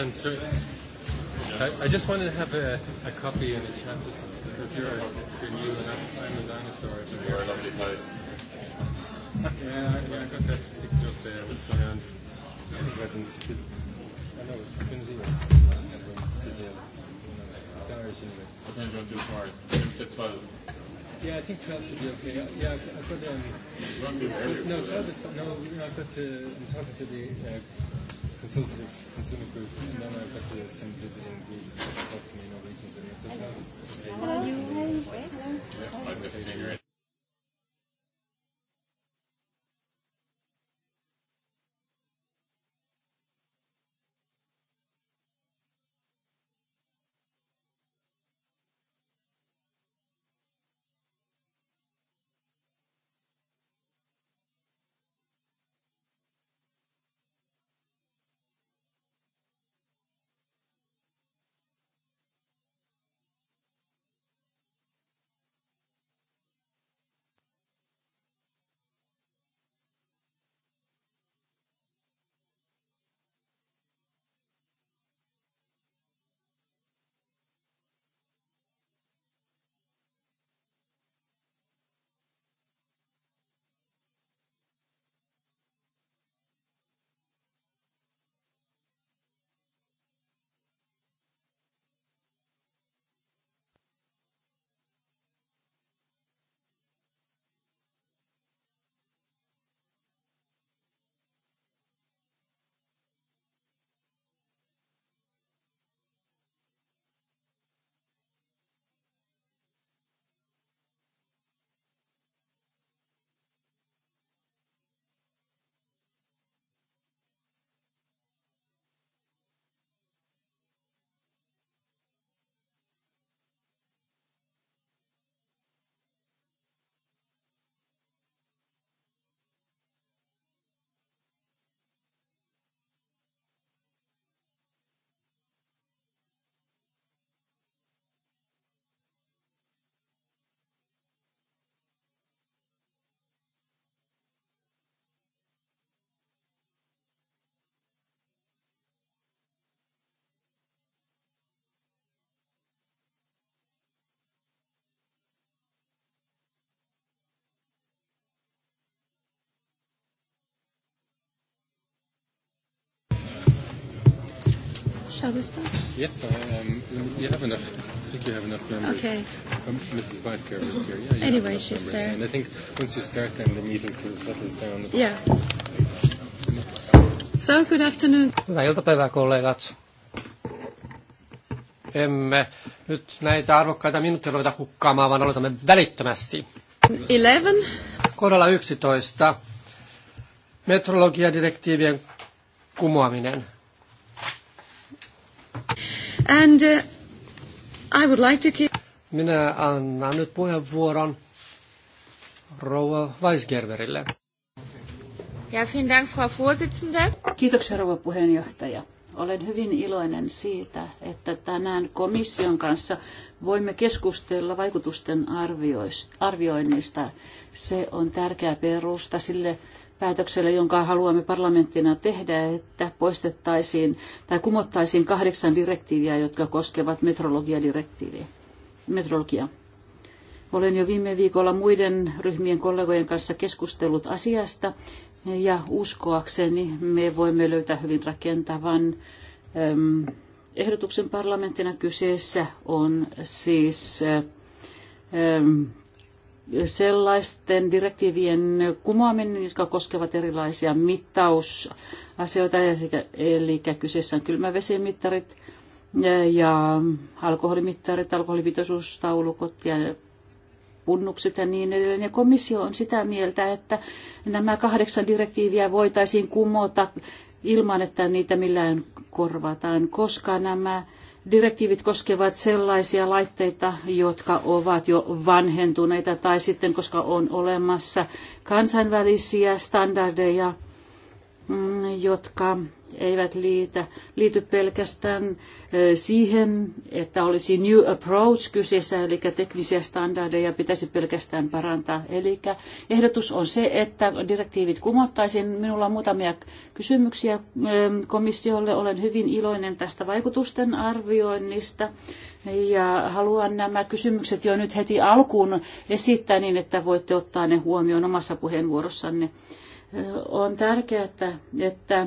Alan, sir, I, I just wanted to have a, a copy and a chat just because you're, you're new and I'm, a dinosaur. You're a lovely place. yeah, I, yeah, I got that picture up there with Diane's weddings. I know it's Trinity or something. It's Irish anyway. What you don't do hard. Jim said 12. Yeah, I think 12 should be okay. Yeah, I've, I've got um. No, 12 is no, no. I've got to. I'm talking to the uh, Jesús, Jesús único en nombre del Caso de San Pedro en Good, Fox, mi nombre es Jesús. Shall we start? Yes, um, you have enough. I think you have enough members. Okay. Um, Mrs. Vice Chair is here. Yeah, anyway, she's members. there. And I think once you start, then the meeting sort of settles down. Yeah. So, good afternoon. Hyvää iltapäivää, kollegat. Emme nyt näitä arvokkaita minuutteja ruveta hukkaamaan, vaan aloitamme välittömästi. 11. Kohdalla 11. Metrologiadirektiivien kumoaminen. And uh, I would like to keep... Minä annan nyt puheenvuoron rouva Weisgerberille. Ja, vielen Dank, Frau Vorsitzende. Kiitoksia, rouva puheenjohtaja. Olen hyvin iloinen siitä, että tänään komission kanssa voimme keskustella vaikutusten arvioinnista. Se on tärkeä perusta sille päätökselle, jonka haluamme parlamenttina tehdä, että poistettaisiin tai kumottaisiin kahdeksan direktiiviä, jotka koskevat metrologiadirektiiviä. Metrologiaa. Olen jo viime viikolla muiden ryhmien kollegojen kanssa keskustellut asiasta ja uskoakseni me voimme löytää hyvin rakentavan ehdotuksen parlamenttina. Kyseessä on siis sellaisten direktiivien kumoaminen, jotka koskevat erilaisia mittausasioita, eli kyseessä on kylmävesimittarit ja alkoholimittarit, alkoholipitoisuustaulukot ja punnukset ja niin edelleen. Ja komissio on sitä mieltä, että nämä kahdeksan direktiiviä voitaisiin kumota ilman, että niitä millään korvataan, koska nämä direktiivit koskevat sellaisia laitteita, jotka ovat jo vanhentuneita tai sitten koska on olemassa kansainvälisiä standardeja, mm, jotka eivät liitä, liity pelkästään siihen, että olisi new approach kyseessä, eli teknisiä standardeja pitäisi pelkästään parantaa. Eli ehdotus on se, että direktiivit kumottaisiin. Minulla on muutamia kysymyksiä komissiolle. Olen hyvin iloinen tästä vaikutusten arvioinnista. Ja haluan nämä kysymykset jo nyt heti alkuun esittää niin, että voitte ottaa ne huomioon omassa puheenvuorossanne on tärkeää, että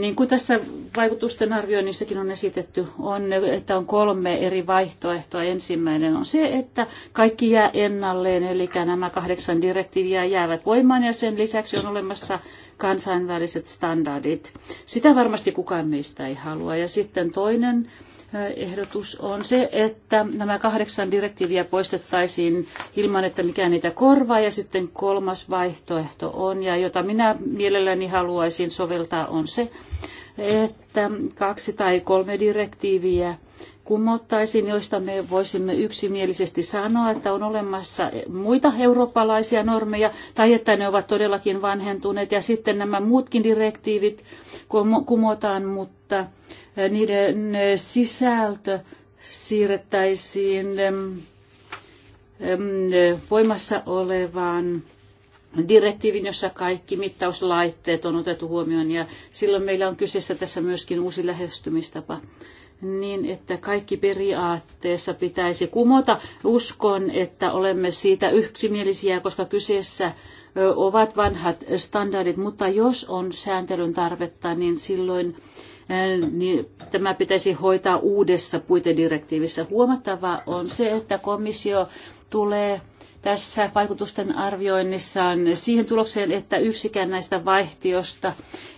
niin kuin tässä vaikutusten arvioinnissakin on esitetty, on, että on kolme eri vaihtoehtoa. Ensimmäinen on se, että kaikki jää ennalleen, eli nämä kahdeksan direktiiviä jäävät voimaan ja sen lisäksi on olemassa kansainväliset standardit. Sitä varmasti kukaan meistä ei halua. Ja sitten toinen ehdotus on se, että nämä kahdeksan direktiiviä poistettaisiin ilman, että mikään niitä korvaa. Ja sitten kolmas vaihtoehto on, ja jota minä mielelläni haluaisin soveltaa, on se, että kaksi tai kolme direktiiviä kumottaisiin, joista me voisimme yksimielisesti sanoa, että on olemassa muita eurooppalaisia normeja tai että ne ovat todellakin vanhentuneet ja sitten nämä muutkin direktiivit kumotaan, mutta eh, niiden eh, sisältö siirrettäisiin eh, voimassa olevaan direktiivin, jossa kaikki mittauslaitteet on otettu huomioon ja silloin meillä on kyseessä tässä myöskin uusi lähestymistapa niin, että kaikki periaatteessa pitäisi kumota. Uskon, että olemme siitä yksimielisiä, koska kyseessä ovat vanhat standardit, mutta jos on sääntelyn tarvetta, niin silloin niin tämä pitäisi hoitaa uudessa puitedirektiivissä. Huomattavaa on se, että komissio tulee tässä vaikutusten arvioinnissaan siihen tulokseen, että yksikään näistä vaihtiosta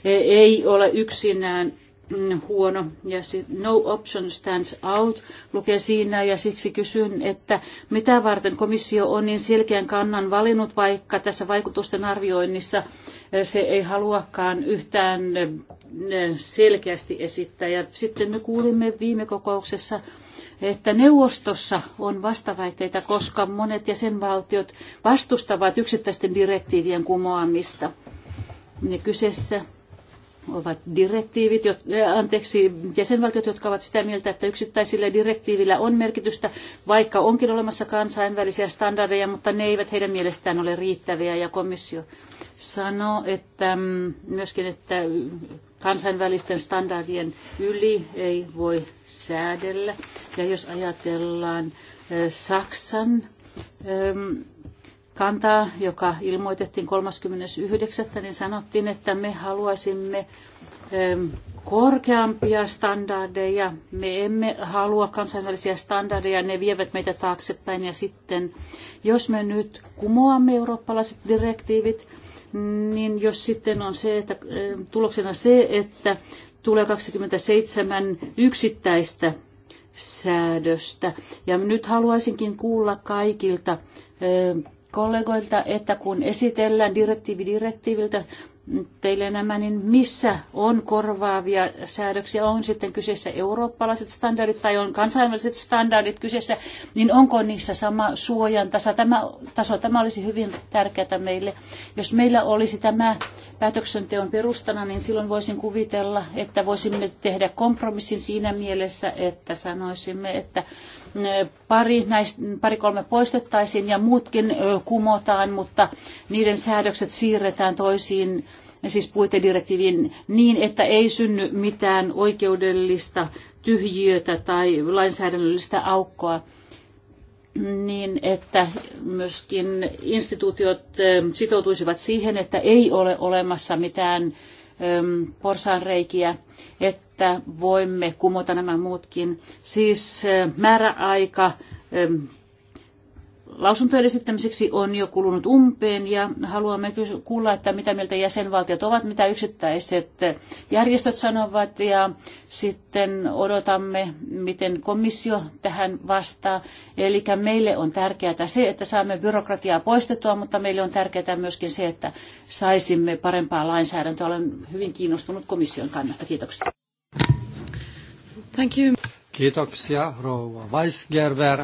e, ei ole yksinään mm, huono ja no option stands out lukee siinä ja siksi kysyn, että mitä varten komissio on niin selkeän kannan valinnut, vaikka tässä vaikutusten arvioinnissa e, se ei haluakaan yhtään e, selkeästi esittää. Ja sitten me kuulimme viime kokouksessa että neuvostossa on vastaväitteitä, koska monet jäsenvaltiot vastustavat yksittäisten direktiivien kumoamista. kyseessä ovat direktiivit, äh, anteeksi, jäsenvaltiot, jotka ovat sitä mieltä, että yksittäisillä direktiivillä on merkitystä, vaikka onkin olemassa kansainvälisiä standardeja, mutta ne eivät heidän mielestään ole riittäviä. Ja komissio sanoo, että mm, myöskin, että kansainvälisten standardien yli ei voi säädellä. Ja jos ajatellaan Saksan kantaa, joka ilmoitettiin 39., niin sanottiin, että me haluaisimme korkeampia standardeja. Me emme halua kansainvälisiä standardeja, ne vievät meitä taaksepäin. Ja sitten, jos me nyt kumoamme eurooppalaiset direktiivit, niin jos sitten on se, että tuloksena se, että tulee 27 yksittäistä säädöstä. Ja nyt haluaisinkin kuulla kaikilta kollegoilta, että kun esitellään direktiivi direktiiviltä, teille nämä, niin missä on korvaavia säädöksiä, on sitten kyseessä eurooppalaiset standardit tai on kansainväliset standardit kyseessä, niin onko niissä sama suojan tasa, tämä, taso? Tämä olisi hyvin tärkeää meille. Jos meillä olisi tämä päätöksenteon perustana, niin silloin voisin kuvitella, että voisimme tehdä kompromissin siinä mielessä, että sanoisimme, että pari, näistä, pari poistettaisiin ja muutkin kumotaan, mutta niiden säädökset siirretään toisiin siis puitedirektiiviin niin, että ei synny mitään oikeudellista tyhjiötä tai lainsäädännöllistä aukkoa niin, että myöskin instituutiot ähm, sitoutuisivat siihen, että ei ole olemassa mitään ähm, porsaanreikiä, että voimme kumota nämä muutkin. Siis äh, määräaika ähm, lausuntojen esittämiseksi on jo kulunut umpeen ja haluamme kuulla, että mitä mieltä jäsenvaltiot ovat, mitä yksittäiset järjestöt sanovat ja sitten odotamme, miten komissio tähän vastaa. Eli meille on tärkeää se, että saamme byrokratiaa poistettua, mutta meille on tärkeää myöskin se, että saisimme parempaa lainsäädäntöä. Olen hyvin kiinnostunut komission kannasta. Kiitoksia. Thank you. Kiitoksia, rouva Weisgerber.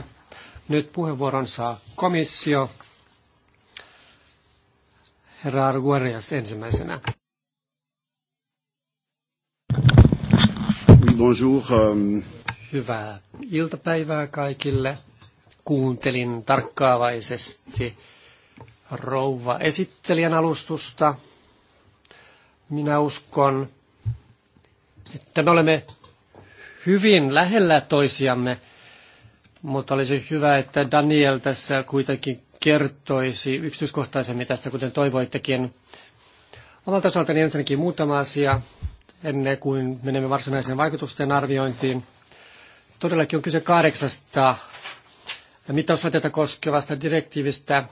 Nyt puheenvuoron saa komissio. Herra Arguarias ensimmäisenä. Bonjour. Euh, Hyvää iltapäivää kaikille. Kuuntelin tarkkaavaisesti rouva esittelijän alustusta. Minä uskon, että me olemme hyvin lähellä toisiamme mutta olisi hyvä, että Daniel tässä kuitenkin kertoisi yksityiskohtaisemmin tästä, kuten toivoittekin. Omalta osaltani ensinnäkin muutama asia ennen kuin menemme varsinaiseen vaikutusten arviointiin. Todellakin on kyse kahdeksasta mittauslaitteita koskevasta direktiivistä.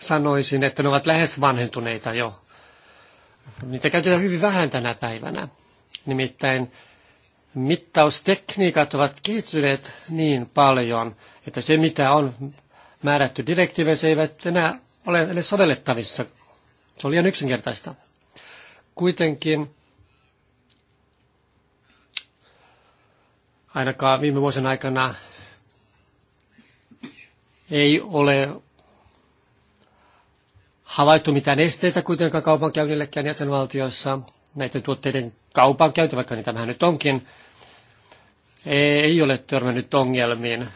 Sanoisin, että ne ovat lähes vanhentuneita jo. Niitä käytetään hyvin vähän tänä päivänä. Nimittäin mittaustekniikat ovat kehittyneet niin paljon, että se mitä on määrätty direktiiveissä ei enää ole edes sovellettavissa. Se on liian yksinkertaista. Kuitenkin ainakaan viime vuosien aikana ei ole havaittu mitään esteitä kuitenkaan kaupankäynnillekään jäsenvaltioissa näiden tuotteiden kaupankäynti, vaikka niitä vähän nyt onkin, ei ole törmännyt ongelmiin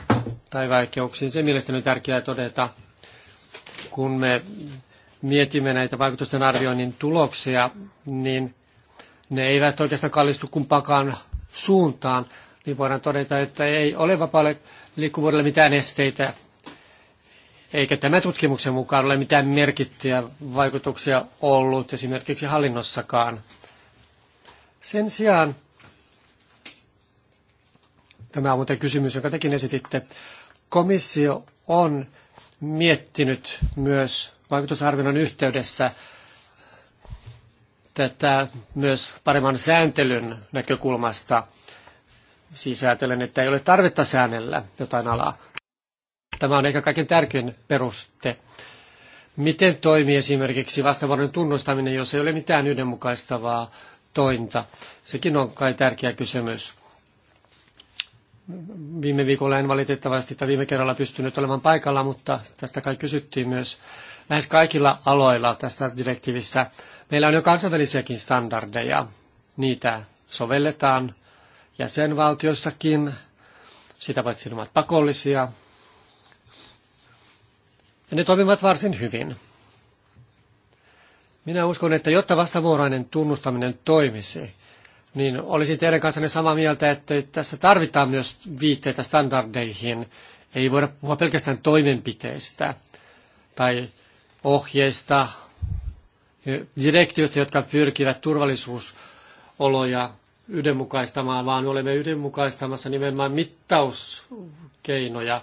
tai vaikeuksiin. Se mielestäni on tärkeää todeta, kun me mietimme näitä vaikutusten arvioinnin tuloksia, niin ne eivät oikeastaan kallistu kumpaakaan suuntaan, niin voidaan todeta, että ei ole vapaalle liikkuvuudelle mitään esteitä, eikä tämä tutkimuksen mukaan ole mitään merkittäviä vaikutuksia ollut esimerkiksi hallinnossakaan. Sen sijaan Tämä on muuten kysymys, jonka tekin esititte. Komissio on miettinyt myös vaikutusarvinnon yhteydessä tätä myös paremman sääntelyn näkökulmasta, siis ajatellen, että ei ole tarvetta säännellä jotain alaa. Tämä on ehkä kaiken tärkein peruste. Miten toimii esimerkiksi vastavuoroinen tunnustaminen, jos ei ole mitään yhdenmukaistavaa tointa? Sekin on kai tärkeä kysymys. Viime viikolla en valitettavasti tai viime kerralla pystynyt olemaan paikalla, mutta tästä kai kysyttiin myös lähes kaikilla aloilla tässä direktiivissä. Meillä on jo kansainvälisiäkin standardeja. Niitä sovelletaan jäsenvaltiossakin, sitä paitsi ne ovat pakollisia. Ja ne toimivat varsin hyvin. Minä uskon, että jotta vastavuoroinen tunnustaminen toimisi, niin olisin teidän kanssanne samaa mieltä, että tässä tarvitaan myös viitteitä standardeihin. Ei voida puhua pelkästään toimenpiteistä tai ohjeista, direktiivistä, jotka pyrkivät turvallisuusoloja yhdenmukaistamaan, vaan olemme yhdenmukaistamassa nimenomaan mittauskeinoja,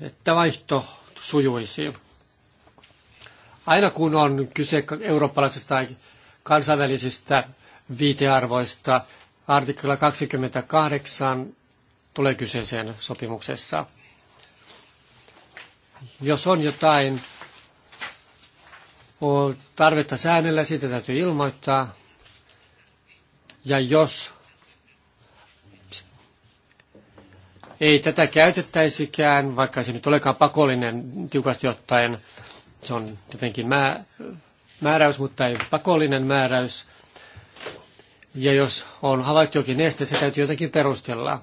että vaihto sujuisi. Aina kun on kyse eurooppalaisista tai kansainvälisistä viitearvoista. Artikla 28 tulee kyseeseen sopimuksessa. Jos on jotain on tarvetta säännellä, siitä täytyy ilmoittaa. Ja jos ei tätä käytettäisikään, vaikka se nyt olekaan pakollinen tiukasti ottaen, se on tietenkin mä määräys, mutta ei pakollinen määräys – ja jos on havaittu jokin este, se täytyy jotenkin perustella.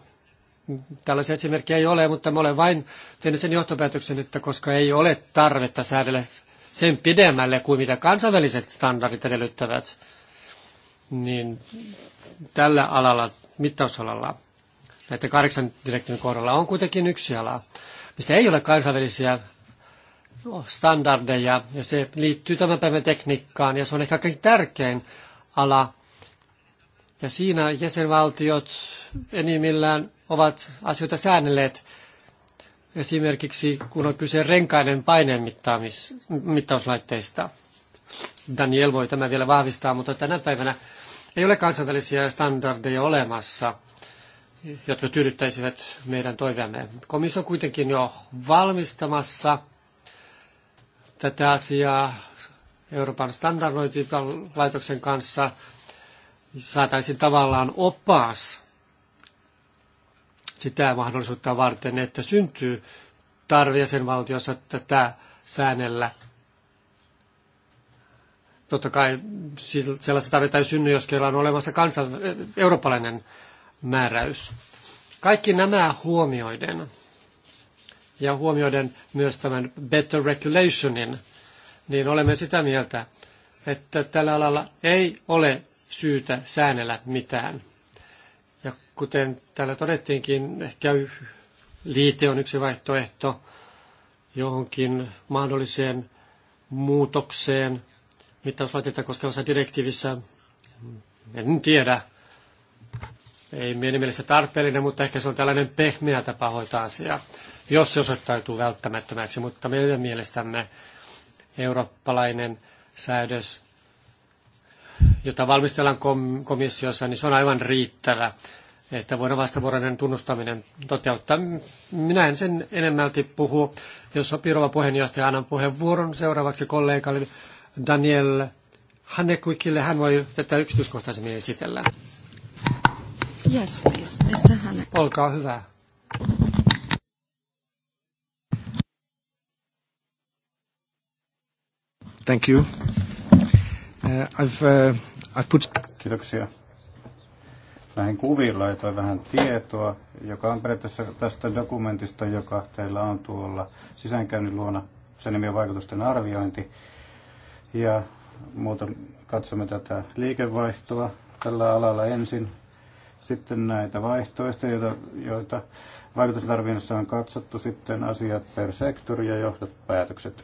Tällaisia esimerkkejä ei ole, mutta mä olen vain tehnyt sen johtopäätöksen, että koska ei ole tarvetta säädellä sen pidemmälle kuin mitä kansainväliset standardit edellyttävät, niin tällä alalla, mittausalalla, näiden kahdeksan direktiivin kohdalla on kuitenkin yksi ala, missä ei ole kansainvälisiä standardeja, ja se liittyy tämän päivän tekniikkaan, ja se on ehkä kaikkein tärkein ala, ja siinä jäsenvaltiot enimmillään ovat asioita säännelleet. Esimerkiksi kun on kyse renkaiden paineen mittauslaitteista. Daniel voi tämä vielä vahvistaa, mutta tänä päivänä ei ole kansainvälisiä standardeja olemassa, jotka tyydyttäisivät meidän toiveamme. Komissio on kuitenkin jo valmistamassa tätä asiaa Euroopan standardointilaitoksen kanssa – saataisiin tavallaan opas sitä mahdollisuutta varten, että syntyy tarve jäsenvaltiossa tätä säännellä. Totta kai sellaista tarvetta ei synny, jos kerran on olemassa kansan, eh, eurooppalainen määräys. Kaikki nämä huomioiden ja huomioiden myös tämän better regulationin, niin olemme sitä mieltä, että tällä alalla ei ole syytä säännellä mitään. Ja kuten täällä todettiinkin, ehkä liite on yksi vaihtoehto johonkin mahdolliseen muutokseen mittauslaitteita koskevassa direktiivissä. En tiedä. Ei mielen mielessä tarpeellinen, mutta ehkä se on tällainen pehmeä tapa hoitaa asiaa, jos se osoittautuu välttämättömäksi. Mutta meidän mielestämme eurooppalainen säädös jota valmistellaan komissiossa, niin se on aivan riittävä, että voidaan vastavuoroinen tunnustaminen toteuttaa. Minä en sen enemmälti puhu. Jos sopii rouva puheenjohtaja, annan puheenvuoron seuraavaksi kollegalle Daniel Hanekuikille. Hän voi tätä yksityiskohtaisemmin esitellä. Yes, please, Mr. Hanek. Olkaa hyvä. Thank you. Uh, I've uh, put... Kiitoksia. Näihin kuviin laitoin vähän tietoa, joka on periaatteessa tästä dokumentista, joka teillä on tuolla sisäänkäynnin luona. Sen nimi on vaikutusten arviointi. Ja muuta katsomme tätä liikevaihtoa tällä alalla ensin. Sitten näitä vaihtoehtoja, joita, joita vaikutusarvioinnissa on katsottu. Sitten asiat per sektori ja johdot päätökset.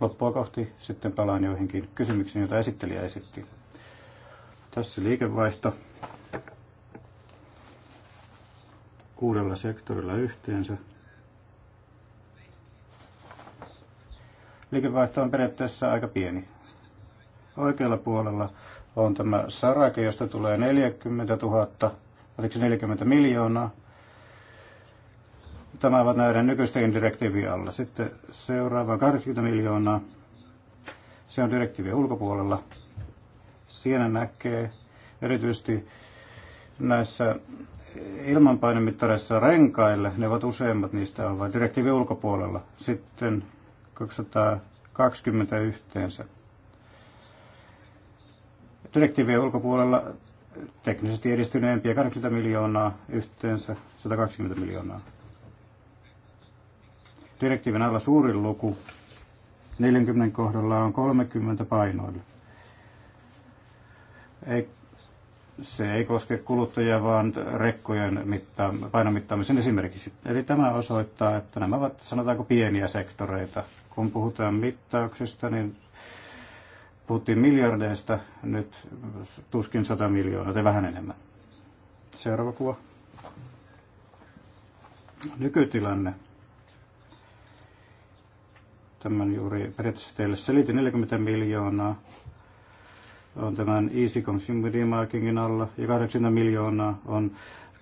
Loppua kohti sitten palaan joihinkin kysymyksiin, joita esittelijä esitti. Tässä liikevaihto kuudella sektorilla yhteensä. Liikevaihto on periaatteessa aika pieni. Oikealla puolella on tämä sarake, josta tulee 40 000, 40 miljoonaa, Tämä ovat näiden nykyisten direktiivien alla. Sitten seuraava 80 miljoonaa. Se on direktiivien ulkopuolella. Siinä näkee erityisesti näissä ilmanpainemittareissa renkaille, ne ovat useimmat niistä vain direktiivin ulkopuolella. Sitten 220 yhteensä. Direktiivien ulkopuolella teknisesti edistyneempiä 80 miljoonaa, yhteensä 120 miljoonaa direktiivin alla suurin luku 40 kohdalla on 30 painoilla. Ei, se ei koske kuluttajia, vaan rekkojen mitta, painomittaamisen esimerkiksi. Eli tämä osoittaa, että nämä ovat sanotaanko pieniä sektoreita. Kun puhutaan mittauksista, niin puhuttiin miljardeista, nyt tuskin 100 miljoonaa tai vähän enemmän. Seuraava kuva. Nykytilanne Tämän juuri periaatteessa teille selitin 40 miljoonaa on tämän Easy Consumer Remarkingin alla ja 80 miljoonaa on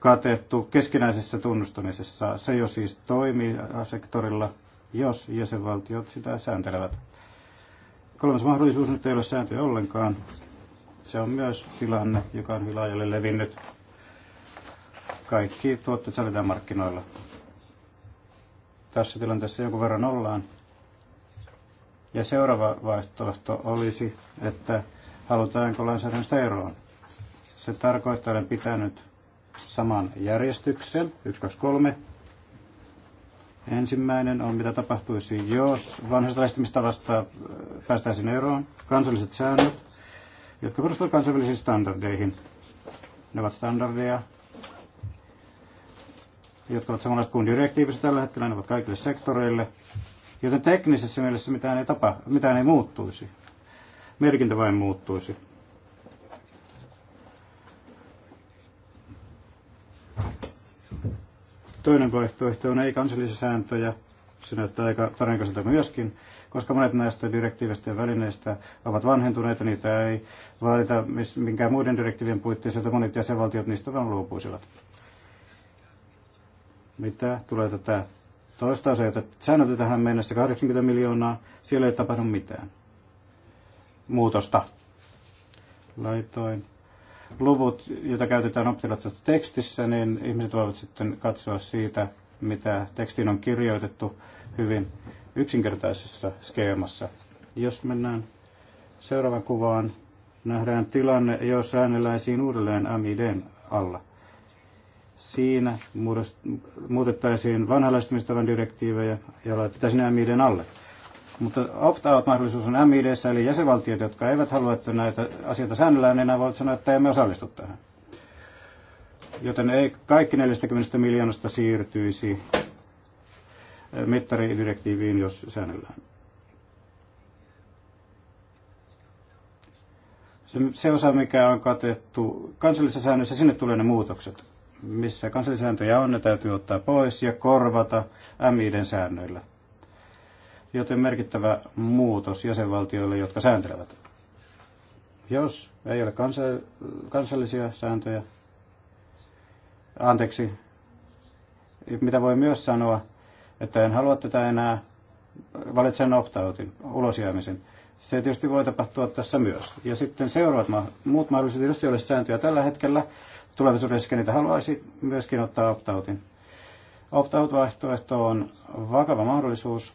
katettu keskinäisessä tunnustamisessa. Se jo siis toimii sektorilla, jos jäsenvaltiot sitä sääntelevät. Kolmas mahdollisuus nyt ei ole sääntöjä ollenkaan. Se on myös tilanne, joka on hyvin levinnyt. Kaikki tuotteet markkinoilla. Tässä tilanteessa jonkun verran ollaan. Ja seuraava vaihtoehto olisi, että halutaanko lainsäädännöstä eroon. Se tarkoittaa, että olen pitänyt saman järjestyksen, 1, 2, 3. Ensimmäinen on, mitä tapahtuisi, jos vanhasta lähestymistavasta äh, päästäisiin eroon. Kansalliset säännöt, jotka perustuvat kansainvälisiin standardeihin. Ne ovat standardeja, jotka ovat samanlaiset kuin direktiivissä tällä hetkellä, ne ovat kaikille sektoreille. Joten teknisessä mielessä mitään ei, tapa, mitään ei muuttuisi. Merkintä vain muuttuisi. Toinen vaihtoehto on ei-kansallisia sääntöjä. Se näyttää aika todennäköiseltä myöskin, koska monet näistä direktiivistä ja välineistä ovat vanhentuneita, niitä ei vaadita minkään muiden direktiivien puitteissa, että monet jäsenvaltiot niistä vaan luopuisivat. Mitä tulee tätä Toistaiseksi että säännöt tähän mennessä 80 miljoonaa, siellä ei tapahdu mitään muutosta. Laitoin luvut, joita käytetään oppilaiden tekstissä, niin ihmiset voivat sitten katsoa siitä, mitä tekstiin on kirjoitettu hyvin yksinkertaisessa skeemassa. Jos mennään seuraavaan kuvaan, nähdään tilanne, jos äänelläisiin uudelleen amiden alla. Siinä muutettaisiin vanhalaistumistavan direktiivejä ja laitettaisiin MIDn alle. Mutta opt-out-mahdollisuus on MIDssä, eli jäsenvaltiot, jotka eivät halua, että näitä asioita säännellään, niin enää voivat sanoa, että emme osallistu tähän. Joten ei kaikki 40 miljoonasta siirtyisi mittaridirektiiviin, jos säännellään. Se, se osa, mikä on katettu kansallisessa säännössä, sinne tulee ne muutokset missä kansallisääntöjä on, ne täytyy ottaa pois ja korvata MIiden säännöillä. Joten merkittävä muutos jäsenvaltioille, jotka sääntelevät. Jos ei ole kansallisia sääntöjä, anteeksi, mitä voi myös sanoa, että en halua tätä enää, valitsen opt-outin, ulosjäämisen. Se tietysti voi tapahtua tässä myös. Ja sitten seuraavat ma- muut mahdollisuudet, jos ei ole sääntöjä tällä hetkellä, tulevaisuudessa niitä haluaisi myöskin ottaa opt-outin. Opt-out-vaihtoehto on vakava mahdollisuus,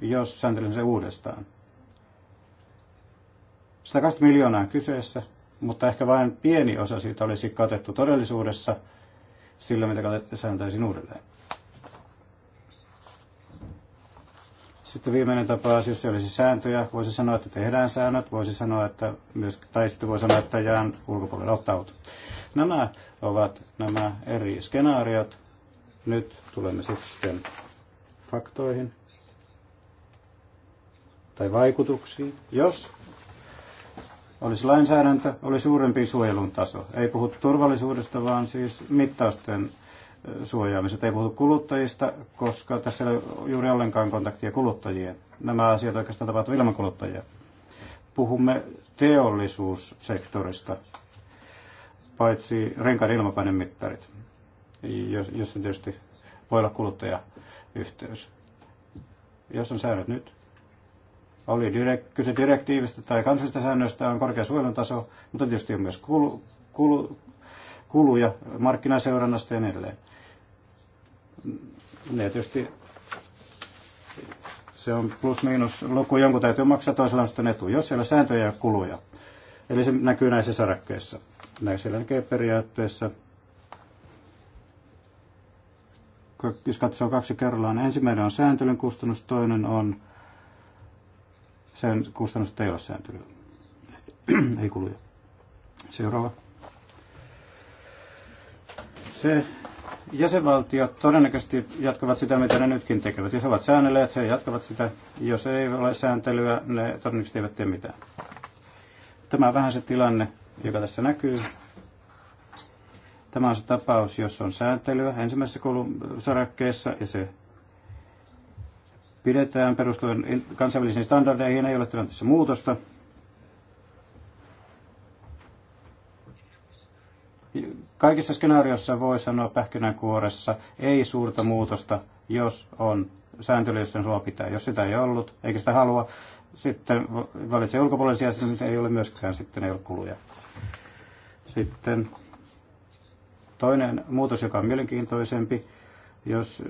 jos sääntelyn se uudestaan. 120 miljoonaa kyseessä, mutta ehkä vain pieni osa siitä olisi katettu todellisuudessa sillä, mitä sääntäisiin uudelleen. Sitten viimeinen tapaus, jos olisi sääntöjä, voisi sanoa, että tehdään säännöt, voisi sanoa, että myös, tai sitten voi sanoa, että jään ulkopuolelle ottaut. Nämä ovat nämä eri skenaariot. Nyt tulemme sitten faktoihin tai vaikutuksiin. Jos olisi lainsäädäntö, oli suurempi suojelun taso. Ei puhuttu turvallisuudesta, vaan siis mittausten suojaamiset. Ei puhuta kuluttajista, koska tässä ei ole juuri ollenkaan kontaktia kuluttajien. Nämä asiat oikeastaan tapahtuvat ilman kuluttajia. Puhumme teollisuussektorista, paitsi renkaiden ilmapainemittarit, jossa tietysti voi olla kuluttajayhteys. Jos on säännöt nyt, oli direk, kyse direktiivistä tai kansallisista säännöistä, on korkea suojelun taso, mutta tietysti on myös kulu, kulu, kuluja markkinaseurannasta ja niin edelleen ne tietysti se on plus-miinus luku, jonkun täytyy maksaa toisella on sitten etu, jos siellä sääntöjä ja kuluja. Eli se näkyy näissä sarakkeissa. Näissä näkee periaatteessa, jos katsoo kaksi kerrallaan, ensimmäinen on sääntelyn kustannus, toinen on sen kustannus, ei ole sääntelyä, ei kuluja. Seuraava. Se jäsenvaltiot todennäköisesti jatkavat sitä, mitä ne nytkin tekevät. Jos ovat säännelleet, he jatkavat sitä. Jos ei ole sääntelyä, ne todennäköisesti eivät tee mitään. Tämä on vähän se tilanne, joka tässä näkyy. Tämä on se tapaus, jossa on sääntelyä ensimmäisessä sarakkeessa ja se pidetään perustuen kansainvälisiin standardeihin, ei ole tilanteessa muutosta. Kaikissa skenaarioissa voi sanoa pähkinänkuoressa ei suurta muutosta, jos on sääntelyissä jos sen pitää. Jos sitä ei ollut, eikä sitä halua, sitten valitsee ulkopuolisia, niin ei ole myöskään sitten ei ole kuluja. Sitten toinen muutos, joka on mielenkiintoisempi, jos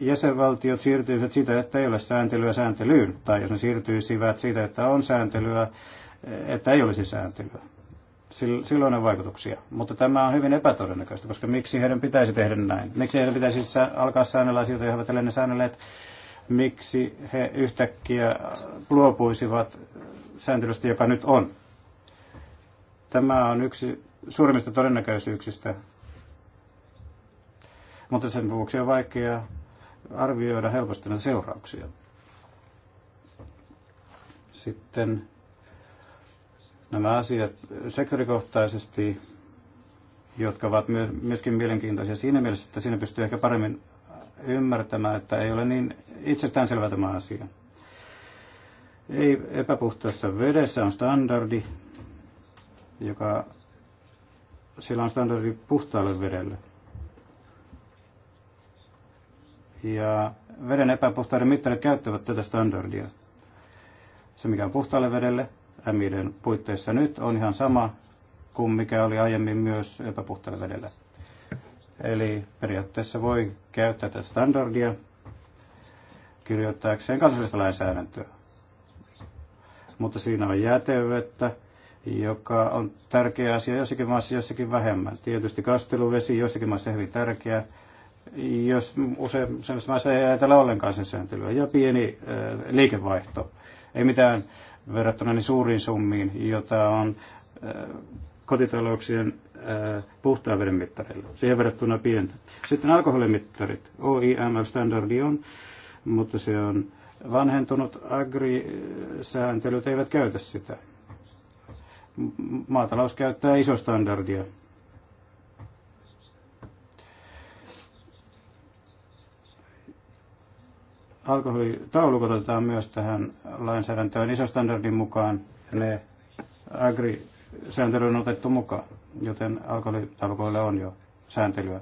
jäsenvaltiot siirtyisivät siitä, että ei ole sääntelyä sääntelyyn, tai jos ne siirtyisivät siitä, että on sääntelyä, että ei olisi sääntelyä silloinen vaikutuksia. Mutta tämä on hyvin epätodennäköistä, koska miksi heidän pitäisi tehdä näin? Miksi heidän pitäisi alkaa säännellä asioita, joihin ovat ne säännelleet? Miksi he yhtäkkiä luopuisivat sääntelystä, joka nyt on? Tämä on yksi suurimmista todennäköisyyksistä, mutta sen vuoksi on vaikea arvioida helposti seurauksia. Sitten nämä asiat sektorikohtaisesti, jotka ovat myöskin mielenkiintoisia siinä mielessä, että siinä pystyy ehkä paremmin ymmärtämään, että ei ole niin itsestäänselvä tämä asia. Ei epäpuhtaassa vedessä on standardi, joka siellä on standardi puhtaalle vedelle. Ja veden epäpuhtaiden mittarit käyttävät tätä standardia. Se, mikä on puhtaalle vedelle, hämiiden puitteissa nyt on ihan sama kuin mikä oli aiemmin myös epäpuhtaalla vedellä. Eli periaatteessa voi käyttää tätä standardia kirjoittaakseen kansallista lainsäädäntöä. Mutta siinä on jätevettä, joka on tärkeä asia jossakin maassa, jossakin vähemmän. Tietysti kasteluvesi jossakin maassa hyvin tärkeä, jos usein sellaisessa maassa ei ajatella ollenkaan sen sääntelyä. Ja pieni äh, liikevaihto. Ei mitään verrattuna niin suuriin summiin, jota on äh, kotitalouksien äh, puhtaan veden mittareilla. Siihen verrattuna pientä. Sitten alkoholimittarit. OIML-standardi on, mutta se on vanhentunut. Agri-sääntelyt eivät käytä sitä. Maatalous käyttää iso standardia alkoholitaulukot otetaan myös tähän lainsäädäntöön isostandardin mukaan. Ne agri sääntely on otettu mukaan, joten alkoholitaulukoille on jo sääntelyä.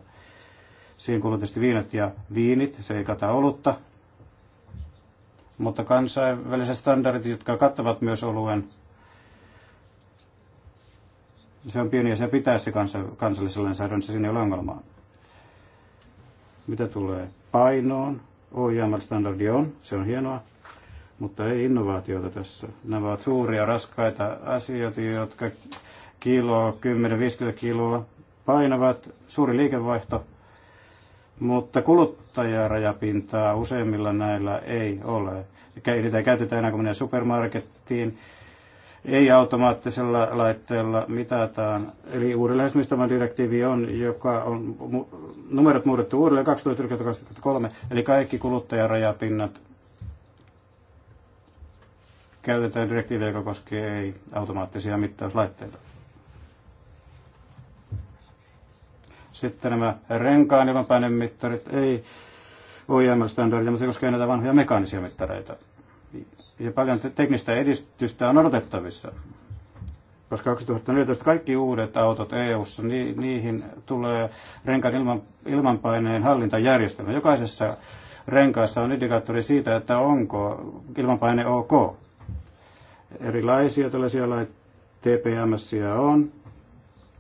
Siihen kuuluu tietysti viinat ja viinit, se ei kata olutta, mutta kansainväliset standardit, jotka kattavat myös oluen, se on pieni ja se pitää se kansa, kansallisella lainsäädännössä, siinä ei ole ongelmaa. Mitä tulee painoon, OIML-standardi on, se on hienoa, mutta ei innovaatiota tässä. Nämä ovat suuria, raskaita asioita, jotka kiloa, 10-50 kiloa painavat, suuri liikevaihto, mutta kuluttajarajapintaa useimmilla näillä ei ole. Niitä ei käytetä enää, kun menee supermarkettiin ei-automaattisella laitteella mitataan. Eli uudelleen lähestymistavan direktiivi on, joka on numerot muutettu uudelleen 2023, eli kaikki kuluttajarajapinnat käytetään direktiiviä, joka koskee ei-automaattisia mittauslaitteita. Sitten nämä renkaan ja mittarit ei OEM-standardia, mutta se koskee näitä vanhoja mekaanisia mittareita ja paljon teknistä edistystä on odotettavissa. Koska 2014 kaikki uudet autot EU-ssa, ni, niihin tulee renkaan ilman, ilmanpaineen hallintajärjestelmä. Jokaisessa renkaassa on indikaattori siitä, että onko ilmanpaine ok. Erilaisia tällaisia TPMS on.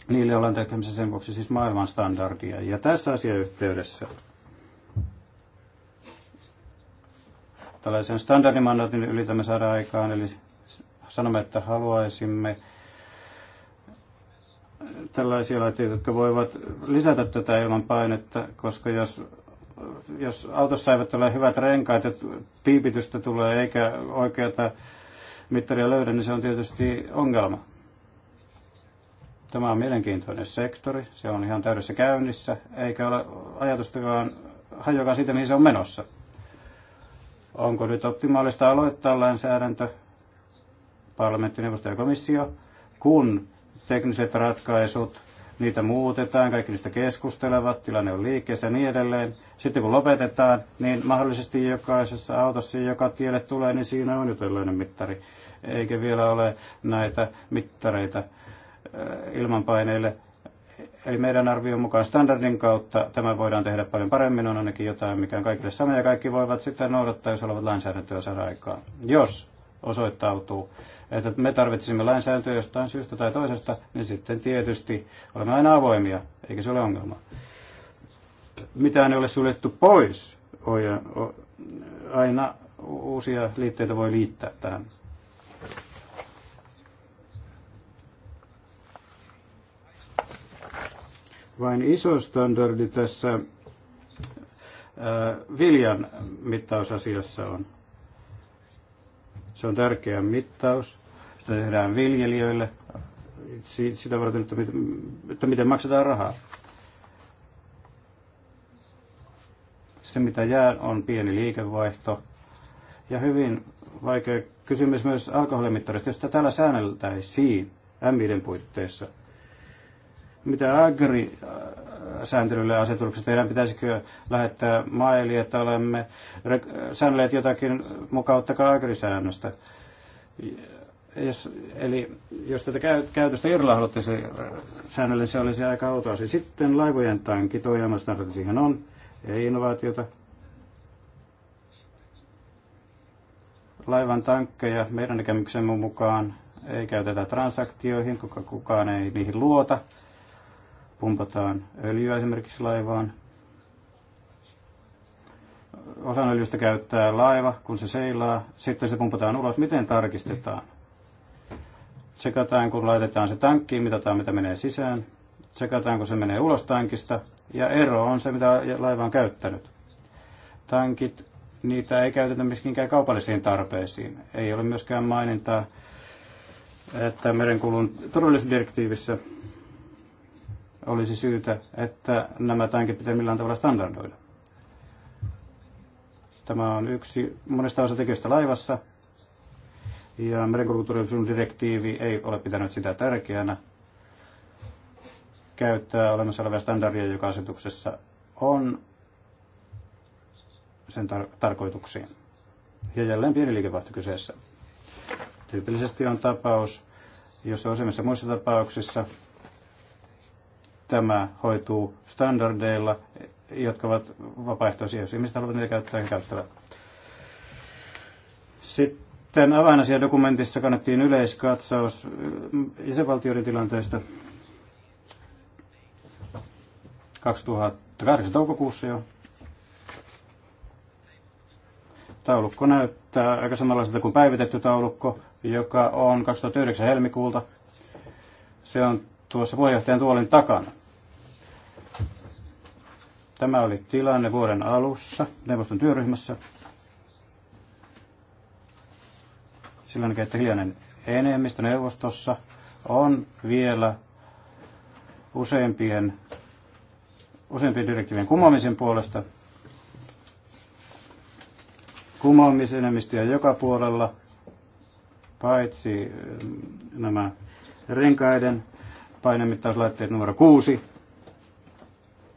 Niille ollaan tekemässä sen vuoksi siis maailmanstandardia. Ja tässä asiayhteydessä tällaisen standardimandaatin ylitämme saada aikaan, eli sanomme, että haluaisimme tällaisia laitteita, jotka voivat lisätä tätä ilman painetta, koska jos, jos autossa eivät ole hyvät renkaat ja piipitystä tulee eikä oikeata mittaria löydä, niin se on tietysti ongelma. Tämä on mielenkiintoinen sektori, se on ihan täydessä käynnissä, eikä ole ajatustakaan hajoakaan siitä, mihin se on menossa. Onko nyt optimaalista aloittaa lainsäädäntö, neuvosto ja komissio, kun tekniset ratkaisut, niitä muutetaan, kaikki niistä keskustelevat, tilanne on liikkeessä ja niin edelleen. Sitten kun lopetetaan, niin mahdollisesti jokaisessa autossa, joka tielle tulee, niin siinä on jo tällainen mittari. Eikä vielä ole näitä mittareita äh, ilmanpaineille Eli meidän arvion mukaan standardin kautta tämä voidaan tehdä paljon paremmin, on ainakin jotain, mikä on kaikille sama, ja kaikki voivat sitten noudattaa, jos olevat lainsäädäntöä saada aikaa. Jos osoittautuu, että me tarvitsisimme lainsäädäntöä jostain syystä tai toisesta, niin sitten tietysti olemme aina avoimia, eikä se ole ongelma. Mitään ei ole suljettu pois. Aina uusia liitteitä voi liittää tähän. vain iso standardi tässä äh, viljan mittausasiassa on. Se on tärkeä mittaus. Sitä tehdään viljelijöille sitä varten, että miten, että miten maksetaan rahaa. Se, mitä jää, on pieni liikevaihto. Ja hyvin vaikea kysymys myös alkoholimittarista. Jos sitä täällä säänneltäisiin M5 puitteissa, mitä agri-sääntelylle asetuksesta teidän pitäisikö lähettää maili, että olemme säännelleet jotakin mukauttakaa agrisäännöstä. Jos, eli jos tätä käytöstä irlahdottaisi säännölle, se olisi aika outoa. Siis sitten laivojen tankit, ohjelmastandardit siihen on, ei innovaatiota. Laivan tankkeja meidän näkemyksemme mukaan ei käytetä transaktioihin, koska kukaan ei niihin luota pumpataan öljyä esimerkiksi laivaan. Osan öljystä käyttää laiva, kun se seilaa, sitten se pumpataan ulos. Miten tarkistetaan? Tsekataan, kun laitetaan se tankkiin, mitataan, mitä menee sisään. Tsekataan, kun se menee ulos tankista. Ja ero on se, mitä laiva on käyttänyt. Tankit, niitä ei käytetä myöskään kaupallisiin tarpeisiin. Ei ole myöskään mainintaa, että merenkulun turvallisuusdirektiivissä olisi syytä, että nämä tankit pitää millään tavalla standardoida. Tämä on yksi monesta osatekijöistä laivassa, ja merenkulkuturvallisuuden direktiivi ei ole pitänyt sitä tärkeänä käyttää olemassa olevia standardia, joka asetuksessa on sen tar- tarkoituksiin. Ja jälleen pieni liikevaihto kyseessä. Tyypillisesti on tapaus, jossa useimmissa muissa tapauksissa tämä hoituu standardeilla, jotka ovat vapaaehtoisia. Jos ihmiset haluavat niitä käyttää, niin käyttävät. Sitten dokumentissa kannettiin yleiskatsaus jäsenvaltioiden tilanteesta 2008 toukokuussa jo. Taulukko näyttää aika samanlaiselta kuin päivitetty taulukko, joka on 2009 helmikuulta. Se on tuossa puheenjohtajan tuolin takana. Tämä oli tilanne vuoden alussa neuvoston työryhmässä. Silloin että hiljainen enemmistö neuvostossa on vielä useimpien, useimpien direktiivien kumoamisen puolesta. Kumoamisenemmistöjä joka puolella, paitsi mm, nämä renkaiden painemittauslaitteet numero 6,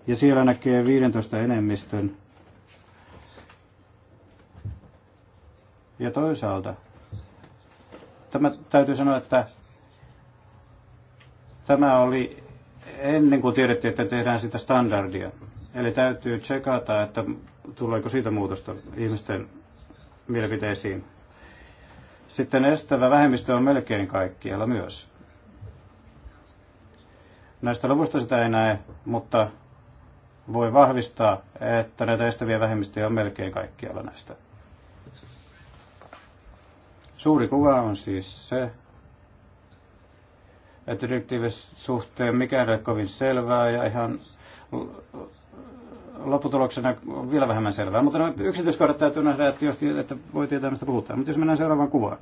ja siellä näkee 15 enemmistön. Ja toisaalta, tämä täytyy sanoa, että tämä oli ennen kuin tiedettiin, että tehdään sitä standardia. Eli täytyy tsekata, että tuleeko siitä muutosta ihmisten mielipiteisiin. Sitten estävä vähemmistö on melkein kaikkialla myös. Näistä luvuista sitä ei näe, mutta voi vahvistaa, että näitä estäviä vähemmistöjä on melkein kaikkialla näistä. Suuri kuva on siis se, että direktiivin suhteen mikään ei ole kovin selvää ja ihan lopputuloksena on vielä vähemmän selvää. Mutta nämä yksityiskohdat täytyy nähdä, että, jos, että voi tietää, mistä puhutaan. Mutta jos mennään seuraavaan kuvaan.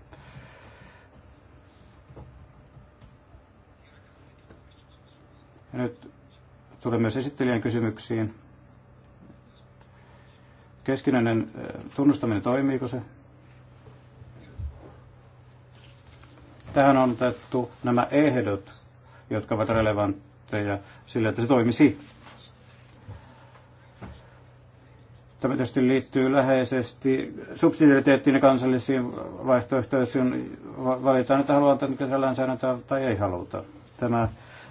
Ja nyt Tulee myös esittelijän kysymyksiin. Keskinäinen tunnustaminen, toimiiko se? Tähän on otettu nämä ehdot, jotka ovat relevantteja sille, että se toimisi. Tämä tietysti liittyy läheisesti subsidiariteettiin ja kansallisiin vaihtoehtoihin. Valitaan, että halutaan tällainen lainsäädäntöä tai ei haluta. Tämä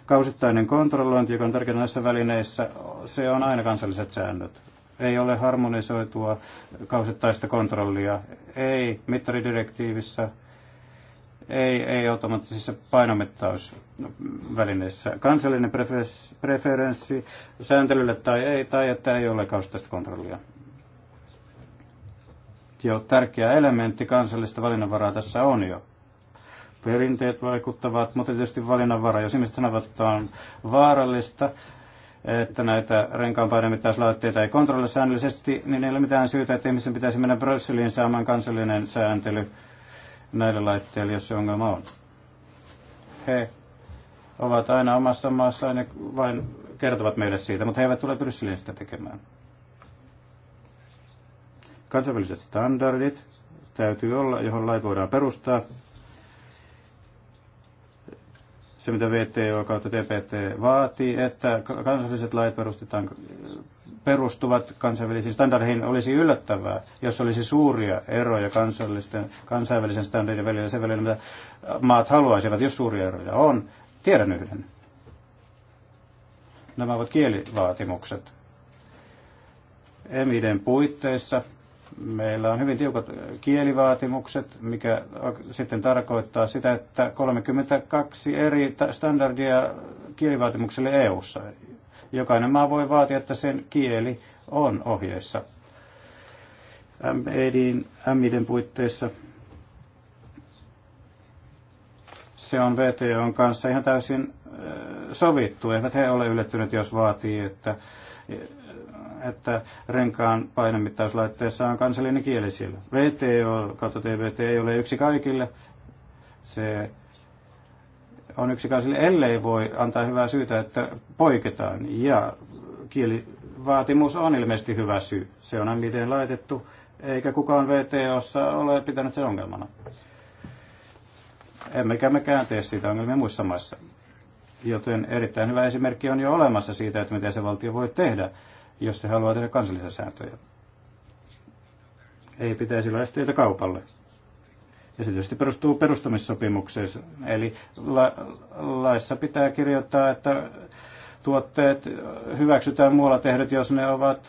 Kausittainen kontrollointi, joka on tärkeää näissä välineissä, se on aina kansalliset säännöt. Ei ole harmonisoitua kausittaista kontrollia, ei mittaridirektiivissä, ei, ei automaattisissa painomittausvälineissä. Kansallinen preferenssi sääntelylle tai ei, tai että ei ole kausittaista kontrollia jo tärkeä elementti kansallista valinnanvaraa tässä on jo perinteet vaikuttavat, mutta tietysti valinnanvara. Jos ihmiset sanovat, että on vaarallista, että näitä renkaanpaiden mittauslaitteita ei kontrolloida säännöllisesti, niin ei ole mitään syytä, että ihmisen pitäisi mennä Brysseliin saamaan kansallinen sääntely näille laitteille, jos se ongelma on. He ovat aina omassa maassaan ja vain kertovat meille siitä, mutta he eivät tule Brysseliin sitä tekemään. Kansainväliset standardit täytyy olla, johon lait voidaan perustaa se, mitä VTO kautta TPT vaatii, että kansalliset lait perustetaan, perustuvat kansainvälisiin standardeihin, olisi yllättävää, jos olisi suuria eroja kansallisten, kansainvälisen standardin välillä sen välillä, mitä maat haluaisivat, jos suuria eroja on. Tiedän yhden. Nämä ovat kielivaatimukset. Emiden puitteissa Meillä on hyvin tiukat kielivaatimukset, mikä sitten tarkoittaa sitä, että 32 eri standardia kielivaatimukselle EU:ssa. Jokainen maa voi vaatia, että sen kieli on ohjeissa. MEDin, MIDin puitteissa se on VTOn kanssa ihan täysin äh, sovittu. Eivät he ole yllättyneet, jos vaatii, että että renkaan painemittauslaitteessa on kansallinen kieli siellä. VTO kautta TVT ei ole yksi kaikille. Se on yksi kaikille, ellei voi antaa hyvää syytä, että poiketaan. Ja kielivaatimus on ilmeisesti hyvä syy. Se on miten laitettu, eikä kukaan VTOssa ole pitänyt sen ongelmana. Emmekä mekään tee siitä ongelmia muissa maissa joten erittäin hyvä esimerkki on jo olemassa siitä, että mitä se valtio voi tehdä jos se haluaa tehdä kansallisia sääntöjä. Ei pitäisi olla esteitä kaupalle. Ja se tietysti perustuu perustamissopimukseen. Eli la- laissa pitää kirjoittaa, että tuotteet hyväksytään muualla tehdyt, jos ne ovat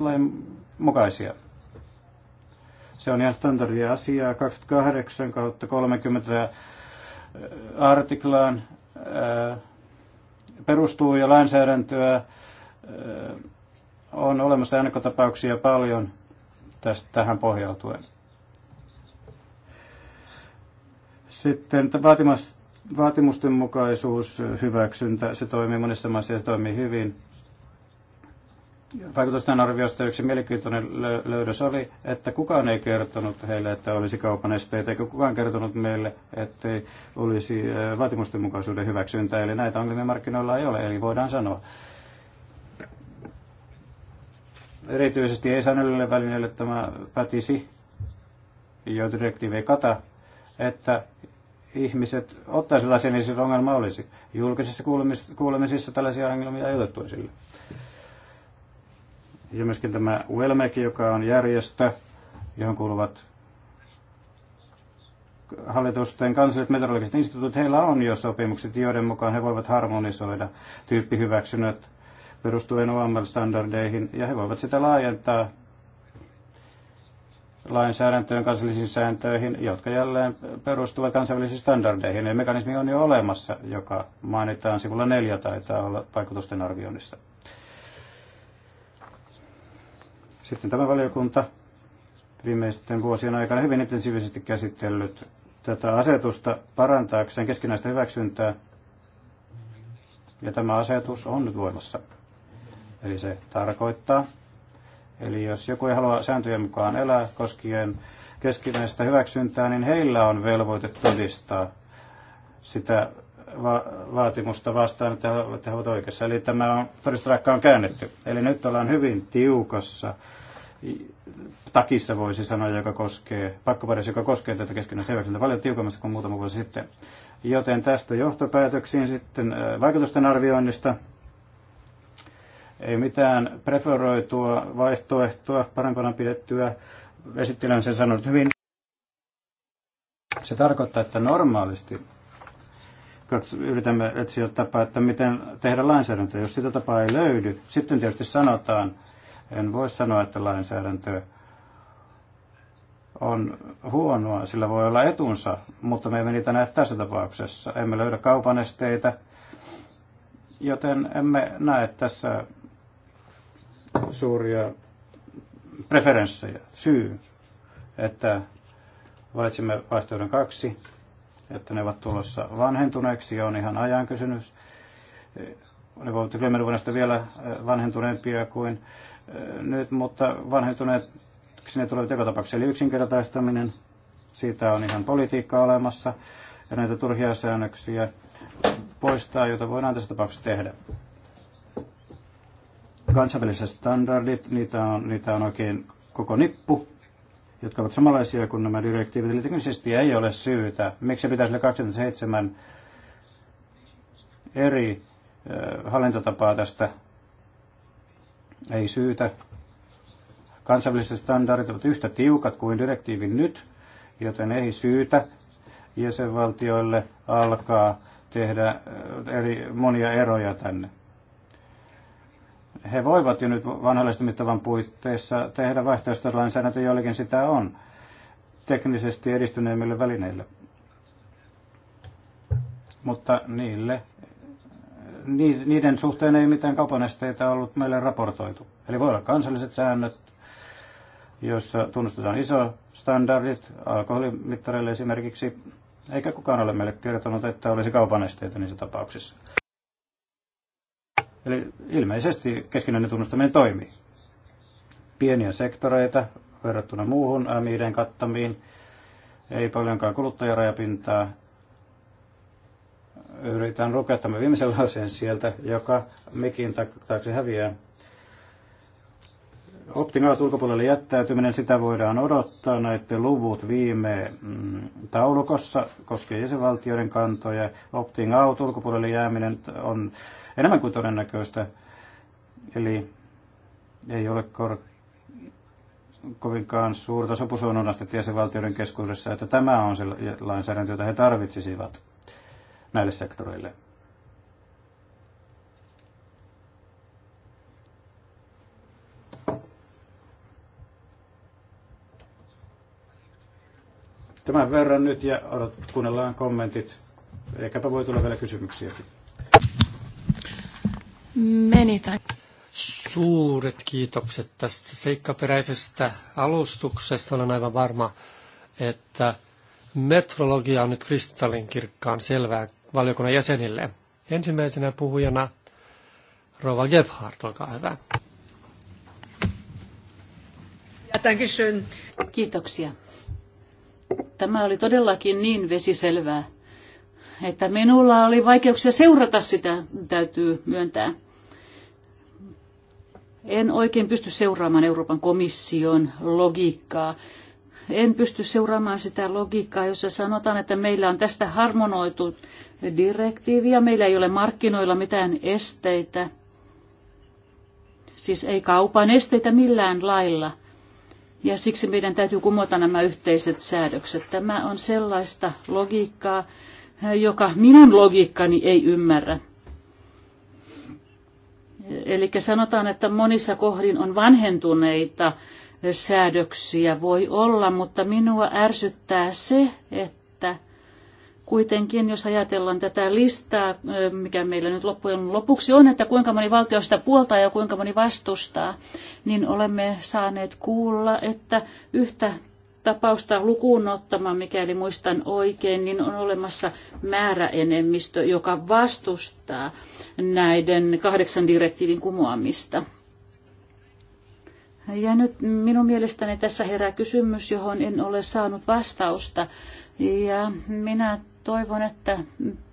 lain mukaisia. Se on ihan standardia asiaa. 28 kautta 30 artiklaan perustuu jo lainsäädäntöä on olemassa ennakkotapauksia paljon tästä, tähän pohjautuen. Sitten vaatimus, vaatimusten mukaisuus, hyväksyntä, se toimii monissa maissa ja se toimii hyvin. Vaikutusten arviosta yksi mielenkiintoinen löydös oli, että kukaan ei kertonut heille, että olisi kaupan esteitä, eikä kukaan kertonut meille, että olisi vaatimusten mukaisuuden hyväksyntä Eli näitä ongelmia markkinoilla ei ole, eli voidaan sanoa, Erityisesti ei säännöllille välineelle tämä pätisi, jo direktiivi ei kata, että ihmiset ottaisivat asian, niin se ongelma olisi. Julkisissa kuulemisissa tällaisia ongelmia ei otettu esille. Ja myöskin tämä Wellmec, joka on järjestö, johon kuuluvat hallitusten kansalliset meteorologiset instituutit, heillä on jo sopimukset, joiden mukaan he voivat harmonisoida tyyppihyväksynnät perustuen OML-standardeihin, ja he voivat sitä laajentaa lainsäädäntöön, kansallisiin sääntöihin, jotka jälleen perustuvat kansainvälisiin standardeihin. Ja mekanismi on jo olemassa, joka mainitaan sivulla neljä taitaa olla vaikutusten arvioinnissa. Sitten tämä valiokunta viimeisten vuosien aikana hyvin intensiivisesti käsitellyt tätä asetusta parantaakseen keskinäistä hyväksyntää. Ja tämä asetus on nyt voimassa. Eli se tarkoittaa. Eli jos joku ei halua sääntöjen mukaan elää koskien keskinäistä hyväksyntää, niin heillä on velvoite todistaa sitä va- vaatimusta vastaan, että he ovat oikeassa. Eli tämä on, todistarakka on käännetty. Eli nyt ollaan hyvin tiukassa takissa, voisi sanoa, joka koskee, pakkopaidassa, joka koskee tätä keskinäistä hyväksyntää paljon tiukemmassa kuin muutama vuosi sitten. Joten tästä johtopäätöksiin sitten äh, vaikutusten arvioinnista ei mitään preferoitua vaihtoehtoa, parempana pidettyä. Esittely on sen sanonut hyvin. Se tarkoittaa, että normaalisti yritämme etsiä tapaa, että miten tehdä lainsäädäntö. Jos sitä tapaa ei löydy, sitten tietysti sanotaan, en voi sanoa, että lainsäädäntö on huonoa, sillä voi olla etunsa, mutta me emme niitä näe tässä tapauksessa. Emme löydä kaupanesteitä, joten emme näe tässä suuria preferenssejä. Syy, että valitsimme vaihtoehdon kaksi, että ne ovat tulossa vanhentuneeksi, on ihan ajan kysymys. Ne voivat kymmenen vuodesta vielä eh, vanhentuneempia kuin eh, nyt, mutta vanhentuneet ne tulevat tapauksessa, Eli yksinkertaistaminen, siitä on ihan politiikka olemassa ja näitä turhia säännöksiä poistaa, joita voidaan tässä tapauksessa tehdä kansainväliset standardit, niitä on, niitä on oikein koko nippu, jotka ovat samanlaisia kuin nämä direktiivit. Eli teknisesti ei ole syytä, miksi pitäisi olla 27 eri hallintotapaa tästä. Ei syytä. Kansainväliset standardit ovat yhtä tiukat kuin direktiivin nyt, joten ei syytä jäsenvaltioille alkaa tehdä eri, monia eroja tänne he voivat jo nyt vanhallistumistavan puitteissa tehdä vaihtoehtoista lainsäädäntöä, joillekin sitä on teknisesti edistyneemmille välineille. Mutta niille, niiden suhteen ei mitään kaupanesteitä ollut meille raportoitu. Eli voi olla kansalliset säännöt, joissa tunnustetaan iso standardit, alkoholimittareille esimerkiksi, eikä kukaan ole meille kertonut, että olisi kaupanesteitä niissä tapauksissa. Eli ilmeisesti keskinäinen tunnustaminen toimii. Pieniä sektoreita verrattuna muuhun AMIiden kattamiin, ei paljonkaan kuluttajarajapintaa. Yritän lukea tämän viimeisen lauseen sieltä, joka mikin taakse häviää. Optin ulkopuolelle jättäytyminen, sitä voidaan odottaa. Näiden luvut viime mm, taulukossa koskee jäsenvaltioiden kantoja. Opting out ulkopuolelle jääminen on enemmän kuin todennäköistä. Eli ei ole kor- kovinkaan suurta sopusuunnasta jäsenvaltioiden keskuudessa, että tämä on se lainsäädäntö, jota he tarvitsisivat näille sektoreille. Tämän verran nyt ja odot, kuunnellaan kommentit. Ehkäpä voi tulla vielä kysymyksiäkin. Many Suuret kiitokset tästä seikkaperäisestä alustuksesta. Olen aivan varma, että metrologia on nyt kristallinkirkkaan selvää valiokunnan jäsenille. Ensimmäisenä puhujana Rova Gebhardt, olkaa hyvä. Kiitoksia. Tämä oli todellakin niin vesiselvää, että minulla oli vaikeuksia seurata sitä, täytyy myöntää. En oikein pysty seuraamaan Euroopan komission logiikkaa. En pysty seuraamaan sitä logiikkaa, jossa sanotaan, että meillä on tästä harmonoitu direktiivi ja meillä ei ole markkinoilla mitään esteitä. Siis ei kaupan esteitä millään lailla – ja siksi meidän täytyy kumota nämä yhteiset säädökset. Tämä on sellaista logiikkaa, joka minun logiikkani ei ymmärrä. Eli sanotaan, että monissa kohdin on vanhentuneita säädöksiä voi olla, mutta minua ärsyttää se, että Kuitenkin, jos ajatellaan tätä listaa, mikä meillä nyt loppujen lopuksi on, että kuinka moni valtio sitä puoltaa ja kuinka moni vastustaa, niin olemme saaneet kuulla, että yhtä tapausta lukuun ottamaan, mikäli muistan oikein, niin on olemassa määräenemmistö, joka vastustaa näiden kahdeksan direktiivin kumoamista. Ja nyt minun mielestäni tässä herää kysymys, johon en ole saanut vastausta. Ja minä toivon, että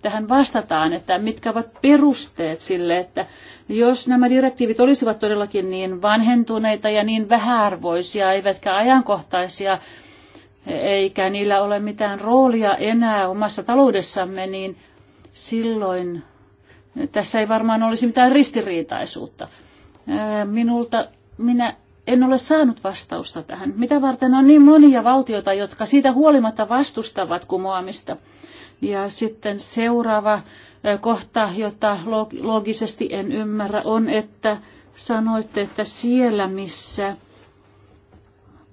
tähän vastataan, että mitkä ovat perusteet sille, että jos nämä direktiivit olisivat todellakin niin vanhentuneita ja niin vähäarvoisia, eivätkä ajankohtaisia, eikä niillä ole mitään roolia enää omassa taloudessamme, niin silloin tässä ei varmaan olisi mitään ristiriitaisuutta. Minulta, minä en ole saanut vastausta tähän. Mitä varten on niin monia valtioita, jotka siitä huolimatta vastustavat kumoamista? Ja sitten seuraava kohta, jota loogisesti en ymmärrä, on, että sanoitte, että siellä missä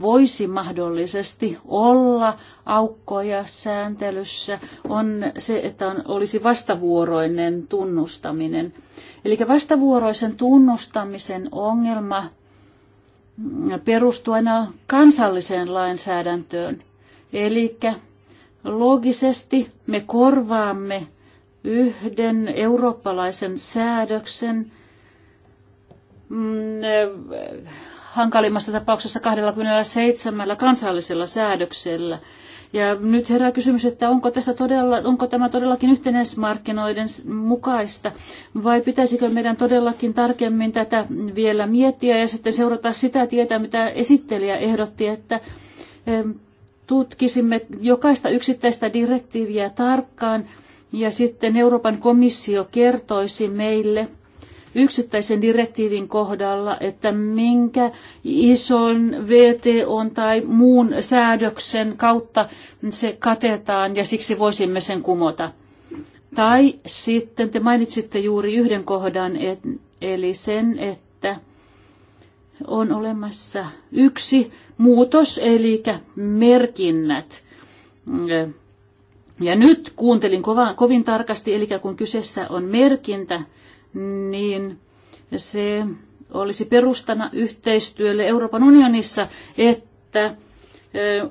voisi mahdollisesti olla aukkoja sääntelyssä, on se, että on, olisi vastavuoroinen tunnustaminen. Eli vastavuoroisen tunnustamisen ongelma mm, perustuu aina kansalliseen lainsäädäntöön. Eli Loogisesti me korvaamme yhden eurooppalaisen säädöksen mm, hankalimmassa tapauksessa 27 kansallisella säädöksellä. Ja nyt herää kysymys, että onko, tässä todella, onko tämä todellakin yhtenäismarkkinoiden mukaista vai pitäisikö meidän todellakin tarkemmin tätä vielä miettiä ja sitten seurata sitä tietä, mitä esittelijä ehdotti, että tutkisimme jokaista yksittäistä direktiiviä tarkkaan ja sitten Euroopan komissio kertoisi meille yksittäisen direktiivin kohdalla, että minkä ison VTOn tai muun säädöksen kautta se katetaan ja siksi voisimme sen kumota. Tai sitten te mainitsitte juuri yhden kohdan, eli sen, että on olemassa yksi muutos, eli merkinnät. Ja nyt kuuntelin kova, kovin tarkasti, eli kun kyseessä on merkintä, niin se olisi perustana yhteistyölle Euroopan unionissa, että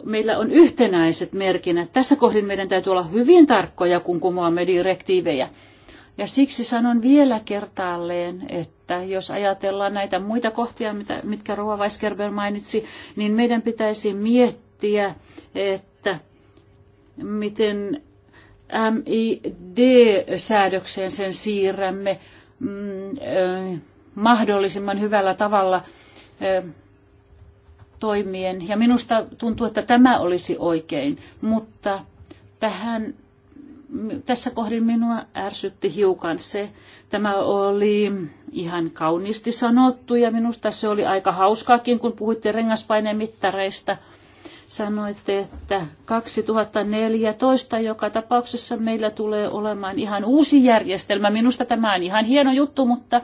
meillä on yhtenäiset merkinnät. Tässä kohdin meidän täytyy olla hyvin tarkkoja, kun kumoamme direktiivejä. Ja siksi sanon vielä kertaalleen, että että jos ajatellaan näitä muita kohtia, mitä mitkä Rova Weisgerber mainitsi, niin meidän pitäisi miettiä, että miten MID-säädökseen sen siirrämme mm, mahdollisimman hyvällä tavalla toimien. Ja minusta tuntuu, että tämä olisi oikein, mutta tähän tässä kohdin minua ärsytti hiukan se. Tämä oli ihan kauniisti sanottu ja minusta se oli aika hauskaakin, kun puhuitte rengaspaineen mittareista. Sanoitte, että 2014 joka tapauksessa meillä tulee olemaan ihan uusi järjestelmä. Minusta tämä on ihan hieno juttu, mutta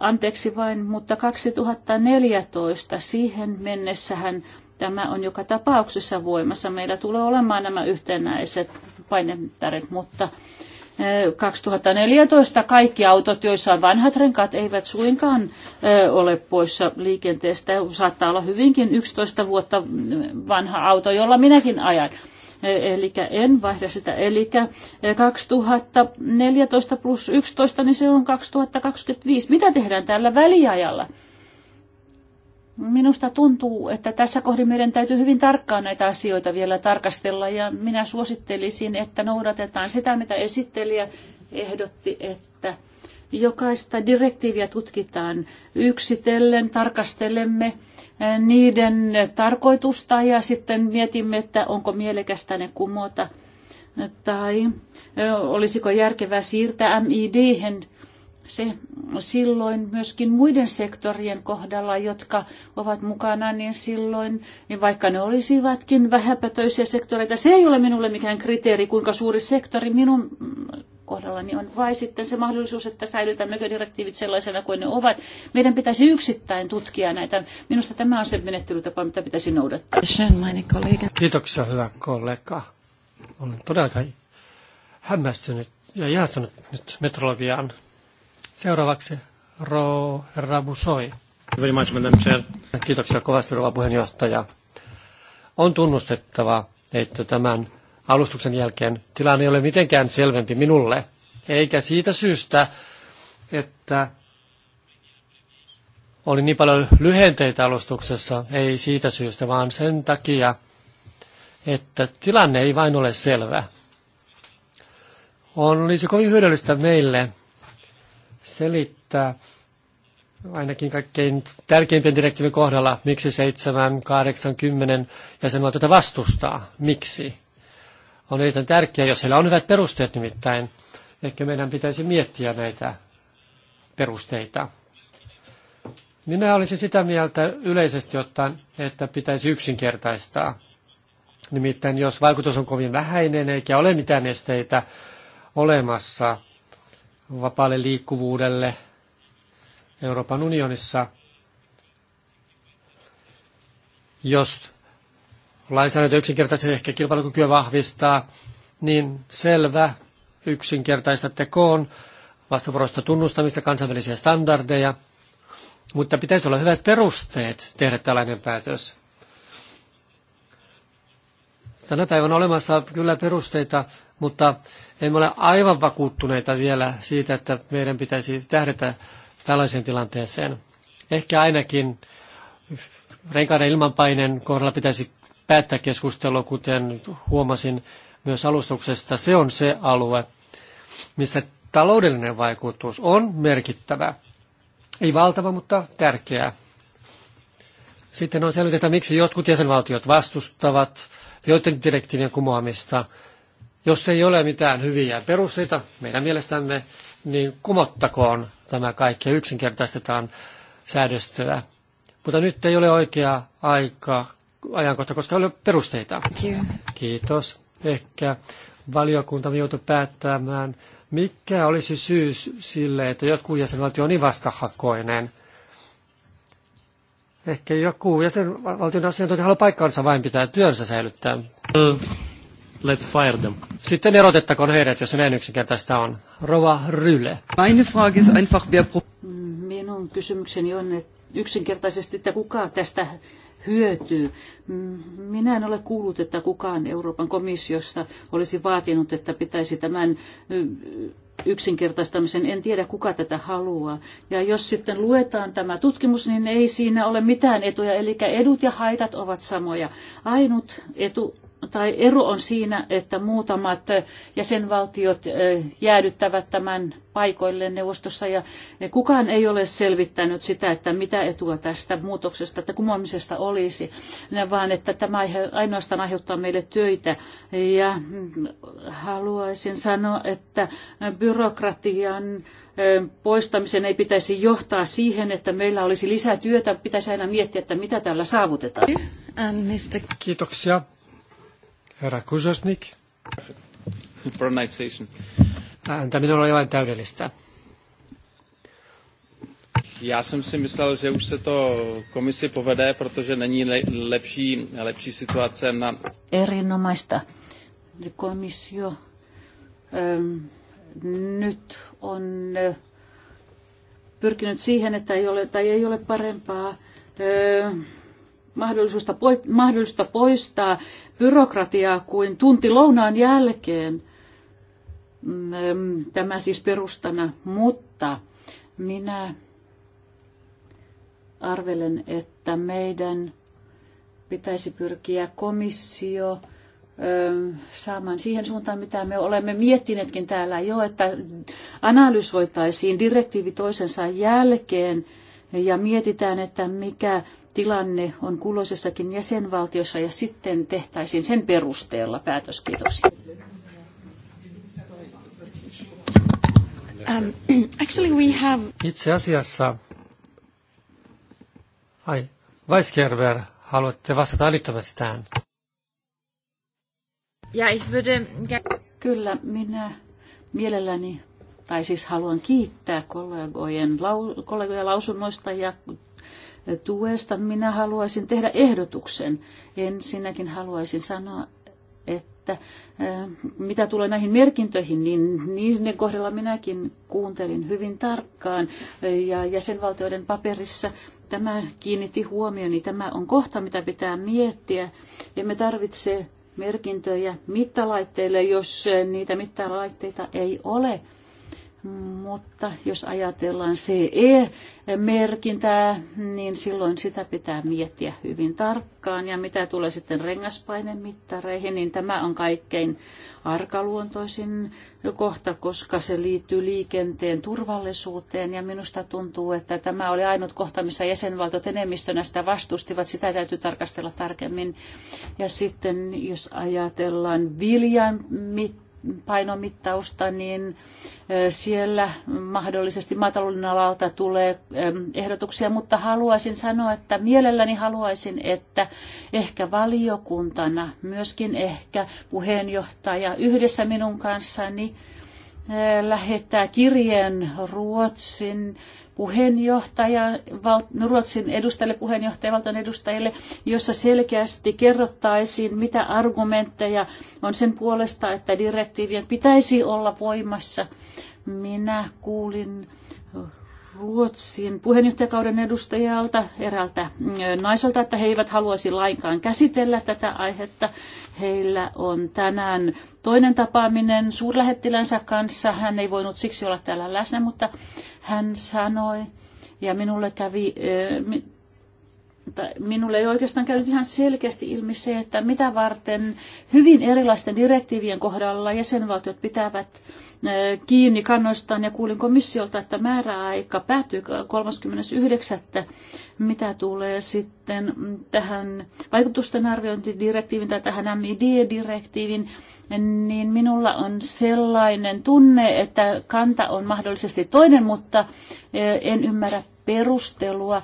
anteeksi vain, mutta 2014 siihen mennessähän Tämä on joka tapauksessa voimassa. Meillä tulee olemaan nämä yhtenäiset painettaret, mutta 2014 kaikki autot, joissa on vanhat renkaat, eivät suinkaan ole poissa liikenteestä. Saattaa olla hyvinkin 11 vuotta vanha auto, jolla minäkin ajan. Eli en vaihda sitä. Eli 2014 plus 11, niin se on 2025. Mitä tehdään tällä väliajalla? Minusta tuntuu, että tässä kohdin meidän täytyy hyvin tarkkaan näitä asioita vielä tarkastella ja minä suosittelisin, että noudatetaan sitä, mitä esittelijä ehdotti, että jokaista direktiiviä tutkitaan yksitellen, tarkastelemme eh, niiden tarkoitusta ja sitten mietimme, että onko mielekästä ne kumota tai eh, olisiko järkevää siirtää mid se silloin myöskin muiden sektorien kohdalla, jotka ovat mukana, niin silloin, niin vaikka ne olisivatkin vähäpätöisiä sektoreita, se ei ole minulle mikään kriteeri, kuinka suuri sektori minun kohdallani on, vai sitten se mahdollisuus, että säilytämmekö direktiivit sellaisena kuin ne ovat. Meidän pitäisi yksittäin tutkia näitä. Minusta tämä on se menettelytapa, mitä pitäisi noudattaa. Kiitoksia, hyvä kollega. Olen todellakin hämmästynyt ja jäästänyt nyt metrologiaan. Seuraavaksi Ro Rabusoi. Very much, Madam Chair. Kiitoksia kovasti, rouva puheenjohtaja. On tunnustettava, että tämän alustuksen jälkeen tilanne ei ole mitenkään selvempi minulle, eikä siitä syystä, että oli niin paljon lyhenteitä alustuksessa, ei siitä syystä, vaan sen takia, että tilanne ei vain ole selvä. On, olisi kovin hyödyllistä meille, selittää ainakin kaikkein tärkeimpien direktiivin kohdalla, miksi 7, 8, 10 tätä vastustaa. Miksi? On erittäin tärkeää, jos heillä on hyvät perusteet nimittäin. Ehkä meidän pitäisi miettiä näitä perusteita. Minä olisin sitä mieltä yleisesti ottaen, että pitäisi yksinkertaistaa. Nimittäin jos vaikutus on kovin vähäinen eikä ole mitään esteitä olemassa, vapaalle liikkuvuudelle Euroopan unionissa. Jos lainsäädäntö yksinkertaisesti ehkä kilpailukykyä vahvistaa, niin selvä, yksinkertaistatekoon vastavuorosta tunnustamista, kansainvälisiä standardeja, mutta pitäisi olla hyvät perusteet tehdä tällainen päätös. Tänä päivänä on olemassa kyllä perusteita mutta emme ole aivan vakuuttuneita vielä siitä, että meidän pitäisi tähdätä tällaiseen tilanteeseen. Ehkä ainakin renkaiden ilmanpaineen kohdalla pitäisi päättää keskustelua, kuten huomasin myös alustuksesta. Se on se alue, missä taloudellinen vaikutus on merkittävä. Ei valtava, mutta tärkeä. Sitten on selvitetä, miksi jotkut jäsenvaltiot vastustavat joiden direktiivien kumoamista – jos ei ole mitään hyviä perusteita meidän mielestämme, niin kumottakoon tämä kaikki ja yksinkertaistetaan säädöstöä. Mutta nyt ei ole oikea aika, ajankohta, koska ei ole perusteita. Kiitos. Ehkä valiokunta joutui päättämään, mikä olisi syy sille, että jotkut jäsenvaltio on niin vastahakoinen. Ehkä joku jäsenvaltion asiantuntija haluaa paikkaansa vain pitää työnsä säilyttää. Mm. Let's fire them. Sitten erotettakoon heidät, jos näin yksinkertaista on. Rova Ryle. Meine Frage ist einfach, wer... Minun kysymykseni on että yksinkertaisesti, että kuka tästä hyötyy. Minä en ole kuullut, että kukaan Euroopan komissiosta olisi vaatinut, että pitäisi tämän yksinkertaistamisen. En tiedä, kuka tätä haluaa. Ja jos sitten luetaan tämä tutkimus, niin ei siinä ole mitään etuja. Eli edut ja haitat ovat samoja. Ainut etu tai ero on siinä, että muutamat jäsenvaltiot eh, jäädyttävät tämän paikoilleen neuvostossa ja kukaan ei ole selvittänyt sitä, että mitä etua tästä muutoksesta, että kumoamisesta olisi, vaan että tämä ainoastaan aiheuttaa meille töitä. Ja haluaisin sanoa, että byrokratian eh, poistamisen ei pitäisi johtaa siihen, että meillä olisi lisää työtä. Pitäisi aina miettiä, että mitä tällä saavutetaan. Kiitoksia. Herra Kuzosnik. Pronunciation. Ääntäminen oli vain täydellistä. Já jsem si myslel, že už se to komisi povede, protože není lepší, lepší situace na... Erinomaista. Komissio ähm, nyt on e, pyrkinyt siihen, että ei ole, tai ei ole parempaa e, mahdollisuutta, mahdollisuutta poistaa byrokratiaa kuin tunti lounaan jälkeen. Mm, tämä siis perustana, mutta minä arvelen, että meidän pitäisi pyrkiä komissio saamaan siihen suuntaan, mitä me olemme miettineetkin täällä jo, että analysoitaisiin direktiivi toisensa jälkeen ja mietitään, että mikä tilanne on kulloisessakin jäsenvaltiossa ja sitten tehtäisiin sen perusteella päätös. Kiitoksia. Um, actually we have... Itse asiassa, ai, Weisgerber, haluatte vastata älyttömästi tähän? Ja ich würde... Kyllä, minä mielelläni, tai siis haluan kiittää kollegojen, kollegoja lausunnoista ja tuesta. Minä haluaisin tehdä ehdotuksen. Ensinnäkin haluaisin sanoa, että eh, mitä tulee näihin merkintöihin, niin niiden kohdalla minäkin kuuntelin hyvin tarkkaan eh, ja jäsenvaltioiden paperissa tämä kiinnitti huomioni. Tämä on kohta, mitä pitää miettiä. Emme tarvitse merkintöjä mittalaitteille, jos eh, niitä mittalaitteita ei ole mutta jos ajatellaan CE-merkintää, niin silloin sitä pitää miettiä hyvin tarkkaan. Ja mitä tulee sitten rengaspainemittareihin, niin tämä on kaikkein arkaluontoisin kohta, koska se liittyy liikenteen turvallisuuteen. Ja minusta tuntuu, että tämä oli ainut kohta, missä jäsenvaltiot enemmistönä sitä vastustivat. Sitä täytyy tarkastella tarkemmin. Ja sitten jos ajatellaan viljan mittareita, painomittausta, niin siellä mahdollisesti maatalouden alalta tulee ehdotuksia, mutta haluaisin sanoa, että mielelläni haluaisin, että ehkä valiokuntana, myöskin ehkä puheenjohtaja yhdessä minun kanssani, lähettää kirjeen Ruotsin puheenjohtaja, Ruotsin edustajille, puheenjohtajavaltion edustajille, jossa selkeästi kerrottaisiin, mitä argumentteja on sen puolesta, että direktiivien pitäisi olla voimassa. Minä kuulin Ruotsin puheenjohtajakauden edustajalta, eräältä mm, naiselta, että he eivät haluaisi lainkaan käsitellä tätä aihetta. Heillä on tänään toinen tapaaminen suurlähettilänsä kanssa. Hän ei voinut siksi olla täällä läsnä, mutta hän sanoi, ja minulle kävi minulle ei oikeastaan käynyt ihan selkeästi ilmi se, että mitä varten hyvin erilaisten direktiivien kohdalla jäsenvaltiot pitävät kiinni kannoistaan ja kuulin komissiolta, että määräaika päättyy 39. Mitä tulee sitten tähän vaikutusten arviointidirektiivin tai tähän MID-direktiivin, niin minulla on sellainen tunne, että kanta on mahdollisesti toinen, mutta en ymmärrä perustelua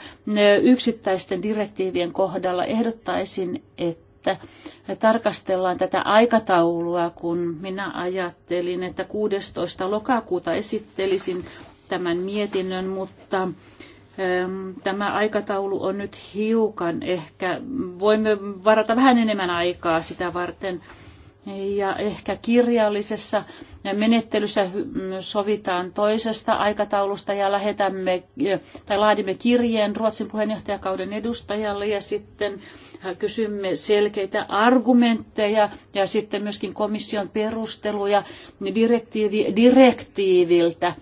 yksittäisten direktiivien kohdalla. Ehdottaisin, että että tarkastellaan tätä aikataulua, kun minä ajattelin, että 16. lokakuuta esittelisin tämän mietinnön, mutta ähm, Tämä aikataulu on nyt hiukan ehkä, voimme varata vähän enemmän aikaa sitä varten. Ja ehkä kirjallisessa menettelyssä sovitaan toisesta aikataulusta ja lähetämme äh, tai laadimme kirjeen Ruotsin puheenjohtajakauden edustajalle ja sitten kysymme selkeitä argumentteja ja sitten myöskin komission perusteluja direktiivi, direktiiviltä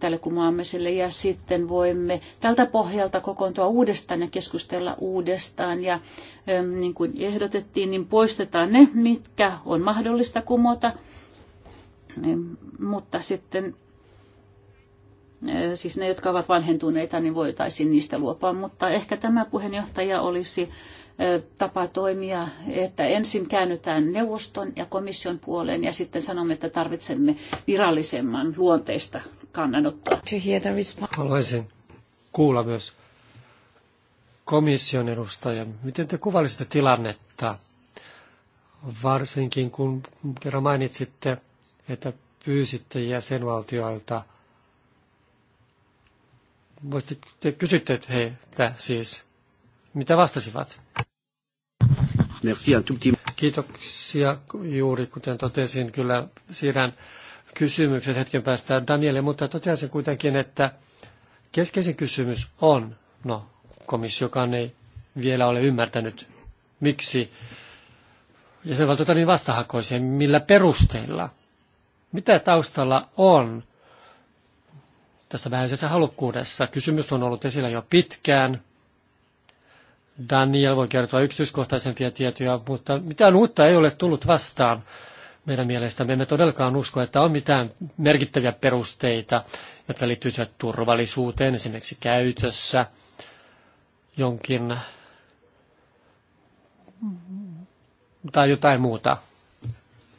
tälle kumoamiselle ja sitten voimme tältä pohjalta kokoontua uudestaan ja keskustella uudestaan ja niin kuin ehdotettiin, niin poistetaan ne, mitkä on mahdollista kumota, mutta sitten siis ne, jotka ovat vanhentuneita, niin voitaisiin niistä luopua, mutta ehkä tämä puheenjohtaja olisi tapa toimia, että ensin käännytään neuvoston ja komission puoleen ja sitten sanomme, että tarvitsemme virallisemman luonteista kannanottoa. Haluaisin kuulla myös komission edustajan. Miten te kuvailisitte tilannetta, varsinkin kun kerran mainitsitte, että pyysitte jäsenvaltioilta – voisitte, te kysytte heiltä siis, mitä vastasivat? Merci un tout petit... Kiitoksia. Juuri kuten totesin, kyllä siirrän kysymykset hetken päästä Danielle, mutta toteaisin kuitenkin, että keskeisin kysymys on, no komissiokaan ei vielä ole ymmärtänyt, miksi jäsenvaltiota niin vastahakoisia, millä perusteilla, mitä taustalla on tässä vähäisessä halukkuudessa. Kysymys on ollut esillä jo pitkään, Daniel voi kertoa yksityiskohtaisempia tietoja, mutta mitään uutta ei ole tullut vastaan meidän Me Emme todellakaan usko, että on mitään merkittäviä perusteita, jotka liittyisivät turvallisuuteen, esimerkiksi käytössä, jonkin tai jotain muuta.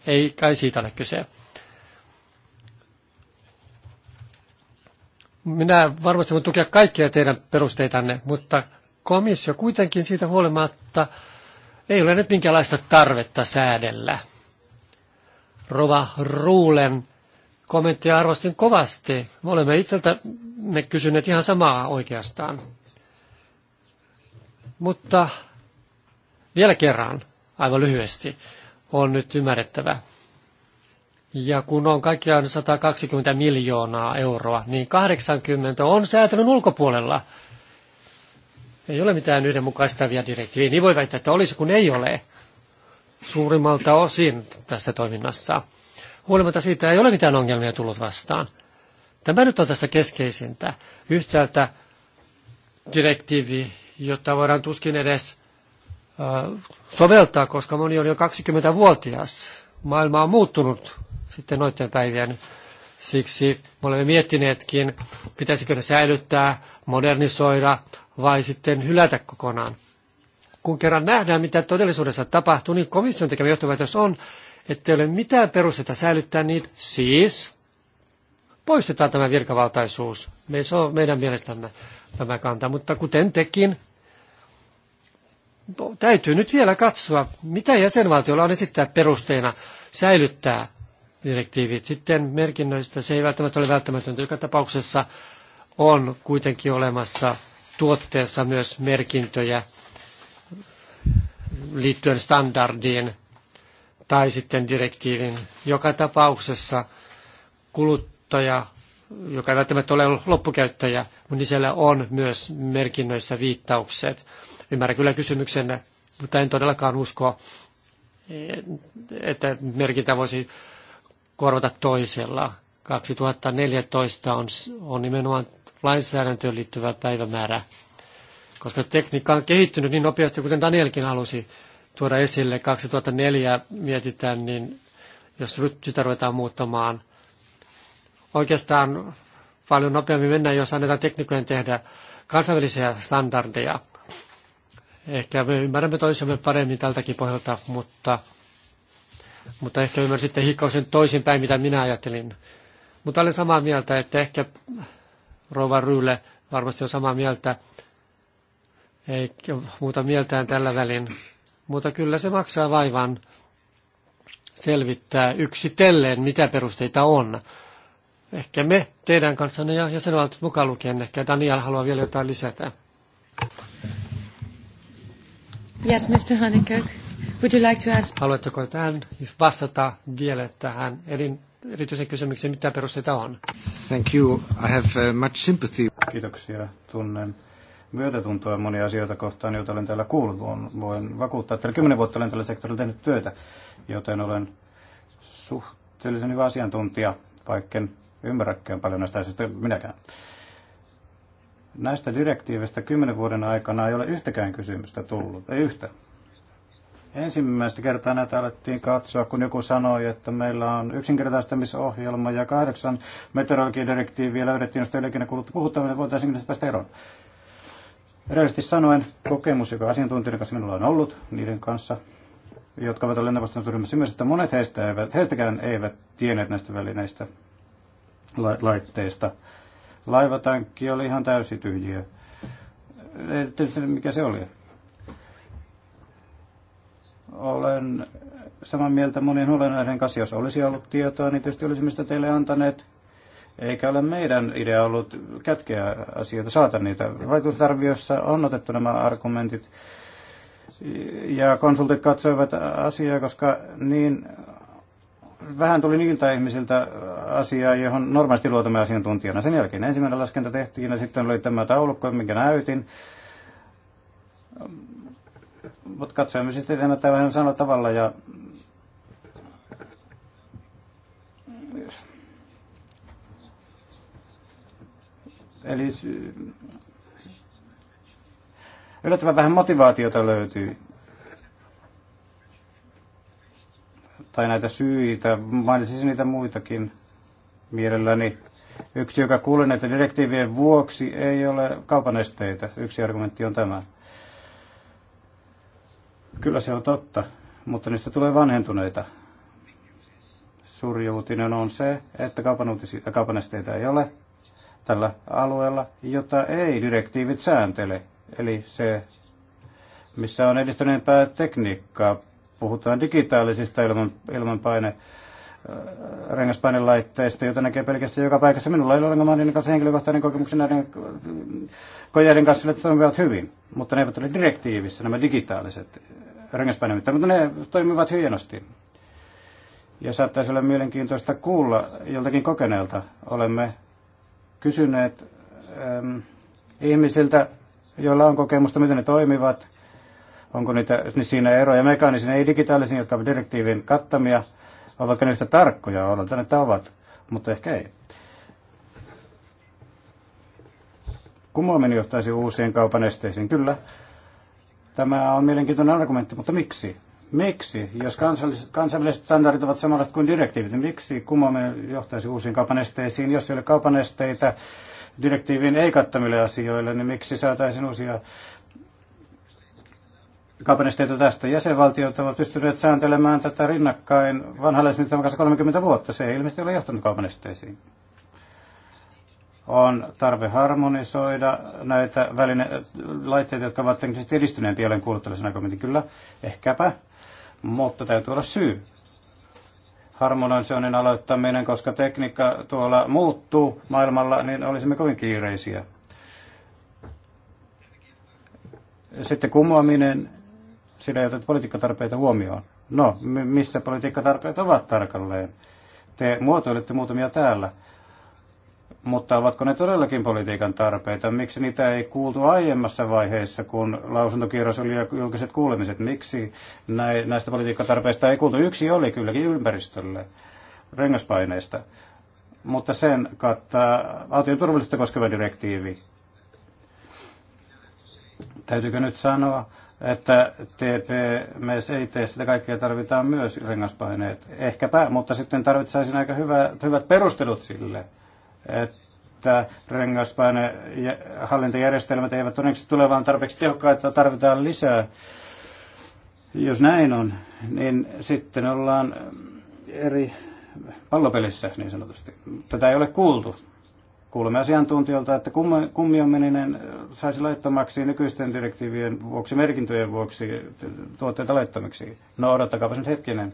Ei kai siitä ole kyse. Minä varmasti voin tukea kaikkia teidän perusteitanne, mutta Komissio kuitenkin siitä huolimatta ei ole nyt minkäänlaista tarvetta säädellä. Rova Ruulen kommenttia arvostin kovasti. Me olemme itseltä me kysyneet ihan samaa oikeastaan. Mutta vielä kerran, aivan lyhyesti, on nyt ymmärrettävä. Ja kun on kaikkiaan 120 miljoonaa euroa, niin 80 on säätelyn ulkopuolella – ei ole mitään yhdenmukaistavia direktiiviä. Niin voi väittää, että olisi, kun ei ole suurimmalta osin tässä toiminnassa. Huolimatta siitä ei ole mitään ongelmia tullut vastaan. Tämä nyt on tässä keskeisintä. Yhtäältä direktiivi, jota voidaan tuskin edes soveltaa, koska moni on jo 20-vuotias. Maailma on muuttunut sitten noiden päivien. Siksi me olemme miettineetkin, pitäisikö ne säilyttää modernisoida vai sitten hylätä kokonaan. Kun kerran nähdään, mitä todellisuudessa tapahtuu, niin komission tekemä johtopäätös on, että ei ole mitään perusteita säilyttää niitä, siis poistetaan tämä virkavaltaisuus. Me se on meidän mielestämme tämä kanta, mutta kuten tekin, täytyy nyt vielä katsoa, mitä jäsenvaltiolla on esittää perusteena säilyttää direktiivit. Sitten merkinnöistä se ei välttämättä ole välttämätöntä joka tapauksessa on kuitenkin olemassa tuotteessa myös merkintöjä liittyen standardiin tai sitten direktiivin. Joka tapauksessa kuluttaja, joka ei välttämättä ole loppukäyttäjä, mutta niin siellä on myös merkinnöissä viittaukset. Ymmärrän kyllä kysymyksen, mutta en todellakaan usko, että merkintä voisi korvata toisella. 2014 on, on nimenomaan lainsäädäntöön liittyvä päivämäärä, koska tekniikka on kehittynyt niin nopeasti, kuten Danielkin halusi tuoda esille. 2004 mietitään, niin jos nyt sitä ruvetaan muuttamaan, oikeastaan paljon nopeammin mennään, jos annetaan teknikojen tehdä kansainvälisiä standardeja. Ehkä me ymmärrämme toisemme paremmin tältäkin pohjalta, mutta, mutta ehkä ymmärsitte hikkausen toisinpäin, mitä minä ajattelin mutta olen samaa mieltä, että ehkä Rova Ryyle varmasti on samaa mieltä, ei muuta mieltään tällä välin. Mutta kyllä se maksaa vaivan selvittää yksitellen, mitä perusteita on. Ehkä me teidän kanssanne ja jäsenvaltiot mukaan lukien. Ehkä Daniel haluaa vielä jotain lisätä. Yes, Mr. Hanenkirk, would you like to ask? Haluatteko tähän vastata vielä tähän Erin? erityisen kysymyksen, mitä perusteita on. Thank you. I have uh, much sympathy. Kiitoksia. Tunnen myötätuntoa monia asioita kohtaan, joita olen täällä kuullut. Voin, voin vakuuttaa, että kymmenen vuotta olen tällä sektorilla tehnyt työtä, joten olen suhteellisen hyvä asiantuntija, vaikken ymmärräkään paljon näistä asioista minäkään. Näistä direktiiveistä kymmenen vuoden aikana ei ole yhtäkään kysymystä tullut, ei yhtä. Ensimmäistä kertaa näitä alettiin katsoa, kun joku sanoi, että meillä on yksinkertaistamisohjelma ja kahdeksan meteorologiadirektiiviä löydettiin, josta yleikinä ikinä puhutaan, että niin voitaisiin päästä eroon. Rehellisesti sanoen, kokemus, joka asiantuntijoiden kanssa minulla on ollut, niiden kanssa, jotka ovat olleet neuvoston myös, että monet heistä eivät, heistäkään eivät tienneet näistä välineistä la, laitteista. Laivatankki oli ihan täysi tyhjiä. Mikä se oli? Olen samaa mieltä monien huolenaiheiden kanssa. Jos olisi ollut tietoa, niin tietysti olisimme sitä teille antaneet. Eikä ole meidän idea ollut kätkeä asioita, saata niitä. Vaikutusarviossa on otettu nämä argumentit. Ja konsultit katsoivat asiaa, koska niin vähän tuli niiltä ihmisiltä asiaa, johon normaalisti luotamme asiantuntijana. Sen jälkeen ensimmäinen laskenta tehtiin ja sitten oli tämä taulukko, minkä näytin. Mutta katsoimme sitten tämä vähän samalla tavalla ja Eli yllättävän vähän motivaatiota löytyy. Tai näitä syitä, mainitsisin niitä muitakin mielelläni. Yksi, joka kuulee näitä direktiivien vuoksi, ei ole kaupanesteitä. Yksi argumentti on tämä. Kyllä se on totta, mutta niistä tulee vanhentuneita. Suuri uutinen on se, että äh, kaupan esteitä ei ole tällä alueella, jota ei direktiivit sääntele. Eli se, missä on edistyneempää tekniikkaa, puhutaan digitaalisista ilman, ilmanpaine rengaspainelaitteista, joita näkee pelkästään joka paikassa. Minulla ei ole ollenkaan niiden kanssa henkilökohtainen kokemuksen näiden äh, kojeiden kanssa, että toimivat hyvin, mutta ne eivät ole direktiivissä, nämä digitaaliset rengaspainemittarit, mutta ne toimivat hienosti. Ja saattaisi olla mielenkiintoista kuulla joltakin kokeneelta. Olemme kysyneet ähm, ihmisiltä, joilla on kokemusta, miten ne toimivat, onko niitä, niin siinä eroja mekaanisina, ei digitaalisina, jotka ovat direktiivin kattamia, on vaikka ne yhtä tarkkoja, oletan, että ovat, mutta ehkä ei. Kumoaminen johtaisi uusien kaupan esteisiin, kyllä. Tämä on mielenkiintoinen argumentti, mutta miksi? Miksi, jos kansalliset, kansainväliset standardit ovat samanlaiset kuin direktiivit, niin miksi kumoaminen johtaisi uusiin kaupan esteisiin? Jos ei ole kaupan esteitä direktiivin ei kattamille asioille, niin miksi saataisiin uusia kaupanesteitä tästä. Jäsenvaltiot ovat pystyneet sääntelemään tätä rinnakkain vanhalle kanssa 30 vuotta. Se ei ilmeisesti ole johtanut kaupanesteisiin. On tarve harmonisoida näitä väline- laitteita, jotka ovat teknisesti edistyneen pielen kuullut tällaisen kommentin. Kyllä, ehkäpä, mutta täytyy olla syy. Harmonisoinnin aloittaminen, koska tekniikka tuolla muuttuu maailmalla, niin olisimme kovin kiireisiä sitten kumoaminen sillä ei otettu politiikkatarpeita huomioon. No, missä politiikkatarpeet ovat tarkalleen? Te muotoilette muutamia täällä, mutta ovatko ne todellakin politiikan tarpeita? Miksi niitä ei kuultu aiemmassa vaiheessa, kun lausuntokierros oli ja julkiset kuulemiset? Miksi näistä politiikkatarpeista ei kuultu? Yksi oli kylläkin ympäristölle rengaspaineista, mutta sen kattaa autojen turvallisuutta koskeva direktiivi. Täytyykö nyt sanoa, että TPMS ei tee sitä kaikkea, tarvitaan myös rengaspaineet. Ehkäpä, mutta sitten tarvitsisin aika hyvä, hyvät perustelut sille, että rengaspainehallintajärjestelmät eivät todennäköisesti tule vaan tarpeeksi tehokkaita, tarvitaan lisää. Jos näin on, niin sitten ollaan eri pallopelissä niin sanotusti. Tätä ei ole kuultu. Kuulemme asiantuntijoilta, että kummiomeninen äh, saisi laittomaksi nykyisten direktiivien vuoksi, merkintöjen vuoksi tuotteita laittomiksi. No odottakaapas nyt hetkinen.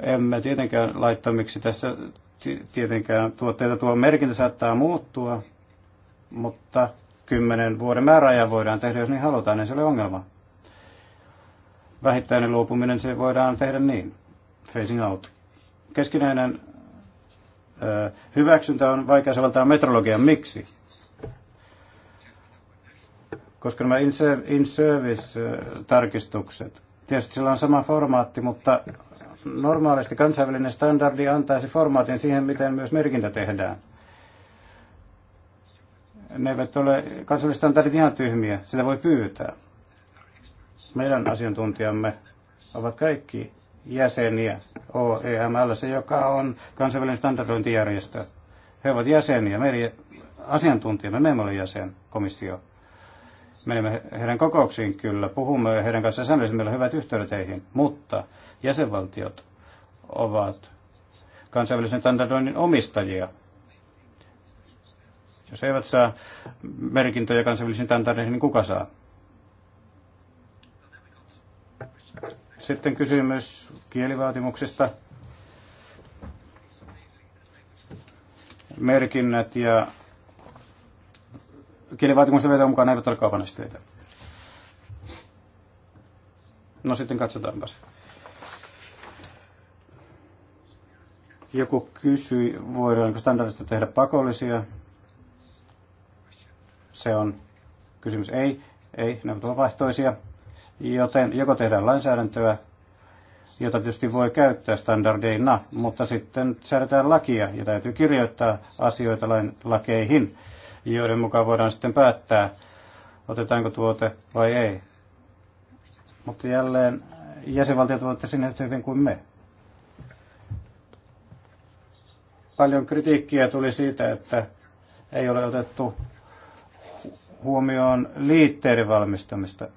Emme tietenkään laittomiksi tässä tietenkään tuotteita tuo merkintä saattaa muuttua, mutta kymmenen vuoden määräajan voidaan tehdä, jos niin halutaan, niin se ole ongelma. Vähittäinen luopuminen, se voidaan tehdä niin. Facing out. Keskinäinen hyväksyntä on vaikea soveltaa metrologian. Miksi? Koska nämä in-service-tarkistukset, tietysti sillä on sama formaatti, mutta normaalisti kansainvälinen standardi antaisi formaatin siihen, miten myös merkintä tehdään. Ne eivät ole kansainväliset standardit ihan tyhmiä, sitä voi pyytää. Meidän asiantuntijamme ovat kaikki jäseniä OEML, se joka on kansainvälinen standardointijärjestö. He ovat jäseniä, meidän asiantuntijamme, me emme ole jäsen, komissio. Menemme heidän kokouksiin kyllä, puhumme heidän kanssaan säännöllisesti, meillä on hyvät yhteydet heihin, mutta jäsenvaltiot ovat kansainvälisen standardoinnin omistajia. Jos he eivät saa merkintöjä kansainvälisiin standardeihin, niin kuka saa? Sitten kysymys kielivaatimuksista. Merkinnät ja kielivaatimusten vetää mukaan eivät ole kaupan esteitä. No sitten katsotaanpas. Joku kysyi, voidaanko standardista tehdä pakollisia. Se on kysymys ei. Ei, ne ovat vapaaehtoisia. Joten joko tehdään lainsäädäntöä, jota tietysti voi käyttää standardeina, mutta sitten säädetään lakia ja täytyy kirjoittaa asioita lain, lakeihin, joiden mukaan voidaan sitten päättää, otetaanko tuote vai ei. Mutta jälleen jäsenvaltiot voivat sinne yhtä hyvin kuin me. Paljon kritiikkiä tuli siitä, että ei ole otettu huomioon liitteiden valmistamista –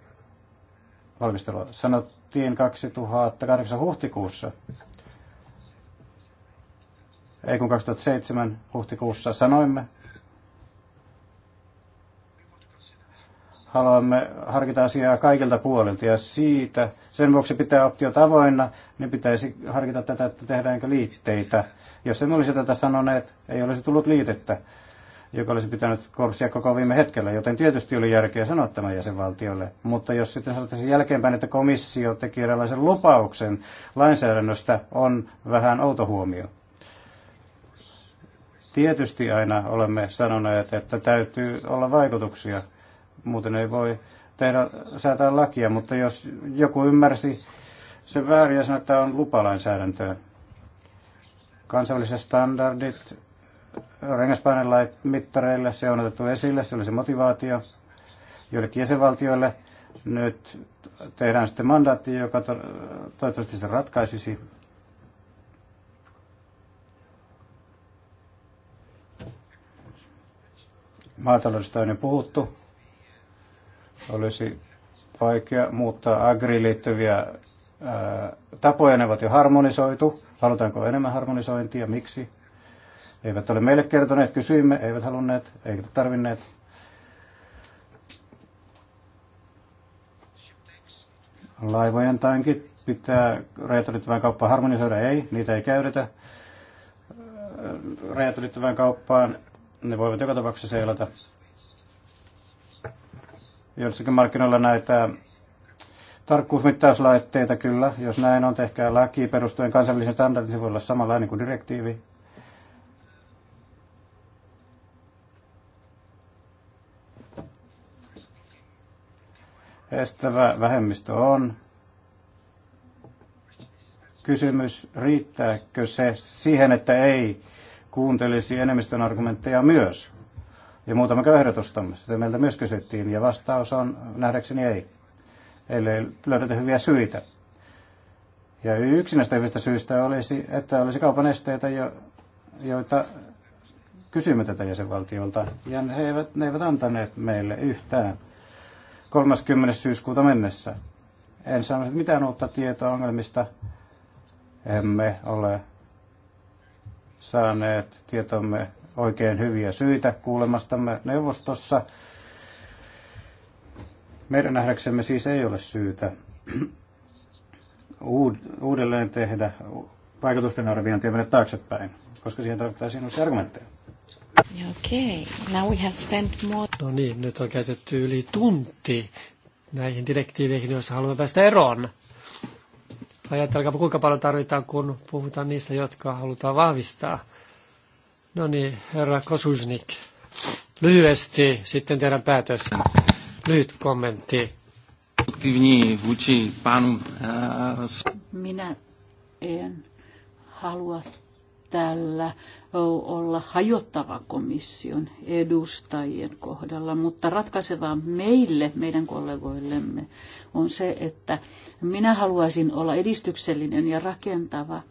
valmistelua. Sanottiin 2008 huhtikuussa, ei kun 2007 huhtikuussa sanoimme, haluamme harkita asiaa kaikilta puolilta ja siitä, sen vuoksi pitää optio tavoinna, niin pitäisi harkita tätä, että tehdäänkö liitteitä. Jos en olisi tätä sanoneet, ei olisi tullut liitettä joka olisi pitänyt korsia koko viime hetkellä, joten tietysti oli järkeä sanoa tämä jäsenvaltiolle. Mutta jos sitten sanotaan jälkeenpäin, että komissio teki erilaisen lupauksen lainsäädännöstä, on vähän outo huomio. Tietysti aina olemme sanoneet, että täytyy olla vaikutuksia, muuten ei voi tehdä, säätää lakia, mutta jos joku ymmärsi se väärin ja sanoi, että on lupalainsäädäntöä, kansalliset standardit rengaspainella mittareille. Se on otettu esille, se oli se motivaatio joillekin jäsenvaltioille. Nyt tehdään sitten mandaatti, joka to- toivottavasti se ratkaisisi. Maataloudesta on jo puhuttu. Olisi vaikea muuttaa agri liittyviä ää, tapoja. Ne ovat jo harmonisoitu. Halutaanko enemmän harmonisointia? Miksi? Eivät ole meille kertoneet, kysyimme, eivät halunneet, eivät tarvinneet. Laivojen tankit pitää rajat kauppaan harmonisoida, ei, niitä ei käydetä. Rajat kauppaan ne voivat joka tapauksessa seilata. Joissakin markkinoilla näitä tarkkuusmittauslaitteita kyllä, jos näin on, tehkää laki perustuen kansallisen standardin, se voi olla samanlainen kuin direktiivi. estävä vähemmistö on. Kysymys, riittääkö se siihen, että ei kuuntelisi enemmistön argumentteja myös? Ja muutama ehdotusta, sitä meiltä myös kysyttiin, ja vastaus on nähdäkseni ei. Ellei löydetä hyviä syitä. Ja yksi näistä hyvistä syistä olisi, että olisi kaupan esteitä, jo, joita kysymme tätä jäsenvaltiolta, ja he eivät, ne eivät antaneet meille yhtään 30. syyskuuta mennessä. En saanut mitään uutta tietoa ongelmista. Emme ole saaneet tietomme oikein hyviä syitä kuulemastamme neuvostossa. Meidän nähdäksemme siis ei ole syytä uudelleen tehdä vaikutusten arviointia mennä taaksepäin, koska siihen tarvittaisiin uusia argumentteja. Okay, now we have spent more... No niin, nyt on käytetty yli tunti näihin direktiiveihin, joissa haluamme päästä eroon. Ajattelkaa kuinka paljon tarvitaan, kun puhutaan niistä, jotka halutaan vahvistaa. No niin, herra Kosusnik, lyhyesti sitten teidän päätös. Lyhyt kommentti. Eh, Minä en halua tällä olla hajottava komission edustajien kohdalla, mutta ratkaisevaa meille, meidän kollegoillemme, on se, että minä haluaisin olla edistyksellinen ja rakentava.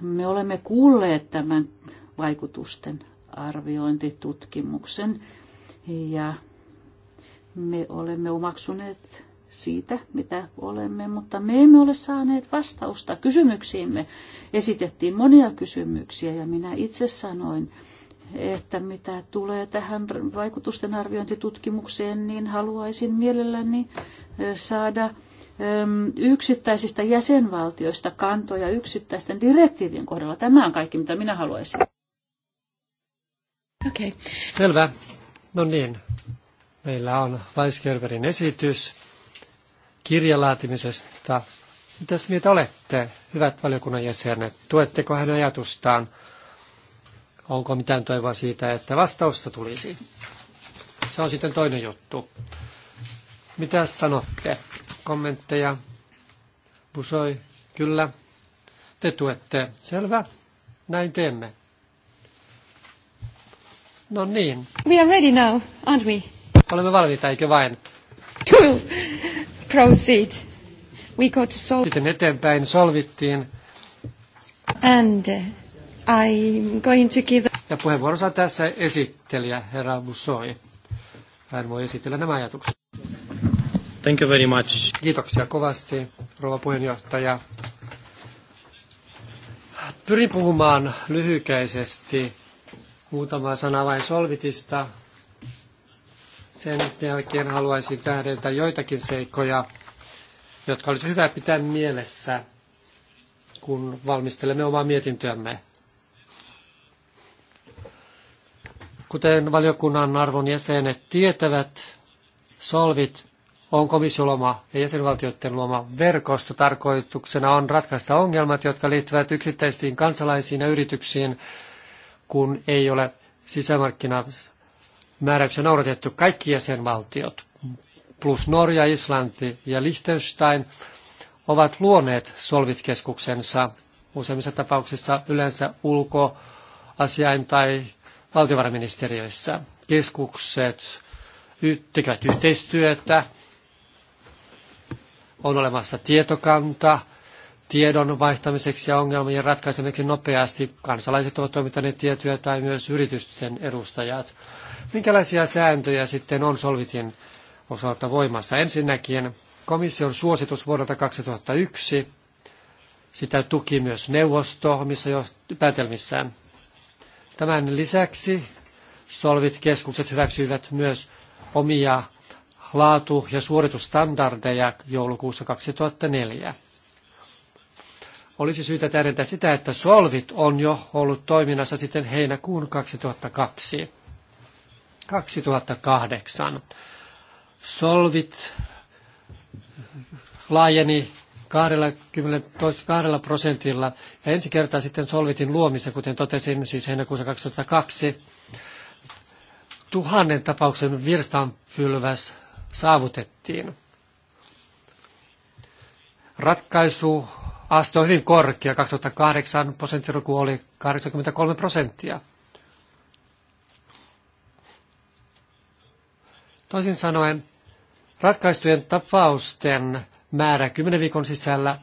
Me olemme kuulleet tämän vaikutusten arviointitutkimuksen ja me olemme omaksuneet siitä, mitä olemme, mutta me emme ole saaneet vastausta kysymyksiimme. Esitettiin monia kysymyksiä ja minä itse sanoin, että mitä tulee tähän vaikutusten arviointitutkimukseen, niin haluaisin mielelläni saada yksittäisistä jäsenvaltioista kantoja yksittäisten direktiivien kohdalla. Tämä on kaikki, mitä minä haluaisin. Okei. Okay. Selvä. No niin. Meillä on Weisgerberin esitys kirjalaatimisesta. Mitäs mieltä olette, hyvät valiokunnan jäsenet? Tuetteko hänen ajatustaan? Onko mitään toivoa siitä, että vastausta tulisi? Se on sitten toinen juttu. Mitä sanotte? Kommentteja? Busoi? Kyllä. Te tuette. Selvä. Näin teemme. No niin. We are ready now, aren't we? Olemme valmiita, eikö vain? Cool. proceed. We go to solve. Sitten eteenpäin solvittiin. And uh, I'm going to give... Ja saa tässä esittelijä, herra Bussoi. Hän voi esitellä nämä ajatukset. Thank you very much. Kiitoksia kovasti, rouva puheenjohtaja. Pyrin puhumaan lyhykäisesti muutama sana vain Solvitista, sen jälkeen haluaisin tähdentää joitakin seikkoja, jotka olisi hyvä pitää mielessä, kun valmistelemme omaa mietintöämme. Kuten valiokunnan arvon jäsenet tietävät, solvit on komissioloma ja jäsenvaltioiden luoma verkosto. Tarkoituksena on ratkaista ongelmat, jotka liittyvät yksittäisiin kansalaisiin ja yrityksiin, kun ei ole sisämarkkinaa määräyksiä noudatettu kaikki jäsenvaltiot, plus Norja, Islanti ja Liechtenstein, ovat luoneet solvitkeskuksensa useimmissa tapauksissa yleensä ulkoasiain tai valtiovarainministeriöissä. Keskukset tekevät yhteistyötä, on olemassa tietokanta – tiedon vaihtamiseksi ja ongelmien ratkaisemiseksi nopeasti. Kansalaiset ovat toimittaneet tietoja tai myös yritysten edustajat. Minkälaisia sääntöjä sitten on Solvitin osalta voimassa? Ensinnäkin komission suositus vuodelta 2001. Sitä tuki myös neuvosto omissa jo päätelmissään. Tämän lisäksi Solvit-keskukset hyväksyivät myös omia laatu- ja suoritusstandardeja joulukuussa 2004 olisi syytä tähdentää sitä, että Solvit on jo ollut toiminnassa sitten heinäkuun 2002. 2008. Solvit laajeni 22 prosentilla ja ensi kertaa sitten Solvitin luomissa, kuten totesin siis heinäkuussa 2002, tuhannen tapauksen virstanpylväs saavutettiin. Ratkaisu aste on hyvin korkea. 2008 prosenttiluku oli 83 prosenttia. Toisin sanoen, ratkaistujen tapausten määrä 10 viikon sisällä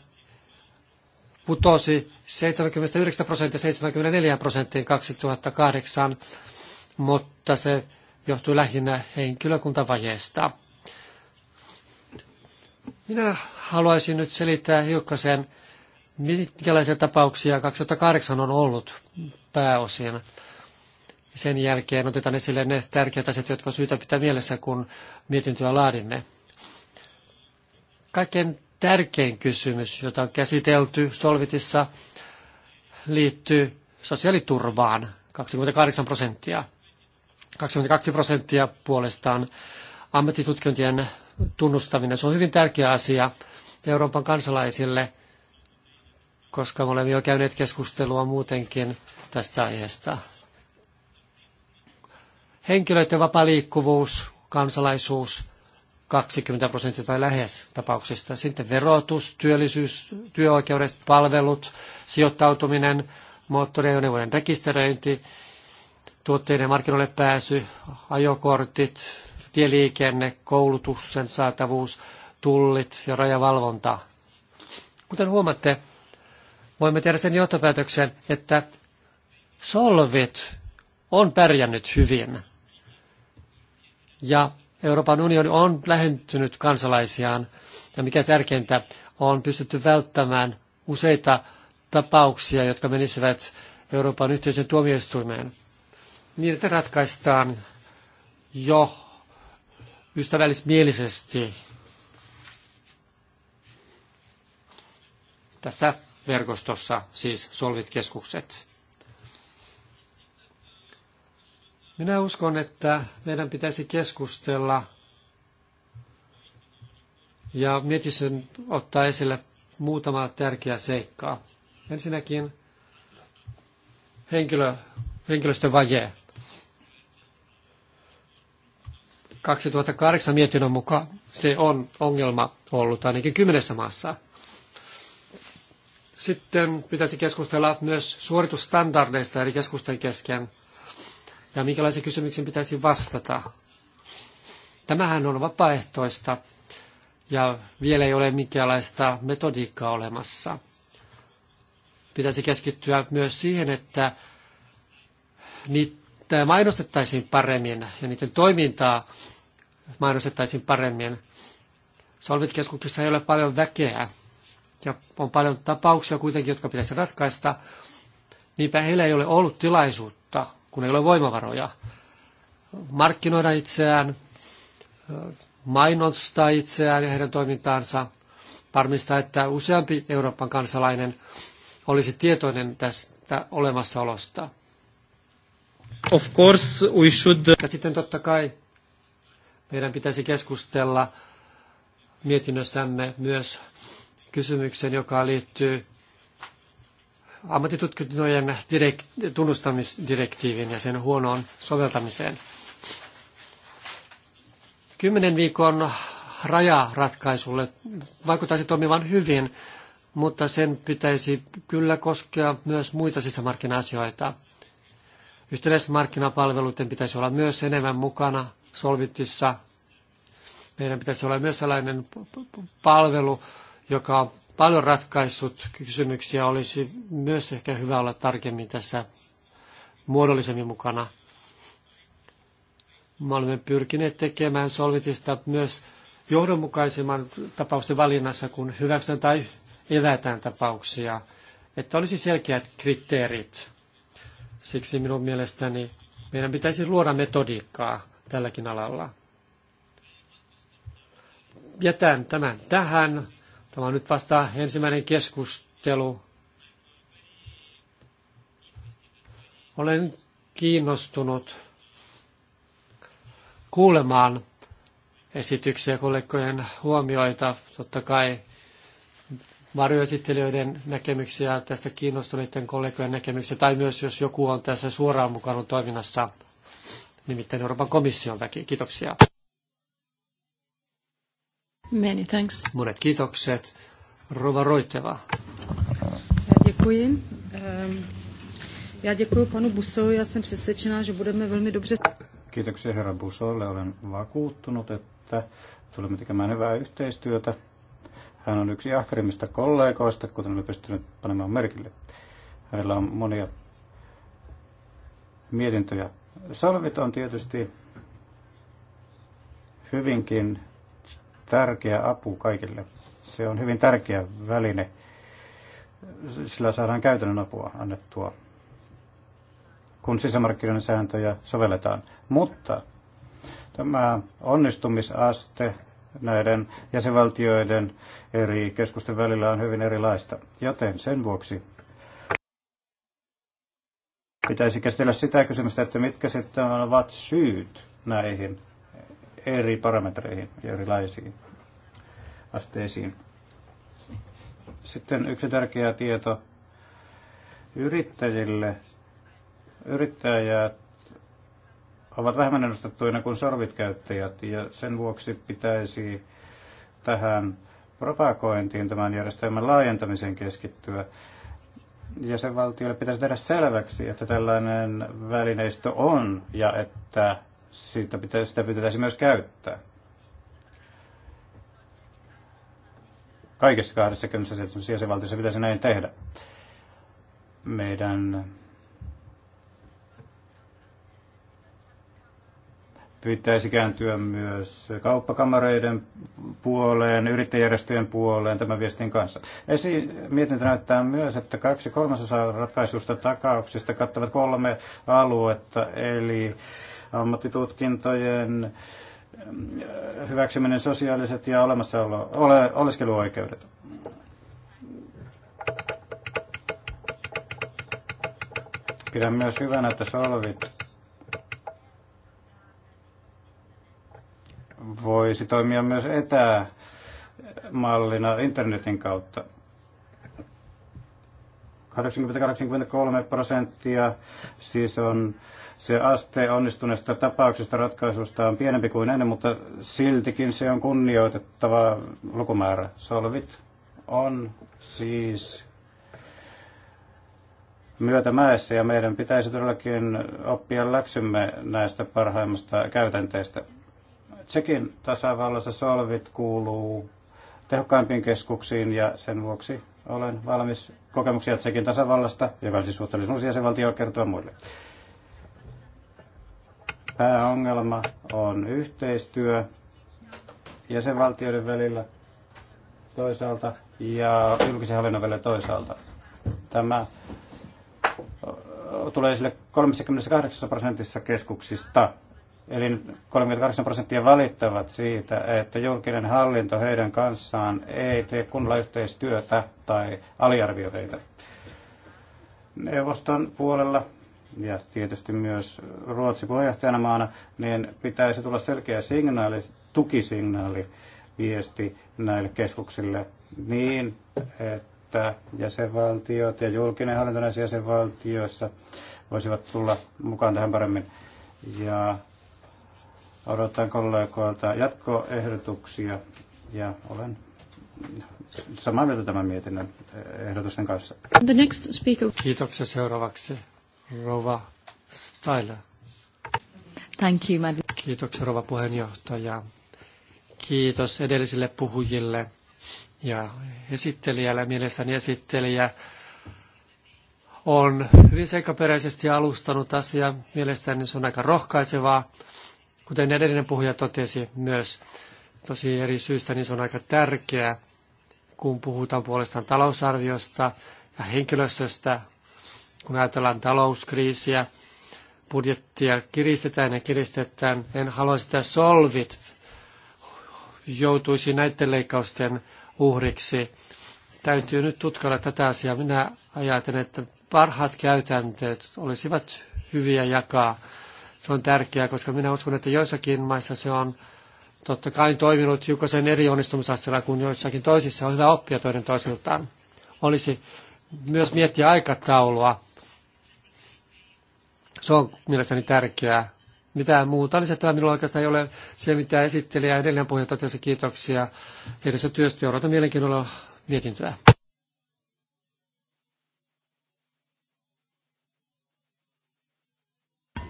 putosi 79 prosenttia 74 prosenttiin 2008, mutta se johtui lähinnä henkilökuntavajeesta. Minä haluaisin nyt selittää hiukkasen mitkälaisia tapauksia 2008 on ollut pääosin? Sen jälkeen otetaan esille ne tärkeät asiat, jotka on syytä pitää mielessä, kun mietintöä laadimme. Kaikkein tärkein kysymys, jota on käsitelty Solvitissa, liittyy sosiaaliturvaan, 28 prosenttia. 22 prosenttia puolestaan ammattitutkintojen tunnustaminen. Se on hyvin tärkeä asia Euroopan kansalaisille, koska me olemme jo käyneet keskustelua muutenkin tästä aiheesta. Henkilöiden vapaa liikkuvuus, kansalaisuus, 20 prosenttia tai lähes tapauksista. Sitten verotus, työllisyys, työoikeudet, palvelut, sijoittautuminen, moottoriajoneuvojen rekisteröinti, tuotteiden markkinoille pääsy, ajokortit, tieliikenne, koulutuksen saatavuus, tullit ja rajavalvonta. Kuten huomatte, voimme tehdä sen johtopäätöksen, että Solvit on pärjännyt hyvin. Ja Euroopan unioni on lähentynyt kansalaisiaan ja mikä tärkeintä, on pystytty välttämään useita tapauksia, jotka menisivät Euroopan yhteisön tuomioistuimeen. että ratkaistaan jo ystävällismielisesti. Tässä verkostossa, siis Solvit-keskukset. Minä uskon, että meidän pitäisi keskustella ja mietisin ottaa esille muutama tärkeä seikkaa. Ensinnäkin henkilö, henkilöstövaje. 2008 mietinnön mukaan se on ongelma ollut ainakin kymmenessä maassa – sitten pitäisi keskustella myös suoritusstandardeista eri keskusten kesken ja minkälaisiin kysymyksiin pitäisi vastata. Tämähän on vapaaehtoista ja vielä ei ole minkäänlaista metodiikkaa olemassa. Pitäisi keskittyä myös siihen, että niitä mainostettaisiin paremmin ja niiden toimintaa mainostettaisiin paremmin. Solvit-keskuksessa ei ole paljon väkeä, ja on paljon tapauksia kuitenkin, jotka pitäisi ratkaista, niinpä heillä ei ole ollut tilaisuutta, kun ei ole voimavaroja markkinoida itseään, mainostaa itseään ja heidän toimintaansa, varmistaa, että useampi Euroopan kansalainen olisi tietoinen tästä olemassaolosta. Of course we should... Ja sitten totta kai meidän pitäisi keskustella mietinnössämme myös kysymyksen, joka liittyy ammattitutkintojen direkt- tunnustamisdirektiivin ja sen huonoon soveltamiseen. Kymmenen viikon rajaratkaisulle vaikuttaisi toimivan hyvin, mutta sen pitäisi kyllä koskea myös muita sisämarkkina-asioita. Yhteismarkkinapalveluiden pitäisi olla myös enemmän mukana Solvitissa. Meidän pitäisi olla myös sellainen palvelu, joka on paljon ratkaissut kysymyksiä, olisi myös ehkä hyvä olla tarkemmin tässä muodollisemmin mukana. Me olemme pyrkineet tekemään solvitista myös johdonmukaisemman tapausten valinnassa, kun hyväksytään tai evätään tapauksia, että olisi selkeät kriteerit. Siksi minun mielestäni meidän pitäisi luoda metodiikkaa tälläkin alalla. Jätän tämän tähän. Tämä on nyt vasta ensimmäinen keskustelu. Olen kiinnostunut kuulemaan esityksiä, kollegojen huomioita, totta kai varjoesittelijöiden näkemyksiä, tästä kiinnostuneiden kollegojen näkemyksiä, tai myös jos joku on tässä suoraan mukana toiminnassa, nimittäin Euroopan komission väki. Kiitoksia. Many thanks. Monet kiitokset. Rova Roiteva. Děkuji. Ehm, já děkuji panu Busovi. Já jsem přesvědčená, že budeme velmi dobře... Kiitoksia herra Busolle. Olen vakuuttunut, että tulemme tekemään hyvää yhteistyötä. Hän on yksi ahkerimmista kollegoista, kuten olemme pystyneet panemaan merkille. Hänellä on monia mietintöjä. Salvit on tietysti hyvinkin tärkeä apu kaikille. Se on hyvin tärkeä väline. Sillä saadaan käytännön apua annettua, kun sisämarkkinoiden sääntöjä sovelletaan. Mutta tämä onnistumisaste näiden jäsenvaltioiden eri keskusten välillä on hyvin erilaista. Joten sen vuoksi pitäisi käsitellä sitä kysymystä, että mitkä sitten ovat syyt näihin eri parametreihin ja erilaisiin asteisiin. Sitten yksi tärkeä tieto yrittäjille. Yrittäjät ovat vähemmän ennustettuina kuin sorvitkäyttäjät ja sen vuoksi pitäisi tähän propagointiin tämän järjestelmän laajentamiseen keskittyä. Ja valtiolle pitäisi tehdä selväksi, että tällainen välineistö on ja että siitä pitäisi, sitä pitäisi myös käyttää. Kaikissa 27 jäsenvaltiossa pitäisi näin tehdä. Meidän pitäisi kääntyä myös kauppakamareiden puoleen, yrittäjärjestöjen puoleen tämän viestin kanssa. Esi- mietintö näyttää myös, että kaksi kolmasosaa ratkaisusta takauksista kattavat kolme aluetta, eli ammattitutkintojen eh, hyväksyminen sosiaaliset ja olemassaolo, ole, oleskeluoikeudet. Pidän myös hyvänä, että solvit voisi toimia myös etämallina internetin kautta. 80-83 prosenttia, siis on se aste onnistuneista tapauksista ratkaisusta on pienempi kuin ennen, mutta siltikin se on kunnioitettava lukumäärä. Solvit on siis myötämäessä ja meidän pitäisi todellakin oppia läksymme näistä parhaimmista käytänteistä. Tsekin tasavallassa solvit kuuluu tehokkaimpiin keskuksiin ja sen vuoksi olen valmis kokemuksia Tsekin tasavallasta, joka on siis uusi jäsenvaltio kertoa muille. Pääongelma on yhteistyö jäsenvaltioiden välillä toisaalta ja julkisen hallinnon välillä toisaalta. Tämä tulee esille 38 prosentissa keskuksista Eli 38 prosenttia valittavat siitä, että julkinen hallinto heidän kanssaan ei tee kunnolla yhteistyötä tai aliarvio heitä. Neuvoston puolella ja tietysti myös Ruotsin puheenjohtajana niin pitäisi tulla selkeä signaali, tukisignaali, viesti näille keskuksille niin, että jäsenvaltiot ja julkinen hallinto näissä jäsenvaltioissa voisivat tulla mukaan tähän paremmin. Ja Odotan kollegoilta jatkoehdotuksia ja olen samaa mieltä tämän mietinnön eh, ehdotusten kanssa. The next speaker. Kiitoksia seuraavaksi. Rova Styler. Thank you, madam. Kiitoksia rova puheenjohtaja. Kiitos edellisille puhujille ja esittelijälle. Mielestäni esittelijä on hyvin seikkaperäisesti alustanut asia Mielestäni se on aika rohkaisevaa. Kuten edellinen puhuja totesi myös, tosi eri syistä, niin se on aika tärkeää, kun puhutaan puolestaan talousarviosta ja henkilöstöstä, kun ajatellaan talouskriisiä, budjettia kiristetään ja kiristetään. En halua sitä solvit joutuisi näiden leikkausten uhriksi. Täytyy nyt tutkailla tätä asiaa. Minä ajattelen, että parhaat käytänteet olisivat hyviä jakaa se on tärkeää, koska minä uskon, että joissakin maissa se on totta kai toiminut hiukan sen eri onnistumisasteella kuin joissakin toisissa. On hyvä oppia toinen toisiltaan. Olisi myös miettiä aikataulua. Se on mielestäni tärkeää. Mitään muuta Lisätään minulla oikeastaan ei ole se, mitä esittelijä edellinen puheen totesi. Kiitoksia tehdystä työstä. Odotan mielenkiinnolla mietintöä.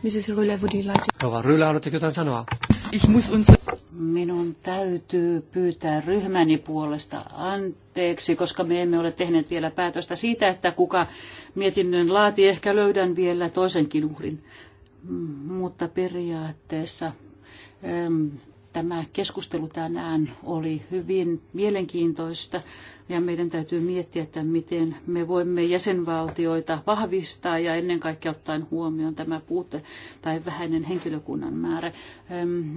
Mrs. Rühle, would you like to... Rova Rühle, haluatteko jotain sanoa? Ich muss uns... Minun täytyy pyytää ryhmäni puolesta anteeksi, koska me emme ole tehneet vielä päätöstä siitä, että kuka mietinnön laati. Ehkä löydän vielä toisenkin uhrin. Mutta periaatteessa Tämä keskustelu tänään oli hyvin mielenkiintoista ja meidän täytyy miettiä, että miten me voimme jäsenvaltioita vahvistaa ja ennen kaikkea ottaen huomioon tämä puute tai vähäinen henkilökunnan määrä.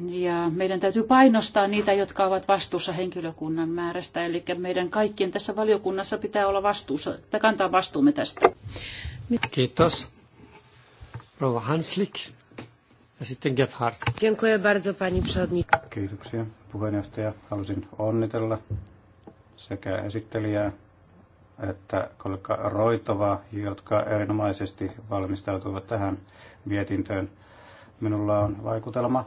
Ja meidän täytyy painostaa niitä, jotka ovat vastuussa henkilökunnan määrästä, eli meidän kaikkien tässä valiokunnassa pitää olla vastuussa että kantaa vastuumme tästä. Kiitos. Rova Hanslik sitten Gebhardt. Dziękuję bardzo, pani Kiitoksia, puheenjohtaja. Halusin onnitella sekä esittelijää että kollega Roitova, jotka erinomaisesti valmistautuivat tähän mietintöön. Minulla on vaikutelma,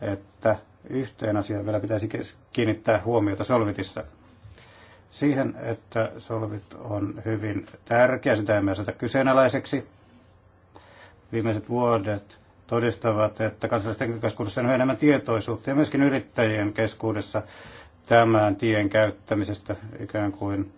että yhteen asiaan vielä pitäisi kiinnittää huomiota Solvitissa. Siihen, että Solvit on hyvin tärkeä, sitä emme aseta kyseenalaiseksi. Viimeiset vuodet todistavat, että kansallisten keskuudessa on enemmän tietoisuutta ja myöskin yrittäjien keskuudessa tämän tien käyttämisestä ikään kuin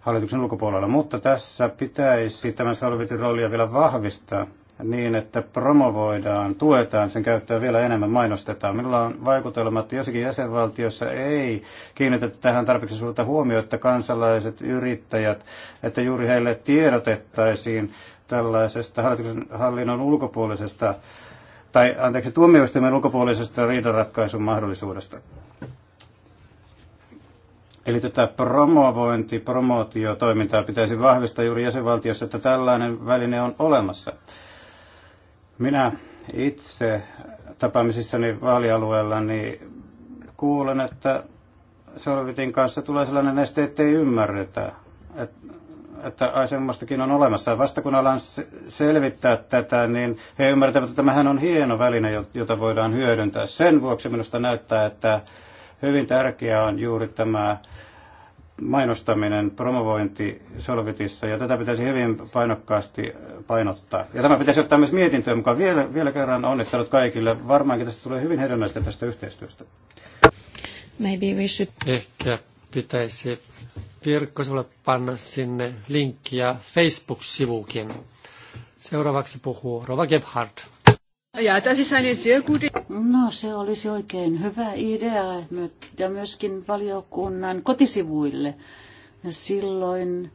hallituksen ulkopuolella. Mutta tässä pitäisi tämän Solvitin roolia vielä vahvistaa niin, että promovoidaan, tuetaan sen käyttöä vielä enemmän, mainostetaan. Minulla on vaikutelma, että jossakin jäsenvaltiossa ei kiinnitetä tähän tarpeeksi suurta huomiota, kansalaiset, yrittäjät, että juuri heille tiedotettaisiin tällaisesta hallituksen hallinnon ulkopuolisesta, tai anteeksi, tuomioistuimen ulkopuolisesta riidanratkaisun mahdollisuudesta. Eli tätä promovointi, promootiotoimintaa pitäisi vahvistaa juuri jäsenvaltiossa, että tällainen väline on olemassa. Minä itse tapaamisissani vaalialueella niin kuulen, että Solvitin kanssa tulee sellainen este, ettei ymmärretä, että että semmoistakin on olemassa. Vasta kun alan selvittää tätä, niin he ymmärtävät, että tämähän on hieno väline, jota voidaan hyödyntää. Sen vuoksi minusta näyttää, että hyvin tärkeää on juuri tämä mainostaminen, promovointi Solvitissa, ja tätä pitäisi hyvin painokkaasti painottaa. Ja tämä pitäisi ottaa myös mietintöön mukaan. Vielä, vielä kerran onnittelut kaikille. Varmaankin tästä tulee hyvin hedelmällistä tästä yhteistyöstä. Maybe we should... Ehkä pitäisi verkkosivulle panna sinne linkkiä Facebook-sivukin. Seuraavaksi puhuu Rova Gebhardt. Ja, das ist eine sehr No se olisi oikein hyvä idea ja myöskin valiokunnan kotisivuille. Ja silloin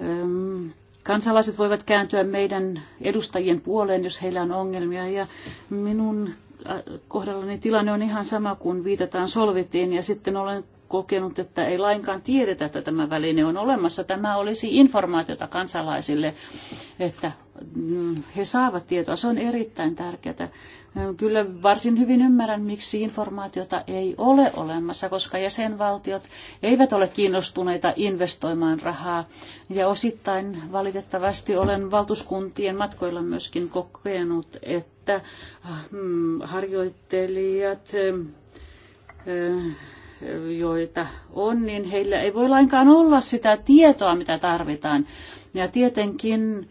ähm, kansalaiset voivat kääntyä meidän edustajien puoleen, jos heillä on ongelmia. Ja minun äh, kohdallani tilanne on ihan sama, kun viitataan solvitiin ja sitten olen kokenut, että ei lainkaan tiedetä, että tämä väline on olemassa. Tämä olisi informaatiota kansalaisille, että mm, he saavat tietoa. Se on erittäin tärkeää. Kyllä varsin hyvin ymmärrän, miksi informaatiota ei ole olemassa, koska jäsenvaltiot eivät ole kiinnostuneita investoimaan rahaa. Ja osittain valitettavasti olen valtuuskuntien matkoilla myöskin kokenut, että mm, harjoittelijat mm, joita on, niin heillä ei voi lainkaan olla sitä tietoa, mitä tarvitaan. Ja tietenkin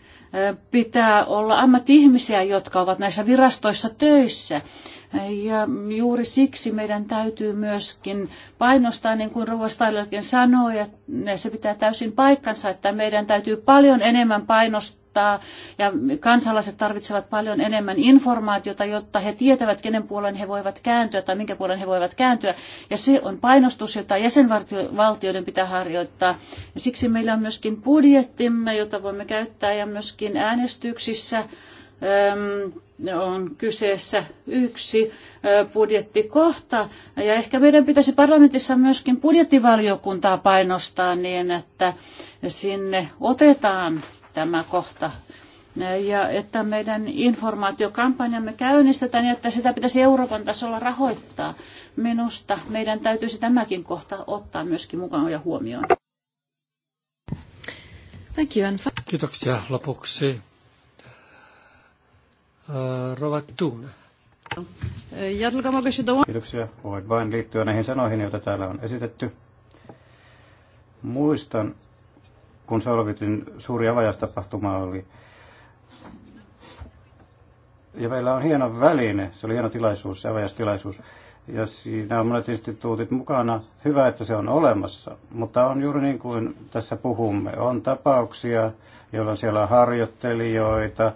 pitää olla ammatti-ihmisiä, jotka ovat näissä virastoissa töissä. Ja juuri siksi meidän täytyy myöskin painostaa, niin kuin Rouva Steilerkin sanoi, että se pitää täysin paikkansa, että meidän täytyy paljon enemmän painostaa ja kansalaiset tarvitsevat paljon enemmän informaatiota, jotta he tietävät, kenen puolen he voivat kääntyä tai minkä puolen he voivat kääntyä. Ja se on painostus, jota jäsenvaltioiden pitää harjoittaa. Ja siksi meillä on myöskin budjettimme, jota voimme käyttää ja myöskin äänestyksissä on kyseessä yksi budjettikohta. Ja ehkä meidän pitäisi parlamentissa myöskin budjettivaliokuntaa painostaa niin, että sinne otetaan tämä kohta ja että meidän informaatiokampanjamme käynnistetään ja että sitä pitäisi Euroopan tasolla rahoittaa. Minusta meidän täytyisi tämäkin kohta ottaa myöskin mukaan ja huomioon. Thank you. Kiitoksia. Lopuksi Äh, Rova äh, Kiitoksia. Voin vain liittyä näihin sanoihin, joita täällä on esitetty. Muistan, kun Solvitin suuri avajastapahtuma oli. Ja meillä on hieno väline, se oli hieno tilaisuus, se avajastilaisuus. Ja siinä on monet instituutit mukana. Hyvä, että se on olemassa, mutta on juuri niin kuin tässä puhumme. On tapauksia, joilla siellä on harjoittelijoita,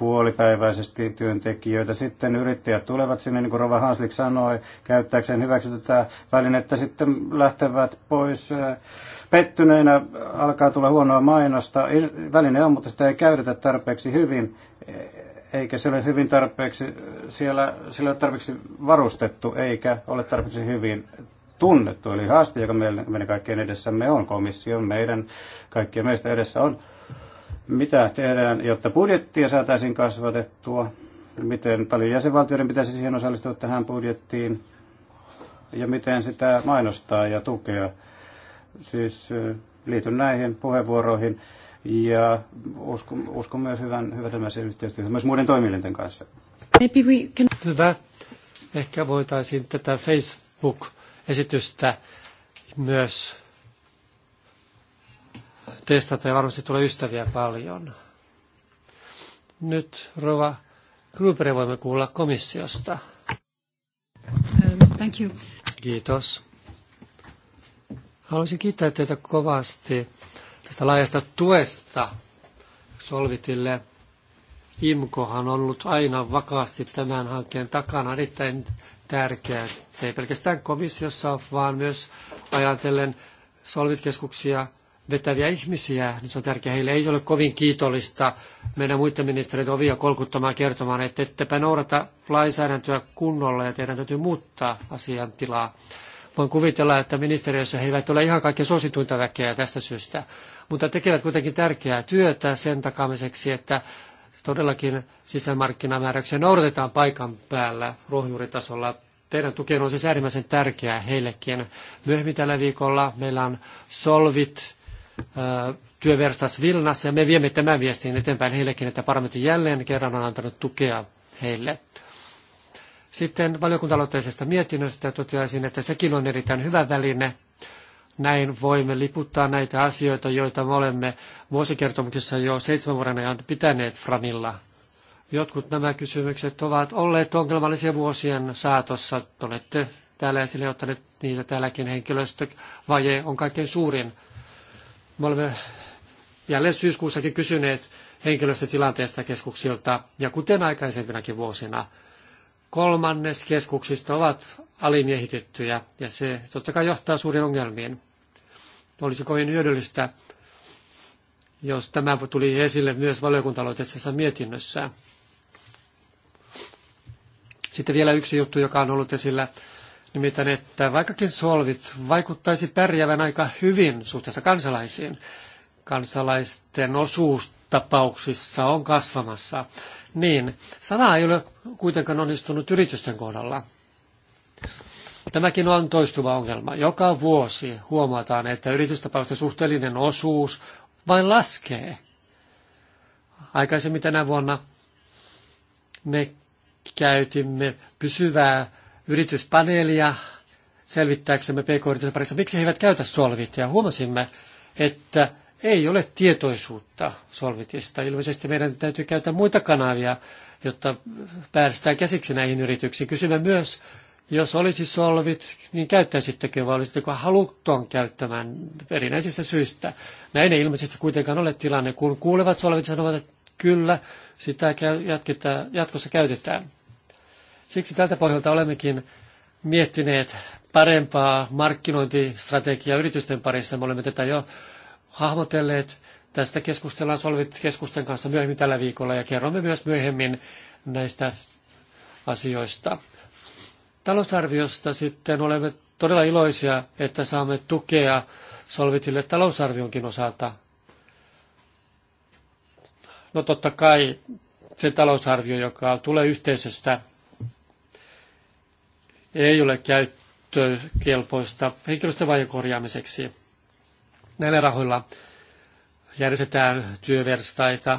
puolipäiväisesti työntekijöitä. Sitten yrittäjät tulevat sinne, niin kuin Rova Hanslik sanoi, käyttääkseen hyväksi tätä välinettä. Sitten lähtevät pois äh, pettyneinä, alkaa tulla huonoa mainosta. Väline on, mutta sitä ei käytetä tarpeeksi hyvin e- eikä se ole hyvin tarpeeksi, siellä, siellä ole tarpeeksi varustettu, eikä ole tarpeeksi hyvin tunnettu. Eli haaste, joka meidän, meidän kaikkien edessämme on, komission meidän, kaikkien meistä edessä on, mitä tehdään, jotta budjettia saataisiin kasvatettua? Miten paljon jäsenvaltioiden pitäisi siihen osallistua tähän budjettiin? Ja miten sitä mainostaa ja tukea? Siis eh, liityn näihin puheenvuoroihin ja uskon, uskon myös hyvän, hyvätelmäisen yhteistyöhön myös muiden toimielinten kanssa. Maybe we can... Hyvä. Ehkä voitaisiin tätä Facebook-esitystä myös testata ja varmasti tulee ystäviä paljon. Nyt Rova Gruberin voimme kuulla komissiosta. Um, thank you. Kiitos. Haluaisin kiittää teitä kovasti tästä laajasta tuesta Solvitille. IMKOhan on ollut aina vakaasti tämän hankkeen takana erittäin tärkeä, ei pelkästään komissiossa, vaan myös ajatellen Solvit-keskuksia vetäviä ihmisiä. niin se on tärkeää. Heille ei ole kovin kiitollista mennä muiden ministeriöiden ovia kolkuttamaan kertomaan, että ettepä noudata lainsäädäntöä kunnolla ja teidän täytyy muuttaa asiantilaa. Voin kuvitella, että ministeriössä he eivät ole ihan kaikkein suosituinta väkeä tästä syystä, mutta tekevät kuitenkin tärkeää työtä sen takaamiseksi, että todellakin sisämarkkinamääräyksiä noudatetaan paikan päällä ruohonjuuritasolla teidän tukeen on siis äärimmäisen tärkeää heillekin. Myöhemmin tällä viikolla meillä on Solvit työverstas Vilnas ja me viemme tämän viestin eteenpäin heillekin, että parlamentti jälleen kerran on antanut tukea heille. Sitten valiokuntaloitteisesta mietinnöstä toteaisin, että sekin on erittäin hyvä väline. Näin voimme liputtaa näitä asioita, joita me olemme vuosikertomuksessa jo seitsemän vuoden ajan pitäneet Framilla. Jotkut nämä kysymykset ovat olleet ongelmallisia vuosien saatossa. Olette täällä esille ottaneet niitä täälläkin. Henkilöstövaje on kaikkein suurin me olemme jälleen syyskuussakin kysyneet henkilöstötilanteesta keskuksilta, ja kuten aikaisempinakin vuosina, kolmannes keskuksista ovat alimiehitettyjä, ja se totta kai johtaa suuriin ongelmiin. Olisi kovin hyödyllistä, jos tämä tuli esille myös valiokuntaloitteisessa mietinnössä. Sitten vielä yksi juttu, joka on ollut esillä Nimittäin, että vaikkakin solvit vaikuttaisi pärjäävän aika hyvin suhteessa kansalaisiin, kansalaisten osuus tapauksissa on kasvamassa, niin sama ei ole kuitenkaan onnistunut yritysten kohdalla. Tämäkin on toistuva ongelma. Joka vuosi huomataan, että yritystapausten suhteellinen osuus vain laskee. Aikaisemmin tänä vuonna me käytimme pysyvää yrityspaneelia selvittääksemme pk-yritysten parissa, miksi he eivät käytä solvitia. Huomasimme, että ei ole tietoisuutta solvitista. Ilmeisesti meidän täytyy käyttää muita kanavia, jotta päästään käsiksi näihin yrityksiin. Kysymme myös, jos olisi solvit, niin käyttäisittekö vai olisitteko halutton käyttämään erinäisistä syistä? Näin ei ilmeisesti kuitenkaan ole tilanne, kun kuulevat solvit sanovat, että kyllä, sitä jatketaan, jatkossa käytetään. Siksi tältä pohjalta olemmekin miettineet parempaa markkinointistrategiaa yritysten parissa. Me olemme tätä jo hahmotelleet. Tästä keskustellaan Solvit-keskusten kanssa myöhemmin tällä viikolla ja kerromme myös myöhemmin näistä asioista. Talousarviosta sitten olemme todella iloisia, että saamme tukea Solvitille talousarvionkin osalta. No totta kai se talousarvio, joka tulee yhteisöstä, ei ole käyttökelpoista henkilöstövajan korjaamiseksi. Näillä rahoilla järjestetään työverstaita,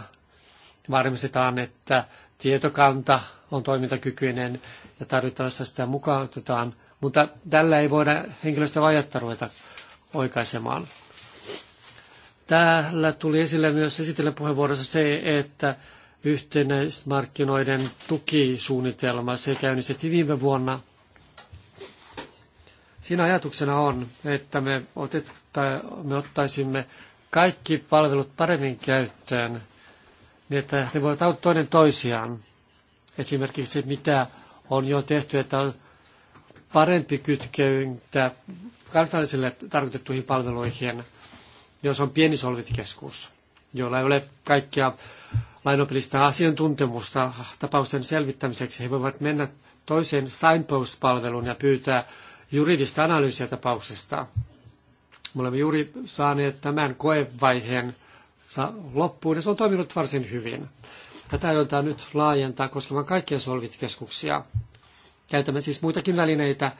varmistetaan, että tietokanta on toimintakykyinen ja tarvittaessa sitä mukaan otetaan, mutta tällä ei voida henkilöstövajetta ruveta oikaisemaan. Täällä tuli esille myös esitellen puheenvuorossa se, että yhteismarkkinoiden tukisuunnitelma, se käynnistettiin viime vuonna – Siinä ajatuksena on, että me, otetta, me ottaisimme kaikki palvelut paremmin käyttöön, niin että ne voivat auttaa toinen toisiaan. Esimerkiksi mitä on jo tehty, että on parempi kytkeyntä kansallisille tarkoitettuihin palveluihin, jos on pieni solvitkeskus, jolla ei ole kaikkia lainopillista asiantuntemusta tapausten selvittämiseksi. He voivat mennä toiseen signpost-palveluun ja pyytää juridista analyysiä tapauksesta. Me olemme juuri saaneet tämän koevaiheen loppuun ja se on toiminut varsin hyvin. Tätä aiotaan nyt laajentaa koskemaan kaikkia solvitkeskuksia. Käytämme siis muitakin välineitä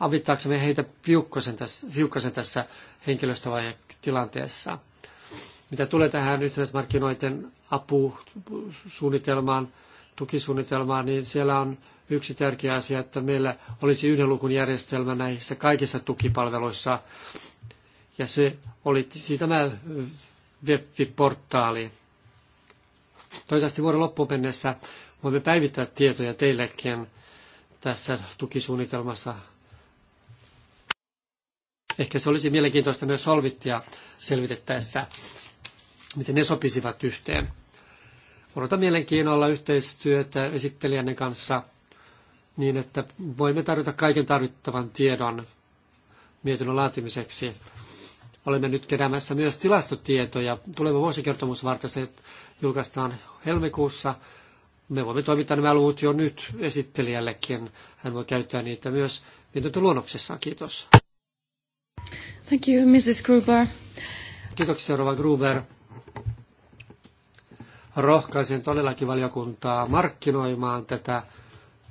avittaaksemme heitä hiukkasen tässä, hiukkasen tässä henkilöstövajetilanteessa. Mitä tulee tähän yhtenäismarkkinoiden apusuunnitelmaan, tukisuunnitelmaan, niin siellä on yksi tärkeä asia, että meillä olisi yhden lukun järjestelmä näissä kaikissa tukipalveluissa. Ja se oli tämä web-portaali. Toivottavasti vuoden loppuun mennessä voimme päivittää tietoja teillekin tässä tukisuunnitelmassa. Ehkä se olisi mielenkiintoista myös solvittia selvitettäessä, miten ne sopisivat yhteen. Odotan mielenkiinnolla yhteistyötä esittelijänne kanssa – niin että voimme tarjota kaiken tarvittavan tiedon mietinnön laatimiseksi. Olemme nyt keräämässä myös tilastotietoja. Tuleva vuosikertomus varten se julkaistaan helmikuussa. Me voimme toimittaa nämä luvut jo nyt esittelijällekin. Hän voi käyttää niitä myös mietintöluonnoksessaan. Kiitos. Thank you, Mrs. Gruber. Kiitoksia, seuraava Gruber. Rohkaisen todellakin valiokuntaa markkinoimaan tätä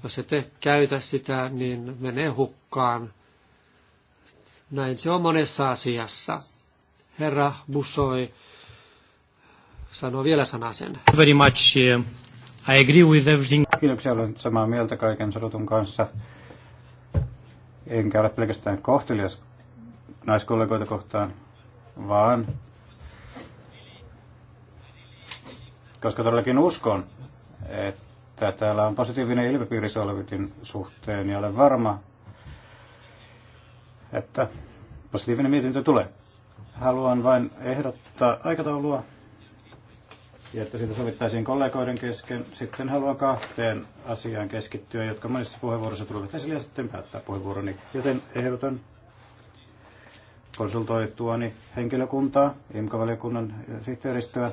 jos et käytä sitä, niin menee hukkaan. Näin se on monessa asiassa. Herra Busoi sanoo vielä sanasen. Very much. Eh, I agree with everything. Kiitoksia, olen samaa mieltä kaiken sanotun kanssa. Enkä ole pelkästään kohtelias naiskollegoita kohtaan, vaan koska todellakin uskon, että että täällä on positiivinen ilmapiiri Solvitin suhteen ja olen varma, että positiivinen mietintö tulee. Haluan vain ehdottaa aikataulua ja että siitä sovittaisiin kollegoiden kesken. Sitten haluan kahteen asiaan keskittyä, jotka monissa puheenvuoroissa tulevat esille ja sitten päättää puheenvuoroni. Joten ehdotan konsultoituani henkilökuntaa, imka valiokunnan sihteeristöä,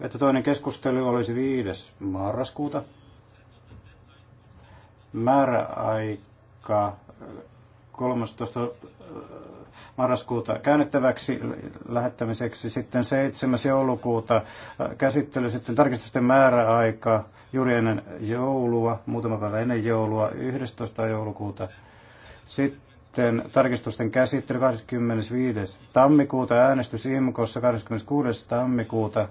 että toinen keskustelu olisi 5. marraskuuta. Määräaika 13. Äh, äh, marraskuuta käännettäväksi lähettämiseksi, sitten 7. joulukuuta äh, käsittely, sitten tarkistusten määräaika juuri ennen joulua, muutama päivä ennen joulua, 11. joulukuuta. Sitten sitten tarkistusten käsittely 25. tammikuuta, äänestys IMKossa 26. tammikuuta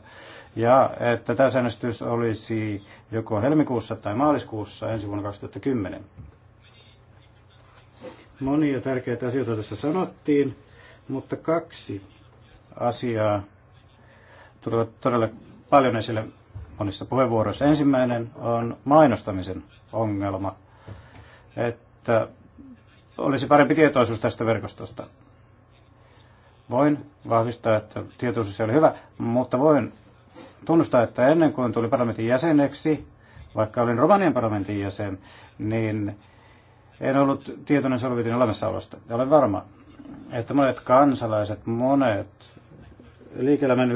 ja että täysäänestys olisi joko helmikuussa tai maaliskuussa ensi vuonna 2010. Monia tärkeitä asioita tässä sanottiin, mutta kaksi asiaa tulevat todella paljon esille monissa puheenvuoroissa. Ensimmäinen on mainostamisen ongelma, että olisi parempi tietoisuus tästä verkostosta. Voin vahvistaa, että tietoisuus oli hyvä, mutta voin tunnustaa, että ennen kuin tuli parlamentin jäseneksi, vaikka olin Romanian parlamentin jäsen, niin en ollut tietoinen Solvitin olemassaolosta. Ja olen varma, että monet kansalaiset, monet liike-elämän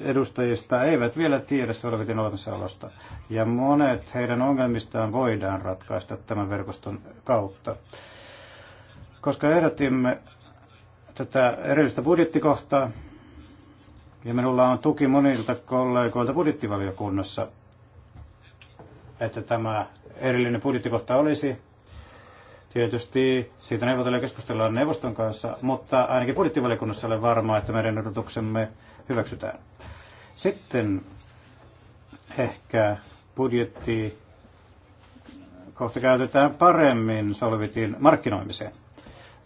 edustajista eivät vielä tiedä Solvitin olemassaolosta. Ja monet heidän ongelmistaan voidaan ratkaista tämän verkoston kautta. Koska ehdotimme tätä erillistä budjettikohtaa, ja minulla on tuki monilta kollegoilta budjettivaliokunnassa, että tämä erillinen budjettikohta olisi. Tietysti siitä neuvotellaan keskustellaan neuvoston kanssa, mutta ainakin budjettivaliokunnassa olen varma, että meidän ehdotuksemme hyväksytään. Sitten ehkä budjetti kohta käytetään paremmin solvitin markkinoimiseen.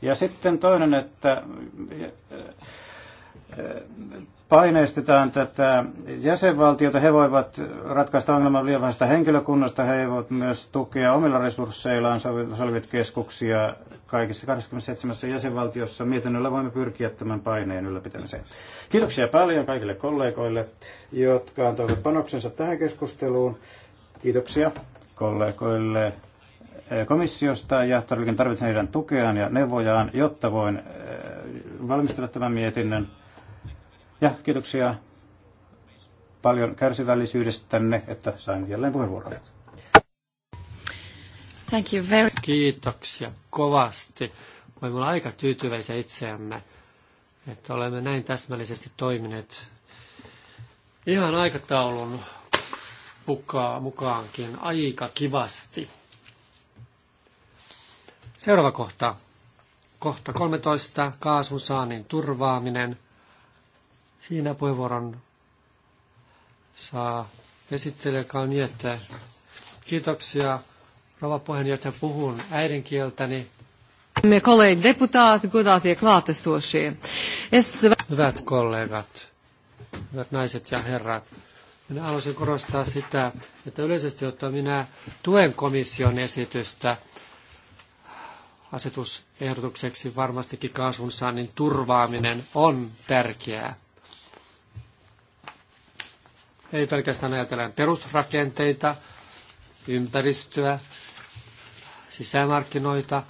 Ja sitten toinen, että eh, eh, paineistetaan tätä jäsenvaltiota. He voivat ratkaista ongelman lievästä henkilökunnasta. He voivat myös tukea omilla resursseillaan keskuksia kaikissa 27 jäsenvaltiossa. Mietinnöllä voimme pyrkiä tämän paineen ylläpitämiseen. Kiitoksia paljon kaikille kollegoille, jotka antoivat panoksensa tähän keskusteluun. Kiitoksia kollegoille komissiosta ja todellakin tarvitsen heidän tukeaan ja neuvojaan, jotta voin äh, valmistella tämän mietinnön. Ja kiitoksia paljon kärsivällisyydestänne, että sain jälleen puheenvuoron. Thank you very... Kiitoksia kovasti. Voimme olla aika tyytyväisiä itseämme, että olemme näin täsmällisesti toimineet ihan aikataulun mukaankin aika kivasti. Seuraava kohta. Kohta 13. Kaasun saannin turvaaminen. Siinä puheenvuoron saa niin että Kiitoksia. Rova puheenjohtaja, puhun äidinkieltäni. Me kollegat deputaat, godat ja klaatesuosie. Hyvät kollegat, hyvät naiset ja herrat. Minä haluaisin korostaa sitä, että yleisesti ottaen minä tuen komission esitystä – asetusehdotukseksi varmastikin kaasun saannin turvaaminen on tärkeää. Ei pelkästään ajatellen perusrakenteita, ympäristöä, sisämarkkinoita,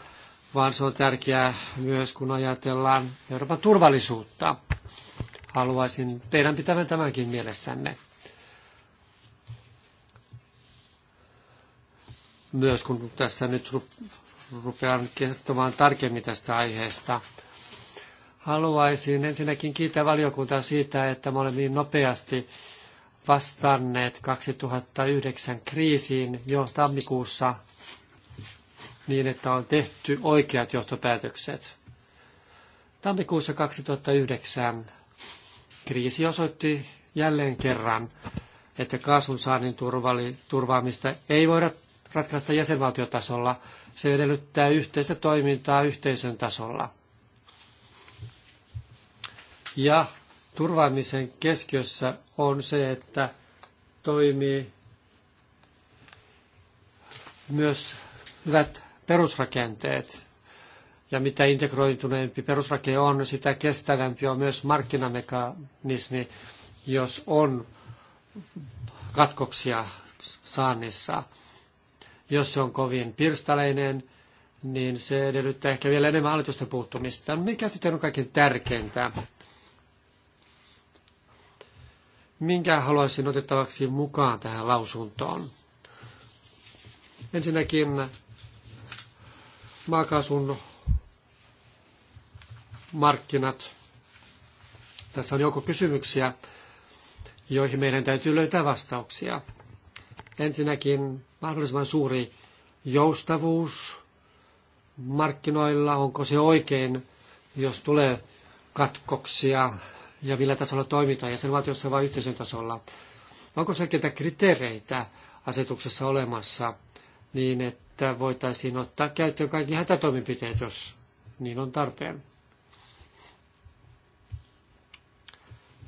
vaan se on tärkeää myös, kun ajatellaan Euroopan turvallisuutta. Haluaisin teidän pitävän tämänkin mielessänne. Myös kun tässä nyt rupean kertomaan tarkemmin tästä aiheesta. Haluaisin ensinnäkin kiittää valiokuntaa siitä, että me olemme niin nopeasti vastanneet 2009 kriisiin jo tammikuussa niin, että on tehty oikeat johtopäätökset. Tammikuussa 2009 kriisi osoitti jälleen kerran, että kaasun saannin turvaamista ei voida ratkaista jäsenvaltiotasolla, se edellyttää yhteistä toimintaa yhteisön tasolla. Ja turvaamisen keskiössä on se, että toimii myös hyvät perusrakenteet. Ja mitä integroituneempi perusrake on, sitä kestävämpi on myös markkinamekanismi, jos on katkoksia saannissa. Jos se on kovin pirstaleinen, niin se edellyttää ehkä vielä enemmän hallitusten puuttumista. Mikä sitten on kaikkein tärkeintä? Minkä haluaisin otettavaksi mukaan tähän lausuntoon? Ensinnäkin maakaasun markkinat. Tässä on joukko kysymyksiä, joihin meidän täytyy löytää vastauksia. Ensinnäkin mahdollisimman suuri joustavuus markkinoilla, onko se oikein, jos tulee katkoksia ja millä tasolla toimitaan, jäsenvaltiossa vai yhteisön tasolla. Onko selkeitä kriteereitä asetuksessa olemassa niin, että voitaisiin ottaa käyttöön kaikki hätätoimenpiteet, jos niin on tarpeen?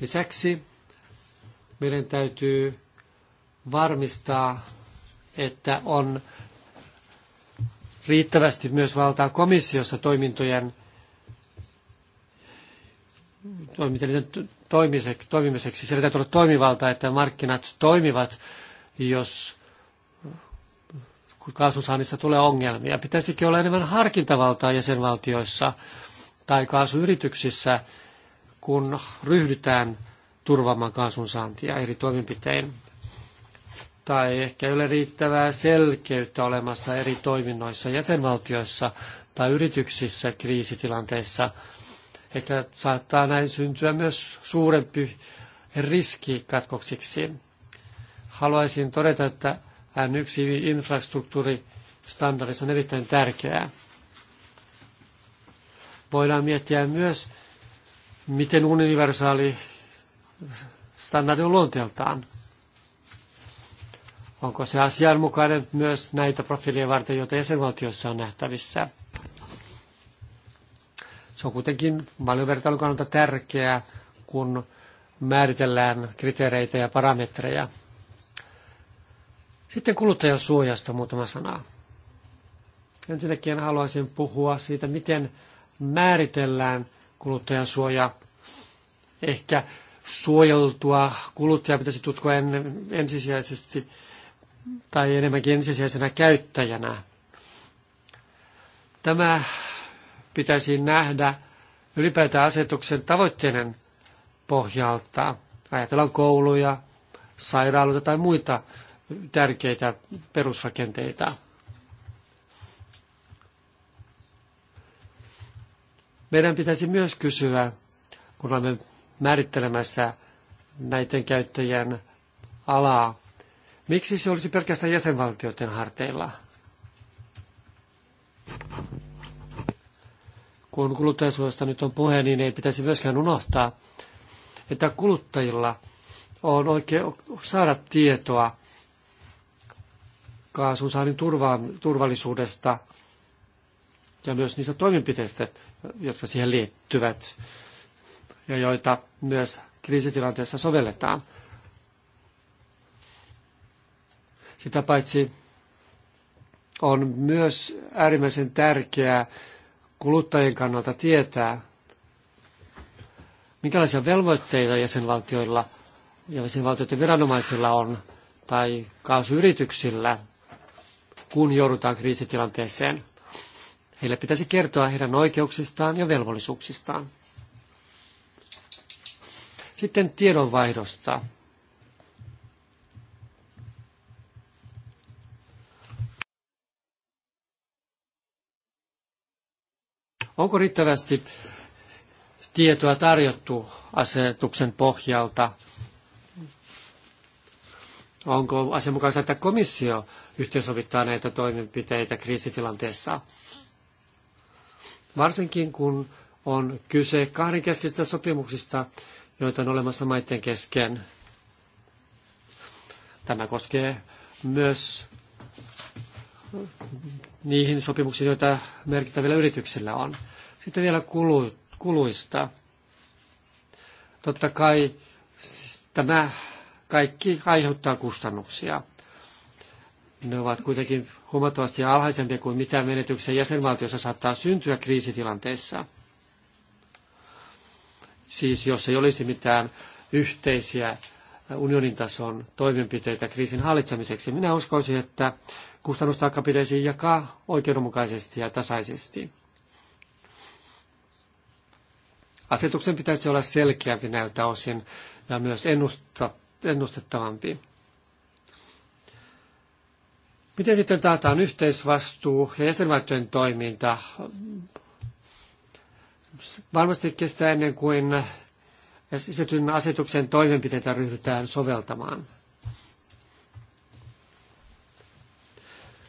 Lisäksi meidän täytyy varmistaa että on riittävästi myös valtaa komissiossa toimintojen toimintojen toimimiseksi. Siellä täytyy olla toimivalta, että markkinat toimivat, jos kaasunsaannissa tulee ongelmia. Pitäisikin olla enemmän harkintavaltaa jäsenvaltioissa tai kaasuyrityksissä, kun ryhdytään turvaamaan kaasunsaantia eri toimenpitein tai ehkä ei ole riittävää selkeyttä olemassa eri toiminnoissa jäsenvaltioissa tai yrityksissä kriisitilanteissa. Ehkä saattaa näin syntyä myös suurempi riski katkoksiksi. Haluaisin todeta, että n 1 standardi on erittäin tärkeää. Voidaan miettiä myös, miten universaali standardi on luonteeltaan. Onko se asianmukainen myös näitä profiileja varten, joita jäsenvaltioissa on nähtävissä? Se on kuitenkin valiovertailun kannalta tärkeää, kun määritellään kriteereitä ja parametreja. Sitten kuluttajan suojasta muutama sana. Ensinnäkin haluaisin puhua siitä, miten määritellään kuluttajan suoja. Ehkä suojeltua kuluttajaa pitäisi tutkua ensisijaisesti tai enemmänkin ensisijaisena käyttäjänä. Tämä pitäisi nähdä ylipäätään asetuksen tavoitteiden pohjalta. Ajatellaan kouluja, sairaaloita tai muita tärkeitä perusrakenteita. Meidän pitäisi myös kysyä, kun olemme määrittelemässä näiden käyttäjien alaa, Miksi se olisi pelkästään jäsenvaltioiden harteilla? Kun kuluttajasuosta nyt on puhe, niin ei pitäisi myöskään unohtaa, että kuluttajilla on oikein saada tietoa kaasunsaannin turvallisuudesta ja myös niistä toimenpiteistä, jotka siihen liittyvät ja joita myös kriisitilanteessa sovelletaan. Sitä paitsi on myös äärimmäisen tärkeää kuluttajien kannalta tietää, minkälaisia velvoitteita jäsenvaltioilla ja jäsenvaltioiden viranomaisilla on tai kaasuyrityksillä, kun joudutaan kriisitilanteeseen. Heille pitäisi kertoa heidän oikeuksistaan ja velvollisuuksistaan. Sitten tiedonvaihdosta Onko riittävästi tietoa tarjottu asetuksen pohjalta? Onko asianmukaista, että komissio yhteensovittaa näitä toimenpiteitä kriisitilanteessa? Varsinkin kun on kyse kahdenkeskisistä sopimuksista, joita on olemassa maiden kesken. Tämä koskee myös niihin sopimuksiin, joita merkittävillä yrityksillä on. Sitten vielä kulu, kuluista. Totta kai tämä kaikki aiheuttaa kustannuksia. Ne ovat kuitenkin huomattavasti alhaisempia kuin mitä menetyksiä jäsenvaltiossa saattaa syntyä kriisitilanteessa. Siis jos ei olisi mitään yhteisiä unionin tason toimenpiteitä kriisin hallitsemiseksi. Minä uskoisin, että kustannustaakka pitäisi jakaa oikeudenmukaisesti ja tasaisesti. Asetuksen pitäisi olla selkeämpi näiltä osin ja myös ennustettavampi. Miten sitten taataan yhteisvastuu ja jäsenvaltojen toiminta? Varmasti kestää ennen kuin esitetyn asetuksen toimenpiteitä ryhdytään soveltamaan.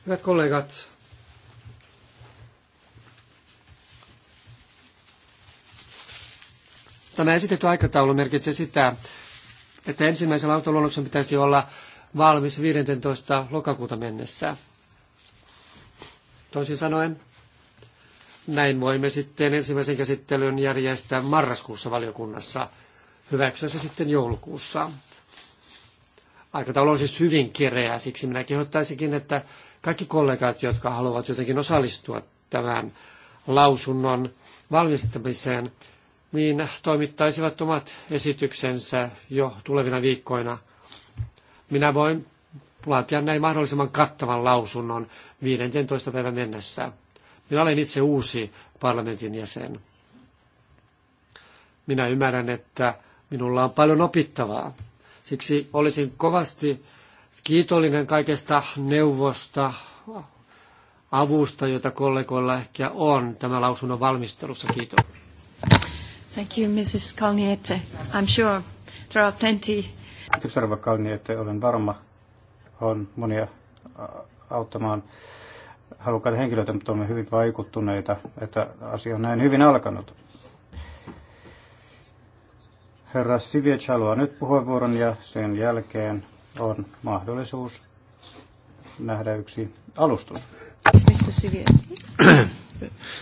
Hyvät kollegat, tämä esitetty aikataulu merkitsee sitä, että ensimmäisen autoluonnoksen pitäisi olla valmis 15. lokakuuta mennessä. Toisin sanoen, näin voimme sitten ensimmäisen käsittelyn järjestää marraskuussa valiokunnassa, hyväksyä se sitten joulukuussa. Aikataulu on siis hyvin kireä, siksi minä kehottaisinkin, että kaikki kollegat, jotka haluavat jotenkin osallistua tämän lausunnon valmistamiseen, niin toimittaisivat omat esityksensä jo tulevina viikkoina. Minä voin laatia näin mahdollisimman kattavan lausunnon 15. päivän mennessä. Minä olen itse uusi parlamentin jäsen. Minä ymmärrän, että minulla on paljon opittavaa. Siksi olisin kovasti kiitollinen kaikesta neuvosta, avusta, jota kollegoilla ehkä on tämän lausunnon valmistelussa. Kiitos. Thank you, Mrs. Kalniete. I'm sure there are plenty. Kiitos, Arva Kalniete. Olen varma. On monia auttamaan halukkaita henkilöitä, mutta olemme hyvin vaikuttuneita, että asia on näin hyvin alkanut. Herra Siviec haluaa nyt puheenvuoron ja sen jälkeen on mahdollisuus nähdä yksi alustus.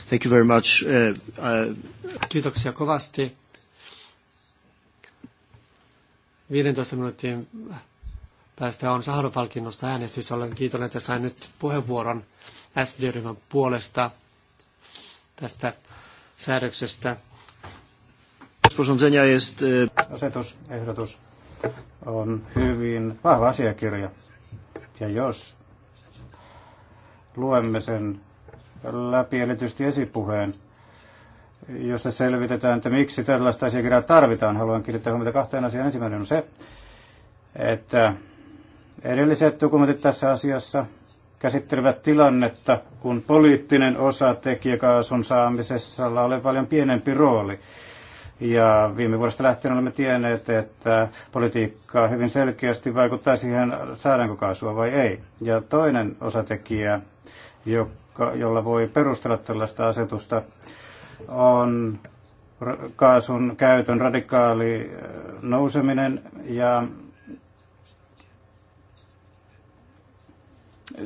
Thank you very much. Uh, uh, Kiitoksia kovasti. 15 minuutin päästä on Saharov-palkinnosta äänestys. Olen kiitollinen, että sain nyt puheenvuoron SD-ryhmän puolesta tästä säädöksestä. Asetusehdotus on hyvin vahva asiakirja. Ja jos luemme sen läpi, erityisesti esipuheen, jossa selvitetään, että miksi tällaista asiakirjaa tarvitaan, haluan kiinnittää huomiota kahteen asiaan. Ensimmäinen on se, että edelliset dokumentit tässä asiassa käsittelevät tilannetta, kun poliittinen osa tekijäkaasun saamisessa oli paljon pienempi rooli ja viime vuodesta lähtien olemme tienneet, että politiikka hyvin selkeästi vaikuttaa siihen, saadaanko kaasua vai ei. Ja toinen osatekijä, joka, jolla voi perustella tällaista asetusta, on kaasun käytön radikaali äh, nouseminen ja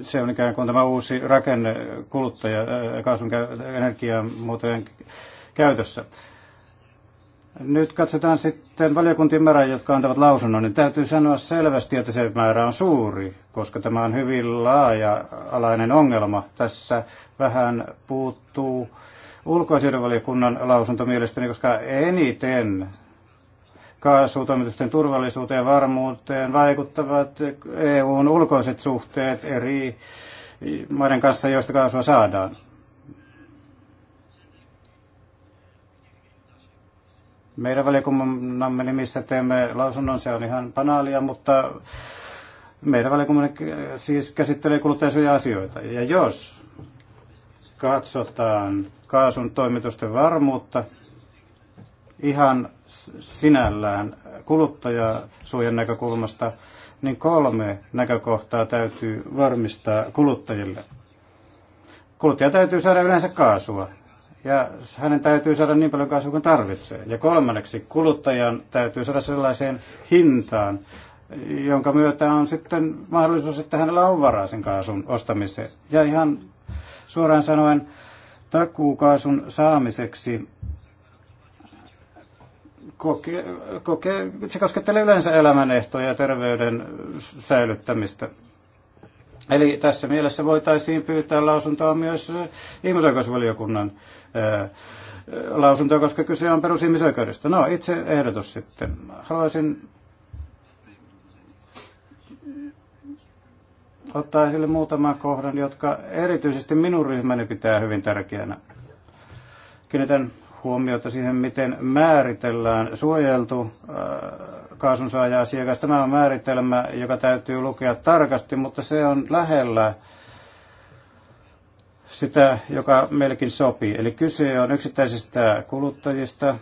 se on ikään kuin tämä uusi rakenne kuluttaja äh, kaasun energiamuotojen käytössä. Nyt katsotaan sitten valiokuntien määrä, jotka antavat lausunnon, niin täytyy sanoa selvästi, että se määrä on suuri, koska tämä on hyvin laaja-alainen ongelma. Tässä vähän puuttuu ulkoasioidenvaliokunnan lausunto mielestäni, koska eniten kaasutoimitusten turvallisuuteen ja varmuuteen vaikuttavat EUn ulkoiset suhteet eri maiden kanssa, joista kaasua saadaan. Meidän valiokunnamme nimissä teemme lausunnon, se on ihan banaalia, mutta meidän valiokunnamme siis käsittelee kuluttajasuoja-asioita. Ja jos katsotaan kaasun toimitusten varmuutta, ihan sinällään kuluttajasuojan näkökulmasta, niin kolme näkökohtaa täytyy varmistaa kuluttajille. Kuluttaja täytyy saada yleensä kaasua ja hänen täytyy saada niin paljon kaasua kuin tarvitsee. Ja kolmanneksi kuluttajan täytyy saada sellaiseen hintaan, jonka myötä on sitten mahdollisuus, että hänellä on varaa sen kaasun ostamiseen. Ja ihan suoraan sanoen takuukaasun saamiseksi koke, koke, se koskettelee yleensä elämänehtoja ja terveyden säilyttämistä. Eli tässä mielessä voitaisiin pyytää lausuntoa myös ihmisoikeusvaliokunnan lausuntoa, koska kyse on perusihmisoikeudesta. No, itse ehdotus sitten. Haluaisin ottaa esille muutaman kohdan, jotka erityisesti minun ryhmäni pitää hyvin tärkeänä. Kiinnitän huomiota siihen, miten määritellään suojeltu äh, kaasunsaaja-asiakas. Tämä on määritelmä, joka täytyy lukea tarkasti, mutta se on lähellä sitä, joka melkein sopii. Eli kyse on yksittäisistä kuluttajista,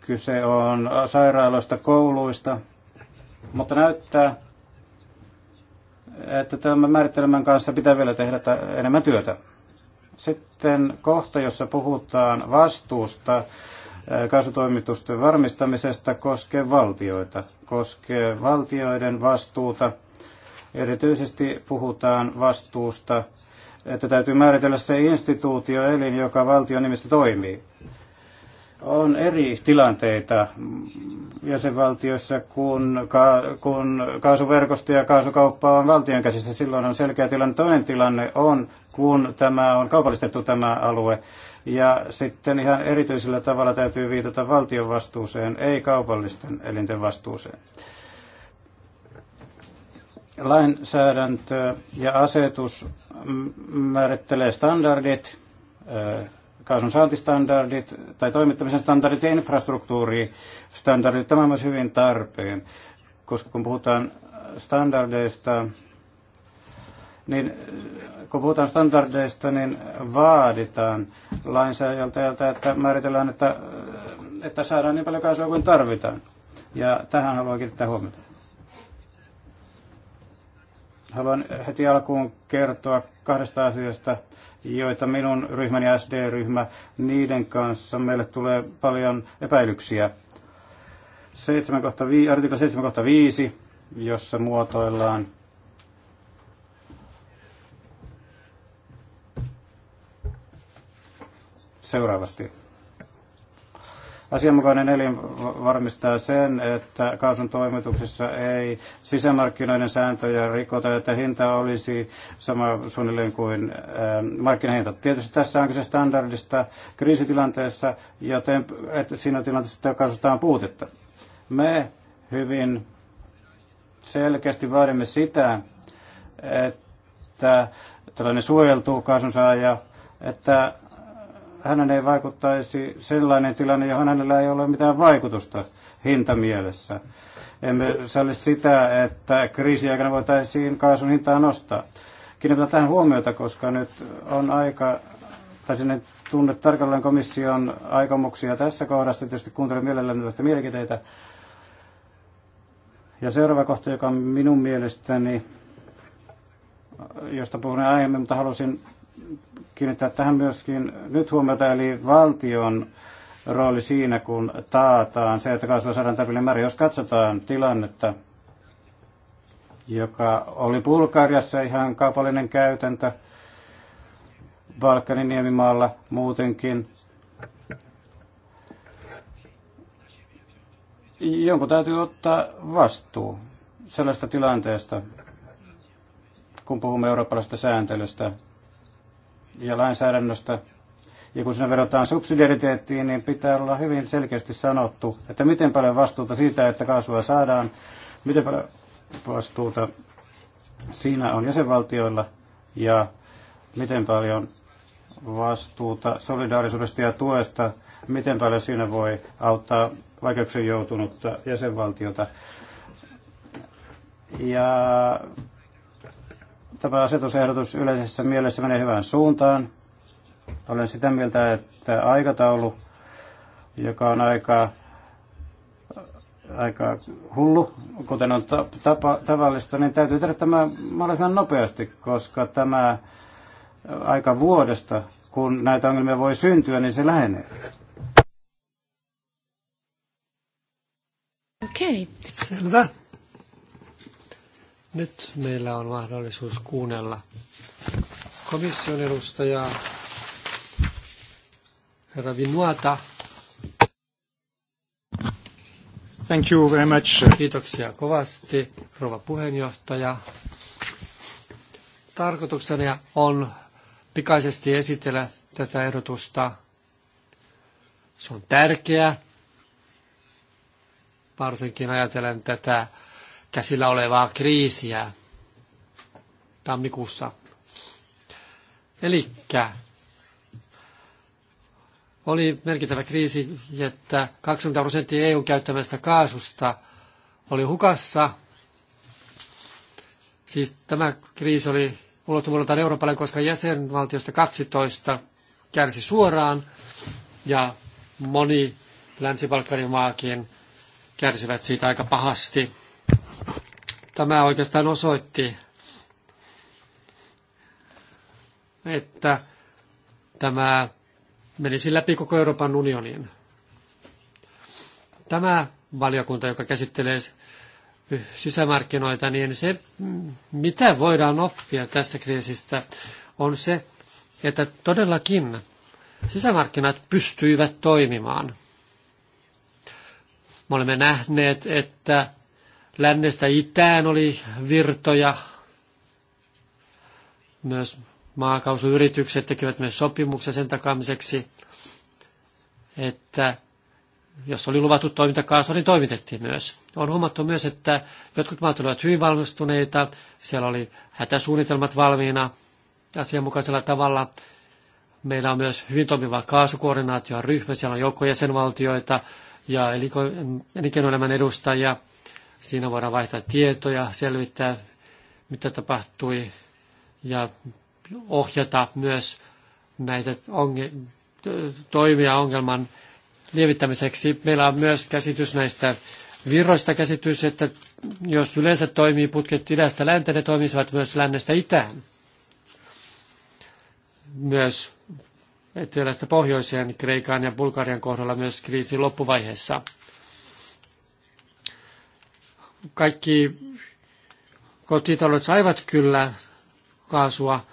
kyse on sairaaloista, kouluista, mutta näyttää, että tämän määritelmän kanssa pitää vielä tehdä enemmän työtä. Sitten kohta, jossa puhutaan vastuusta äh, kaasutoimitusten varmistamisesta, koskee valtioita, koskee valtioiden vastuuta. Erityisesti puhutaan vastuusta, että täytyy määritellä se instituutio elin, joka valtion nimissä toimii on eri tilanteita jäsenvaltioissa, kun, ka- kun kaasuverkosto ja kaasukauppa on valtion käsissä. Silloin on selkeä tilanne. Toinen tilanne on kun tämä on kaupallistettu tämä alue. Ja sitten ihan erityisellä tavalla täytyy viitata valtion vastuuseen, ei kaupallisten elinten vastuuseen. Lainsäädäntö ja asetus määrittelee standardit, äh, kaasun saantistandardit tai toimittamisen standardit ja infrastruktuuristandardit. Tämä on myös hyvin tarpeen, koska kun puhutaan standardeista, niin kun puhutaan standardeista, niin vaaditaan lainsäädäntäjältä, että määritellään, että, että saadaan niin paljon kaasua kuin tarvitaan. Ja tähän haluan kiinnittää huomiota. Haluan heti alkuun kertoa kahdesta asiasta, joita minun ryhmäni SD-ryhmä, niiden kanssa meille tulee paljon epäilyksiä. 7, artikla 7.5, jossa muotoillaan seuraavasti. Asianmukainen elin varmistaa sen, että kaasun toimituksessa ei sisämarkkinoiden sääntöjä rikota, että hinta olisi sama suunnilleen kuin ähm, markkinahinta. Tietysti tässä on kyse standardista kriisitilanteessa, joten että siinä tilanteessa että kaasusta on puutetta. Me hyvin selkeästi vaadimme sitä, että tällainen suojeltu kaasun saaja, että hänen ei vaikuttaisi sellainen tilanne, johon hänellä ei ole mitään vaikutusta hintamielessä. Emme salli sitä, että kriisiaikana voitaisiin kaasun hintaa nostaa. Kiinnitän tähän huomiota, koska nyt on aika, tai sinne tunne tarkalleen komission aikomuksia tässä kohdassa. Tietysti kuuntelen mielelläni tästä mielipiteitä. Ja seuraava kohta, joka minun mielestäni, josta puhun aiemmin, mutta halusin kiinnittää tähän myöskin nyt huomiota, eli valtion rooli siinä, kun taataan se, että kasvaa saadaan tarpeellinen määrä. Jos katsotaan tilannetta, joka oli Bulgariassa ihan kaupallinen käytäntö, Balkanin niemimaalla muutenkin, jonkun täytyy ottaa vastuu sellaista tilanteesta, kun puhumme eurooppalaisesta sääntelystä, ja lainsäädännöstä. Ja kun siinä vedotaan subsidiariteettiin, niin pitää olla hyvin selkeästi sanottu, että miten paljon vastuuta siitä, että kaasua saadaan, miten paljon vastuuta siinä on jäsenvaltioilla ja miten paljon vastuuta solidaarisuudesta ja tuesta, miten paljon siinä voi auttaa vaikeuksien joutunutta jäsenvaltiota. Ja tämä asetusehdotus yleisessä mielessä menee hyvään suuntaan. Olen sitä mieltä, että aikataulu, joka on aika, aika hullu, kuten on tapa, tavallista, niin täytyy tehdä tämä mahdollisimman nopeasti, koska tämä aika vuodesta, kun näitä ongelmia voi syntyä, niin se lähenee. Okei. Okay. Selvä. Nyt meillä on mahdollisuus kuunnella komission edustajaa, herra Vinuata. Thank you very much. Kiitoksia kovasti, rouva puheenjohtaja. Tarkoituksena on pikaisesti esitellä tätä ehdotusta. Se on tärkeä, varsinkin ajatellen tätä käsillä olevaa kriisiä tammikuussa. Eli oli merkittävä kriisi, että 20 prosenttia EUn käyttämästä kaasusta oli hukassa. Siis tämä kriisi oli ulottuvuudeltaan Euroopalle, koska jäsenvaltiosta 12 kärsi suoraan ja moni länsi maakin kärsivät siitä aika pahasti. Tämä oikeastaan osoitti, että tämä menisi läpi koko Euroopan unionin. Tämä valiokunta, joka käsittelee sisämarkkinoita, niin se, mitä voidaan oppia tästä kriisistä, on se, että todellakin sisämarkkinat pystyivät toimimaan. Me olemme nähneet, että Lännestä itään oli virtoja. Myös maakausuyritykset tekivät myös sopimuksen sen takaamiseksi, että jos oli luvattu toimintakaasua, niin toimitettiin myös. On huomattu myös, että jotkut maat olivat hyvin valmistuneita, siellä oli hätäsuunnitelmat valmiina asianmukaisella tavalla. Meillä on myös hyvin toimiva kaasukoordinaatioryhmä, siellä on joukko jäsenvaltioita ja elinkeinoelämän edustajia. Siinä voidaan vaihtaa tietoja, selvittää, mitä tapahtui ja ohjata myös näitä onge- toimia ongelman lievittämiseksi. Meillä on myös käsitys näistä virroista käsitys, että jos yleensä toimii putket idästä länteen, ne toimisivat myös lännestä itään. Myös etelästä pohjoiseen Kreikan ja Bulgarian kohdalla myös kriisin loppuvaiheessa kaikki kotitaloudet saivat kyllä kaasua,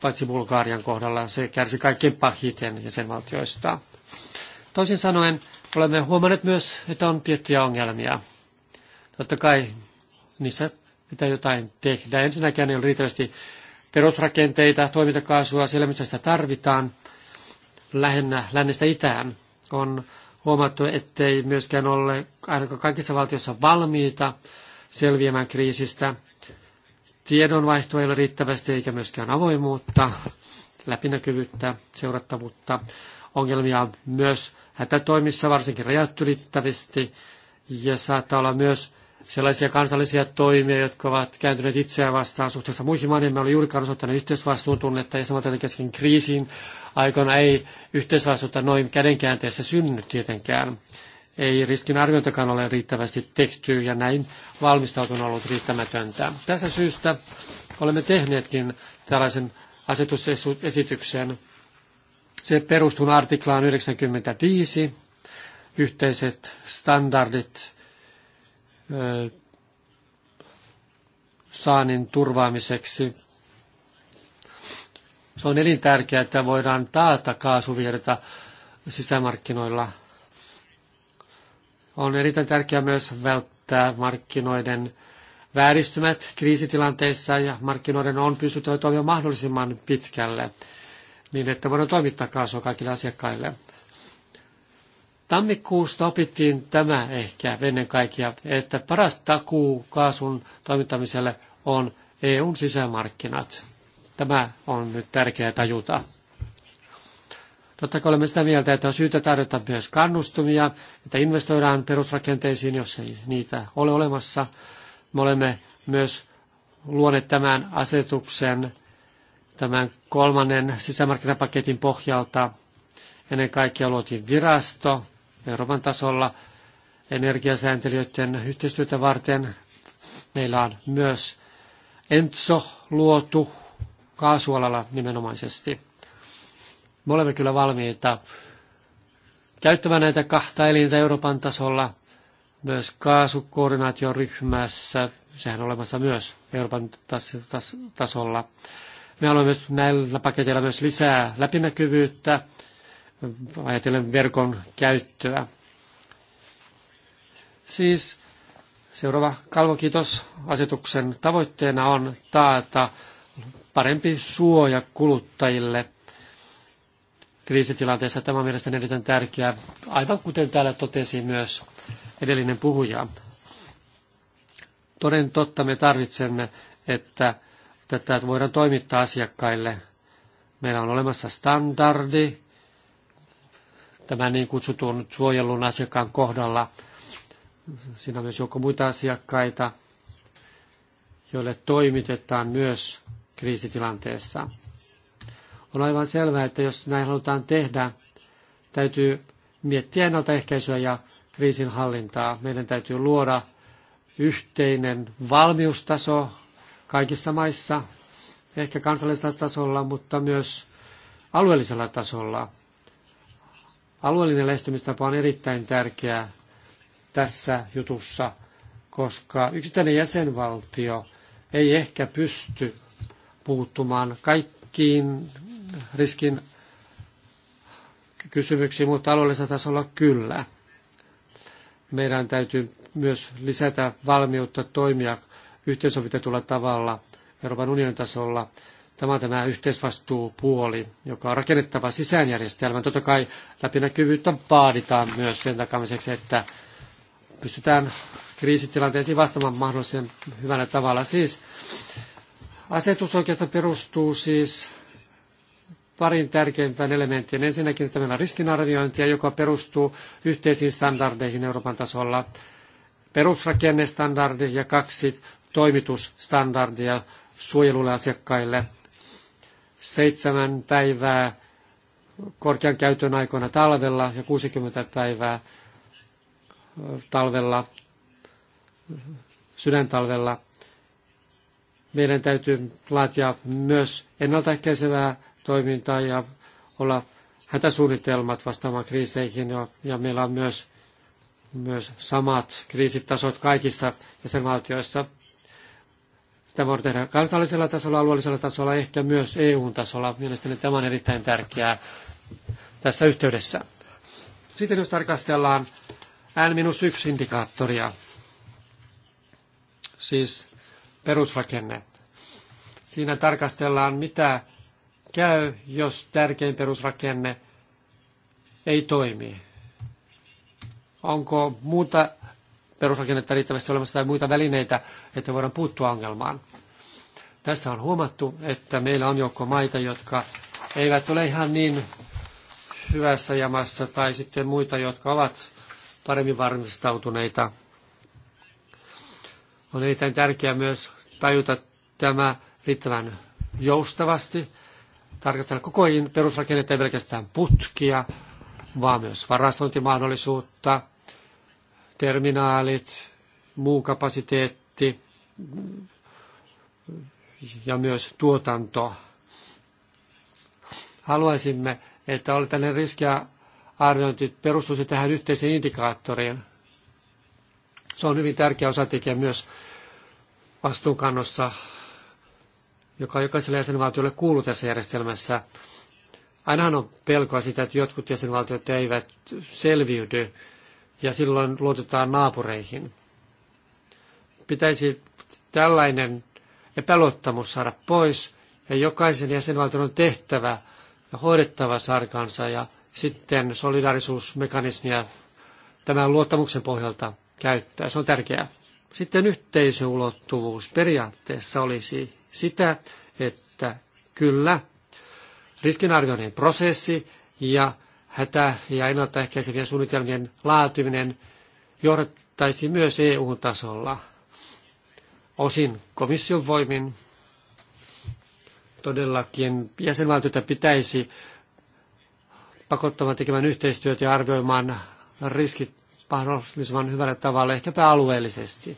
paitsi Bulgarian kohdalla. Se kärsi kaikkein pahiten jäsenvaltioista. Toisin sanoen, olemme huomanneet myös, että on tiettyjä ongelmia. Totta kai niissä pitää jotain tehdä. Ensinnäkin ei ole riittävästi perusrakenteita, toimintakaasua siellä, missä sitä tarvitaan, lähinnä lännestä itään. On huomattu, ettei myöskään ole ainakaan kaikissa valtioissa valmiita selviämään kriisistä. Tiedonvaihto ei ole riittävästi eikä myöskään avoimuutta, läpinäkyvyyttä, seurattavuutta. Ongelmia on myös hätätoimissa, varsinkin rajat ylittävästi, ja saattaa olla myös sellaisia kansallisia toimia, jotka ovat kääntyneet itseään vastaan suhteessa muihin maihin. Me olemme juurikaan osoittaneet yhteisvastuun tunnetta ja samoin kesken kriisiin Aikoina ei yhteisvastuuta noin kädenkäänteessä synny tietenkään. Ei riskin arviointakaan ole riittävästi tehty ja näin valmistautunut ollut riittämätöntä. Tässä syystä olemme tehneetkin tällaisen asetusesityksen. Se perustuu artiklaan 95, yhteiset standardit saanin turvaamiseksi se on elintärkeää, että voidaan taata kaasuvirta sisämarkkinoilla. On erittäin tärkeää myös välttää markkinoiden vääristymät kriisitilanteissa ja markkinoiden on pystyttävä toimimaan mahdollisimman pitkälle niin, että voidaan toimittaa kaasua kaikille asiakkaille. Tammikuusta opittiin tämä ehkä ennen kaikkea, että paras takuu kaasun toimittamiselle on EUn sisämarkkinat. Tämä on nyt tärkeää tajuta. Totta kai olemme sitä mieltä, että on syytä tarjota myös kannustumia, että investoidaan perusrakenteisiin, jos ei niitä ole olemassa. Me olemme myös luoneet tämän asetuksen tämän kolmannen sisämarkkinapaketin pohjalta. Ennen kaikkea luotiin virasto Euroopan tasolla energiasääntelijöiden yhteistyötä varten. Meillä on myös ENTSO luotu kaasualalla nimenomaisesti. Me olemme kyllä valmiita käyttämään näitä kahta elintä Euroopan tasolla, myös kaasukoordinaatioryhmässä, sehän on olemassa myös Euroopan tas- tas- tasolla. Me haluamme myös näillä paketeilla myös lisää läpinäkyvyyttä, ajatellen verkon käyttöä. Siis seuraava kalvokitos Asetuksen tavoitteena on taata parempi suoja kuluttajille kriisitilanteessa. Tämä on mielestäni erittäin tärkeää, aivan kuten täällä totesi myös edellinen puhuja. Toden totta me tarvitsemme, että tätä voidaan toimittaa asiakkaille. Meillä on olemassa standardi, tämän niin kutsutun suojelun asiakkaan kohdalla. Siinä on myös joukko muita asiakkaita, joille toimitetaan myös kriisitilanteessa. On aivan selvää, että jos näin halutaan tehdä, täytyy miettiä ennaltaehkäisyä ja kriisin hallintaa. Meidän täytyy luoda yhteinen valmiustaso kaikissa maissa, ehkä kansallisella tasolla, mutta myös alueellisella tasolla. Alueellinen lähestymistapa on erittäin tärkeä tässä jutussa, koska yksittäinen jäsenvaltio ei ehkä pysty puuttumaan kaikkiin riskin kysymyksiin, mutta alueellisella tasolla kyllä. Meidän täytyy myös lisätä valmiutta toimia yhteensovitetulla tavalla Euroopan unionin tasolla. Tämä on tämä yhteisvastuupuoli, joka on rakennettava sisäänjärjestelmän. Totta kai läpinäkyvyyttä vaaditaan myös sen takamiseksi, että pystytään kriisitilanteisiin vastaamaan mahdollisen hyvällä tavalla. Siis Asetus oikeastaan perustuu siis parin tärkeimpään elementtiin. Ensinnäkin että meillä on riskinarviointia, joka perustuu yhteisiin standardeihin Euroopan tasolla. Perusrakennestandardi ja kaksi toimitusstandardia suojelulle asiakkaille. Seitsemän päivää korkean käytön aikoina talvella ja 60 päivää talvella, sydäntalvella – meidän täytyy laatia myös ennaltaehkäisevää toimintaa ja olla hätäsuunnitelmat vastaamaan kriiseihin ja, ja meillä on myös, myös samat kriisitasot kaikissa jäsenvaltioissa. Tämä voidaan tehdä kansallisella tasolla, alueellisella tasolla, ehkä myös EU-tasolla. Mielestäni tämä on erittäin tärkeää tässä yhteydessä. Sitten jos tarkastellaan N-1-indikaattoria, siis perusrakenne. Siinä tarkastellaan, mitä käy, jos tärkein perusrakenne ei toimi. Onko muuta perusrakennetta riittävästi olemassa tai muita välineitä, että voidaan puuttua ongelmaan. Tässä on huomattu, että meillä on joukko maita, jotka eivät ole ihan niin hyvässä jamassa, tai sitten muita, jotka ovat paremmin varmistautuneita on erittäin tärkeää myös tajuta tämä riittävän joustavasti, tarkastella koko ajan perusrakennetta ei pelkästään putkia, vaan myös varastointimahdollisuutta, terminaalit, muu kapasiteetti ja myös tuotanto. Haluaisimme, että oli tällainen riskiarviointi perustuisi tähän yhteiseen indikaattoriin – se on hyvin tärkeä osatekijä myös vastuunkannossa, joka jokaiselle jäsenvaltiolle kuuluu tässä järjestelmässä. Ainahan on pelkoa sitä, että jotkut jäsenvaltiot eivät selviydy ja silloin luotetaan naapureihin. Pitäisi tällainen epäluottamus saada pois ja jokaisen jäsenvaltion on tehtävä ja hoidettava sarkansa ja sitten solidarisuusmekanismia tämän luottamuksen pohjalta käyttää. Se on tärkeää. Sitten yhteisöulottuvuus periaatteessa olisi sitä, että kyllä riskinarvioinnin prosessi ja hätä- ja ennaltaehkäisevien suunnitelmien laatiminen johdattaisi myös EU-tasolla osin komission voimin. Todellakin jäsenvaltioita pitäisi pakottamaan tekemään yhteistyötä ja arvioimaan riskit mahdollisimman hyvällä tavalla, ehkäpä alueellisesti.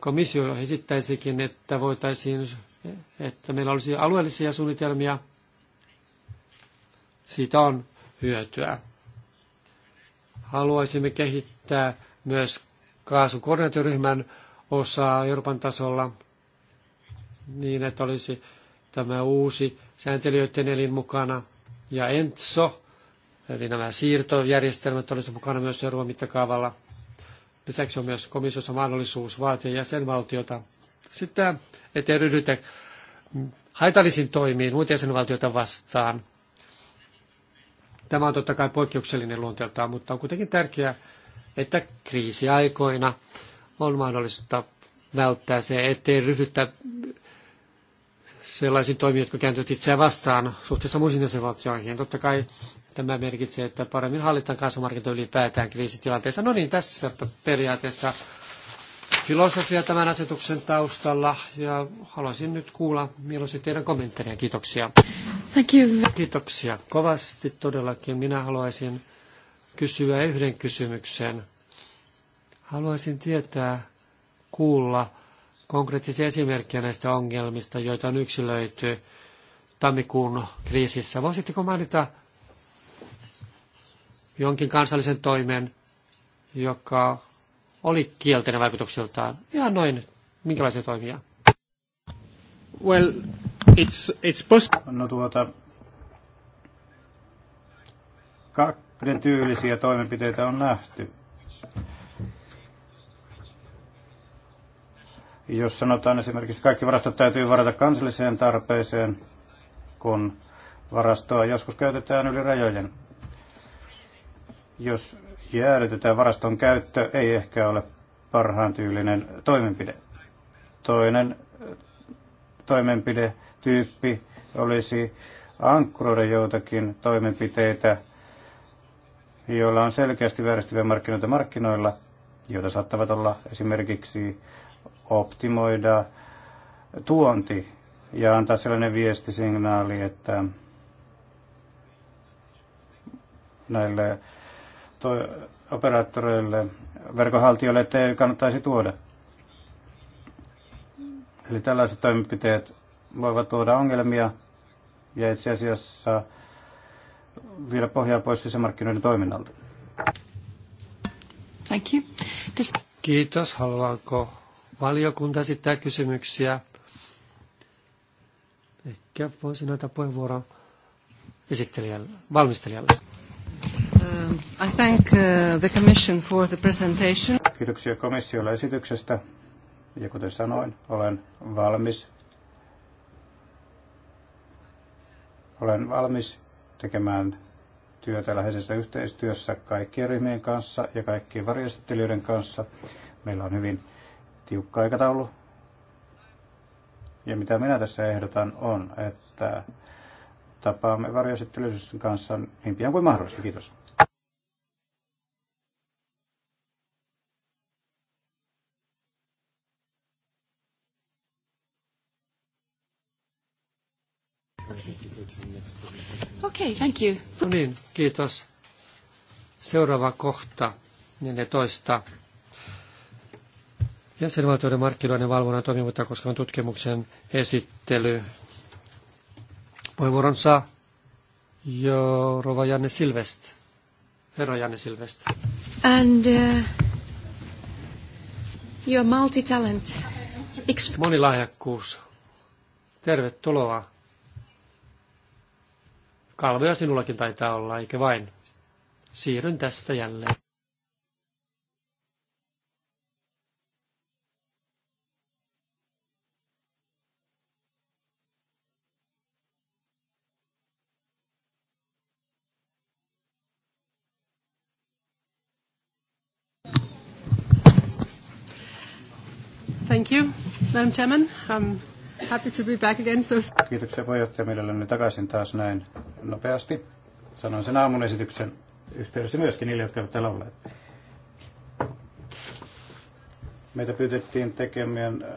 Komissio esittäisikin, että voitaisiin, että meillä olisi alueellisia suunnitelmia. Siitä on hyötyä. Haluaisimme kehittää myös kaasukoordinaatioryhmän osaa Euroopan tasolla niin, että olisi tämä uusi sääntelijöiden elin mukana ja ENTSO, Eli nämä siirtojärjestelmät olisivat mukana myös Euroopan mittakaavalla. Lisäksi on myös komissiossa mahdollisuus vaatia jäsenvaltiota sitä, ettei ryhdytä haitallisiin toimiin muita jäsenvaltioita vastaan. Tämä on totta kai poikkeuksellinen luonteeltaan, mutta on kuitenkin tärkeää, että kriisiaikoina on mahdollista välttää se, ettei ryhdytä sellaisiin toimiin, jotka kääntyvät itseään vastaan suhteessa muihin jäsenvaltioihin. Totta kai Tämä merkitsee, että paremmin hallitaan kaasumarkkinoita ylipäätään kriisitilanteessa. No niin, tässä periaatteessa filosofia tämän asetuksen taustalla ja haluaisin nyt kuulla mieluusti teidän kommentteja. Kiitoksia. Thank you. Kiitoksia kovasti todellakin. Minä haluaisin kysyä yhden kysymyksen. Haluaisin tietää, kuulla konkreettisia esimerkkejä näistä ongelmista, joita on yksilöity tammikuun kriisissä. Voisitteko mainita jonkin kansallisen toimen, joka oli kielteinen vaikutuksiltaan. Ihan noin, minkälaisia toimia? Well, it's, it's possible. No tuota, kahden tyylisiä toimenpiteitä on nähty. Jos sanotaan esimerkiksi, että kaikki varastot täytyy varata kansalliseen tarpeeseen, kun varastoa joskus käytetään yli rajojen jos jäädytetään varaston käyttö, ei ehkä ole parhaan tyylinen toimenpide. Toinen eh, toimenpidetyyppi olisi ankkuroida joitakin toimenpiteitä, joilla on selkeästi vääristyviä markkinoita markkinoilla, joita saattavat olla esimerkiksi optimoida tuonti ja antaa sellainen viestisignaali, että näille toi operaattoreille, verkonhaltijoille, että kannattaisi tuoda. Eli tällaiset toimenpiteet voivat tuoda ongelmia ja itse asiassa vielä pohjaa pois sisämarkkinoiden toiminnalta. Thank you. This... Kiitos. Haluaako valiokunta esittää kysymyksiä? Ehkä voisin näitä puheenvuoroa esittelijälle, valmistelijalle. Uh, I thank uh, the Commission for the presentation. Kiitoksia komissiolle esityksestä. Ja kuten sanoin, olen valmis, olen valmis tekemään työtä läheisessä yhteistyössä kaikkien ryhmien kanssa ja kaikkien varjostettelijoiden kanssa. Meillä on hyvin tiukka aikataulu. Ja mitä minä tässä ehdotan on, että tapaamme varjostettelijoiden kanssa niin pian kuin mahdollista. Kiitos. Okay, thank you. No niin, kiitos. Seuraava kohta, 14. Jäsenvaltioiden markkinoiden valvonnan toimivuutta koskevan tutkimuksen esittely. Puheenvuoron saa jo Rova Janne Silvest. Herra Janne Silvest. And uh, your multi-talent. Monilahjakkuus. Tervetuloa. Kalvoja sinullakin taitaa olla, eikä vain. Siirryn tästä jälleen. Thank you, Madam Chairman. Um, happy to be back again. So... Kiitoksia puheenjohtaja mielelläni takaisin taas näin nopeasti. Sanoin sen aamun esityksen yhteydessä myöskin niille, jotka ovat täällä olleet. Meitä pyydettiin tekemään, äh,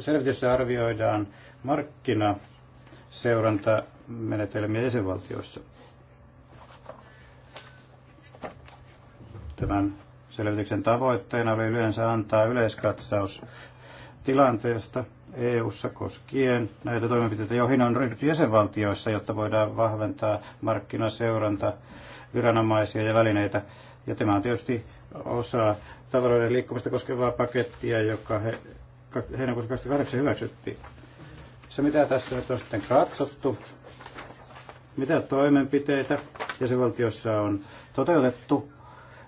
selvityssä arvioidaan markkinaseurantamenetelmiä jäsenvaltioissa. Tämän selvityksen tavoitteena oli yleensä antaa yleiskatsaus tilanteesta EU-ssa koskien näitä toimenpiteitä, joihin on ryhdytty jäsenvaltioissa, jotta voidaan vahventaa markkinaseuranta, viranomaisia ja välineitä. Ja tämä on tietysti osa tavaroiden liikkumista koskevaa pakettia, joka he, heinäkuussa 28 hyväksyttiin. Se, mitä tässä nyt on sitten katsottu, mitä toimenpiteitä jäsenvaltiossa on toteutettu,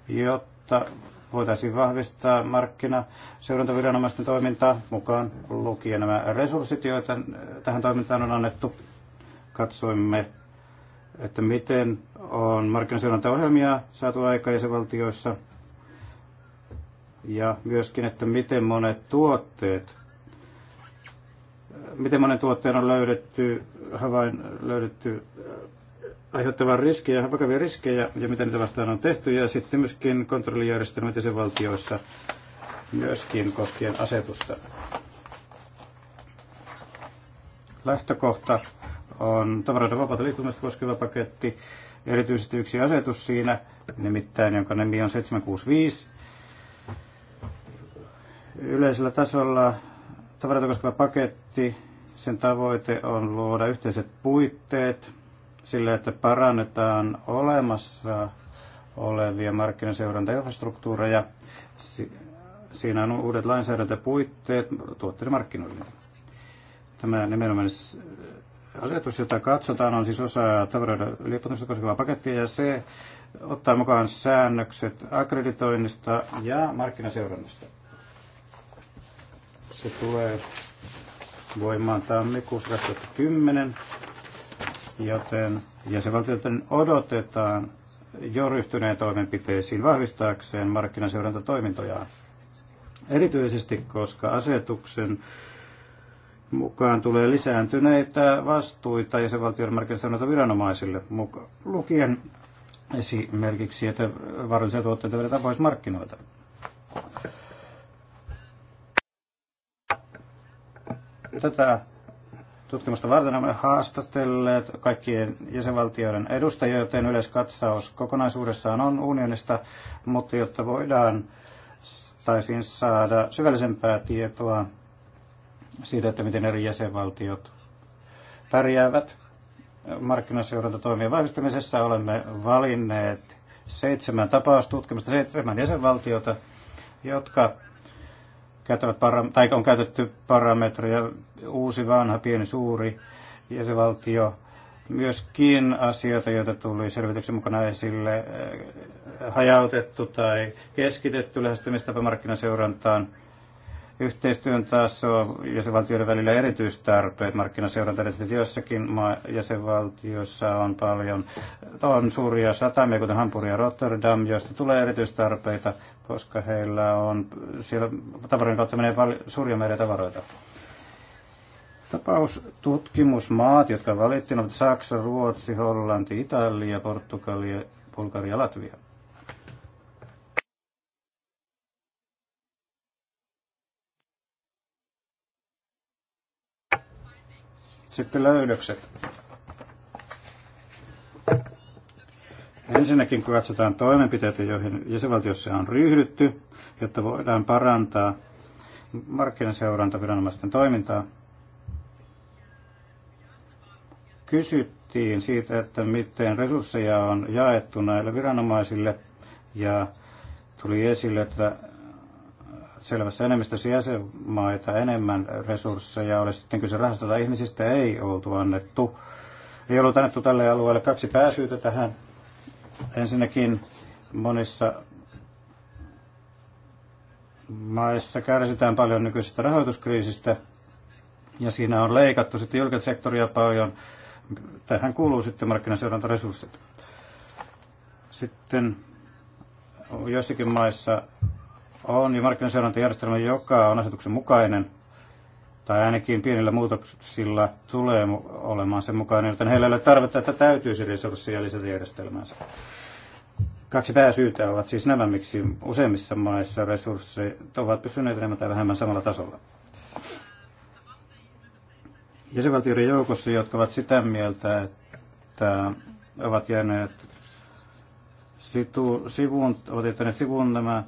jotta voitaisiin vahvistaa markkina seurantaviranomaisten toimintaa mukaan lukien nämä resurssit, joita tähän toimintaan on annettu. Katsoimme, että miten on markkinaseurantaohjelmia saatu aika valtioissa. ja myöskin, että miten monet tuotteet miten monen tuotteen on löydetty, havain, löydetty aiheuttavan riskejä, vakavia riskejä ja mitä niitä vastaan on tehty ja sitten myöskin kontrollijärjestelmät jäsenvaltioissa myöskin koskien asetusta. Lähtökohta on tavaroiden vapaata liikkumista koskeva paketti, erityisesti yksi asetus siinä, nimittäin jonka nimi on 765. Yleisellä tasolla tavaroita koskeva paketti, sen tavoite on luoda yhteiset puitteet sillä, että parannetaan olemassa olevia markkinaseurantainfrastruktuureja. Siinä on uudet lainsäädäntöpuitteet tuotteiden markkinoille. Tämä nimenomaan asetus, jota katsotaan, on siis osa tavaroiden liippautumista koskevaa pakettia, ja se ottaa mukaan säännökset akkreditoinnista ja markkinaseurannasta. Se tulee voimaan tammikuussa 2010 joten jäsenvaltioiden odotetaan jo ryhtyneen toimenpiteisiin vahvistaakseen markkinaseurantatoimintojaan. Erityisesti, koska asetuksen mukaan tulee lisääntyneitä vastuita jäsenvaltioiden markkinaseurantaviranomaisille mukaan lukien esimerkiksi, että varallisia tuotteita vedetään pois markkinoilta. Tätä Tutkimusta varten olemme haastatelleet kaikkien jäsenvaltioiden edustajia, joten yleiskatsaus kokonaisuudessaan on unionista, mutta jotta voidaan taisin saada syvällisempää tietoa siitä, että miten eri jäsenvaltiot pärjäävät markkinaseurantatoimien vahvistamisessa, olemme valinneet seitsemän tapaustutkimusta, seitsemän jäsenvaltiota, jotka käyttävät param, tai on käytetty parametreja uusi, vanha, pieni, suuri jäsenvaltio. Myöskin asioita, joita tuli selvityksen mukana esille, hajautettu tai keskitetty lähestymistapa markkinaseurantaan – yhteistyön tasoa jäsenvaltioiden välillä erityistarpeet. Markkinaseurantajärjestelmät joissakin maa- jäsenvaltioissa on paljon, on suuria satamia, kuten Hampuri ja Rotterdam, joista tulee erityistarpeita, koska heillä on, siellä tavaroiden kautta menee paljon, suuria määriä tavaroita. Tapaustutkimusmaat, jotka valittiin, ovat Saksa, Ruotsi, Hollanti, Italia, Portugalia, Bulgaria, Latvia Sitten löydökset. Ensinnäkin kun katsotaan toimenpiteitä, joihin jäsenvaltiossa on ryhdytty, jotta voidaan parantaa markkinaseurantaviranomaisten toimintaa, kysyttiin siitä, että miten resursseja on jaettu näille viranomaisille ja tuli esille, että selvässä enemmistössä jäsenmaita enemmän resursseja, oli sitten kyse rahastota ihmisistä, ei oltu annettu. Ei ollut annettu tälle alueelle kaksi pääsyytä tähän. Ensinnäkin monissa maissa kärsitään paljon nykyisestä rahoituskriisistä, ja siinä on leikattu sitten julkista sektoria paljon. Tähän kuuluu sitten markkinaseurantaresurssit. Sitten joissakin maissa on jo markkinaseurantajärjestelmä, joka on asetuksen mukainen, tai ainakin pienillä muutoksilla tulee olemaan sen mukainen, joten heillä ei ole tarvetta, että täytyisi resursseja lisätä järjestelmäänsä. Kaksi pääsyytä ovat siis nämä, miksi useimmissa maissa resurssit ovat pysyneet enemmän tai vähemmän samalla tasolla. Jäsenvaltioiden joukossa, jotka ovat sitä mieltä, että ovat jääneet situ, sivuun, otitte nyt sivuun tämä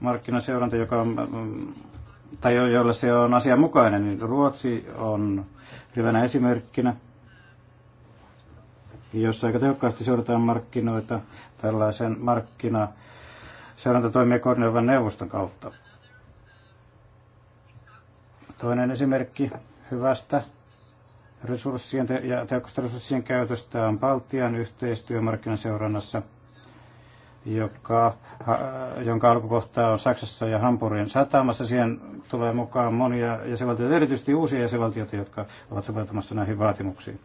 markkinaseuranta, joka on, mm, tai jo, jolle se on asianmukainen, niin Ruotsi on hyvänä esimerkkinä, jossa aika tehokkaasti seurataan markkinoita tällaisen markkina seurantatoimia koordinoivan neuvoston kautta. Toinen esimerkki hyvästä resurssien ja tehokkaista resurssien käytöstä on Baltian yhteistyömarkkinaseurannassa – joka, jonka alkukohtaa on Saksassa ja Hampurin satamassa. Siihen tulee mukaan monia jäsenvaltioita, erityisesti uusia jäsenvaltioita, jotka ovat soveltamassa näihin vaatimuksiin.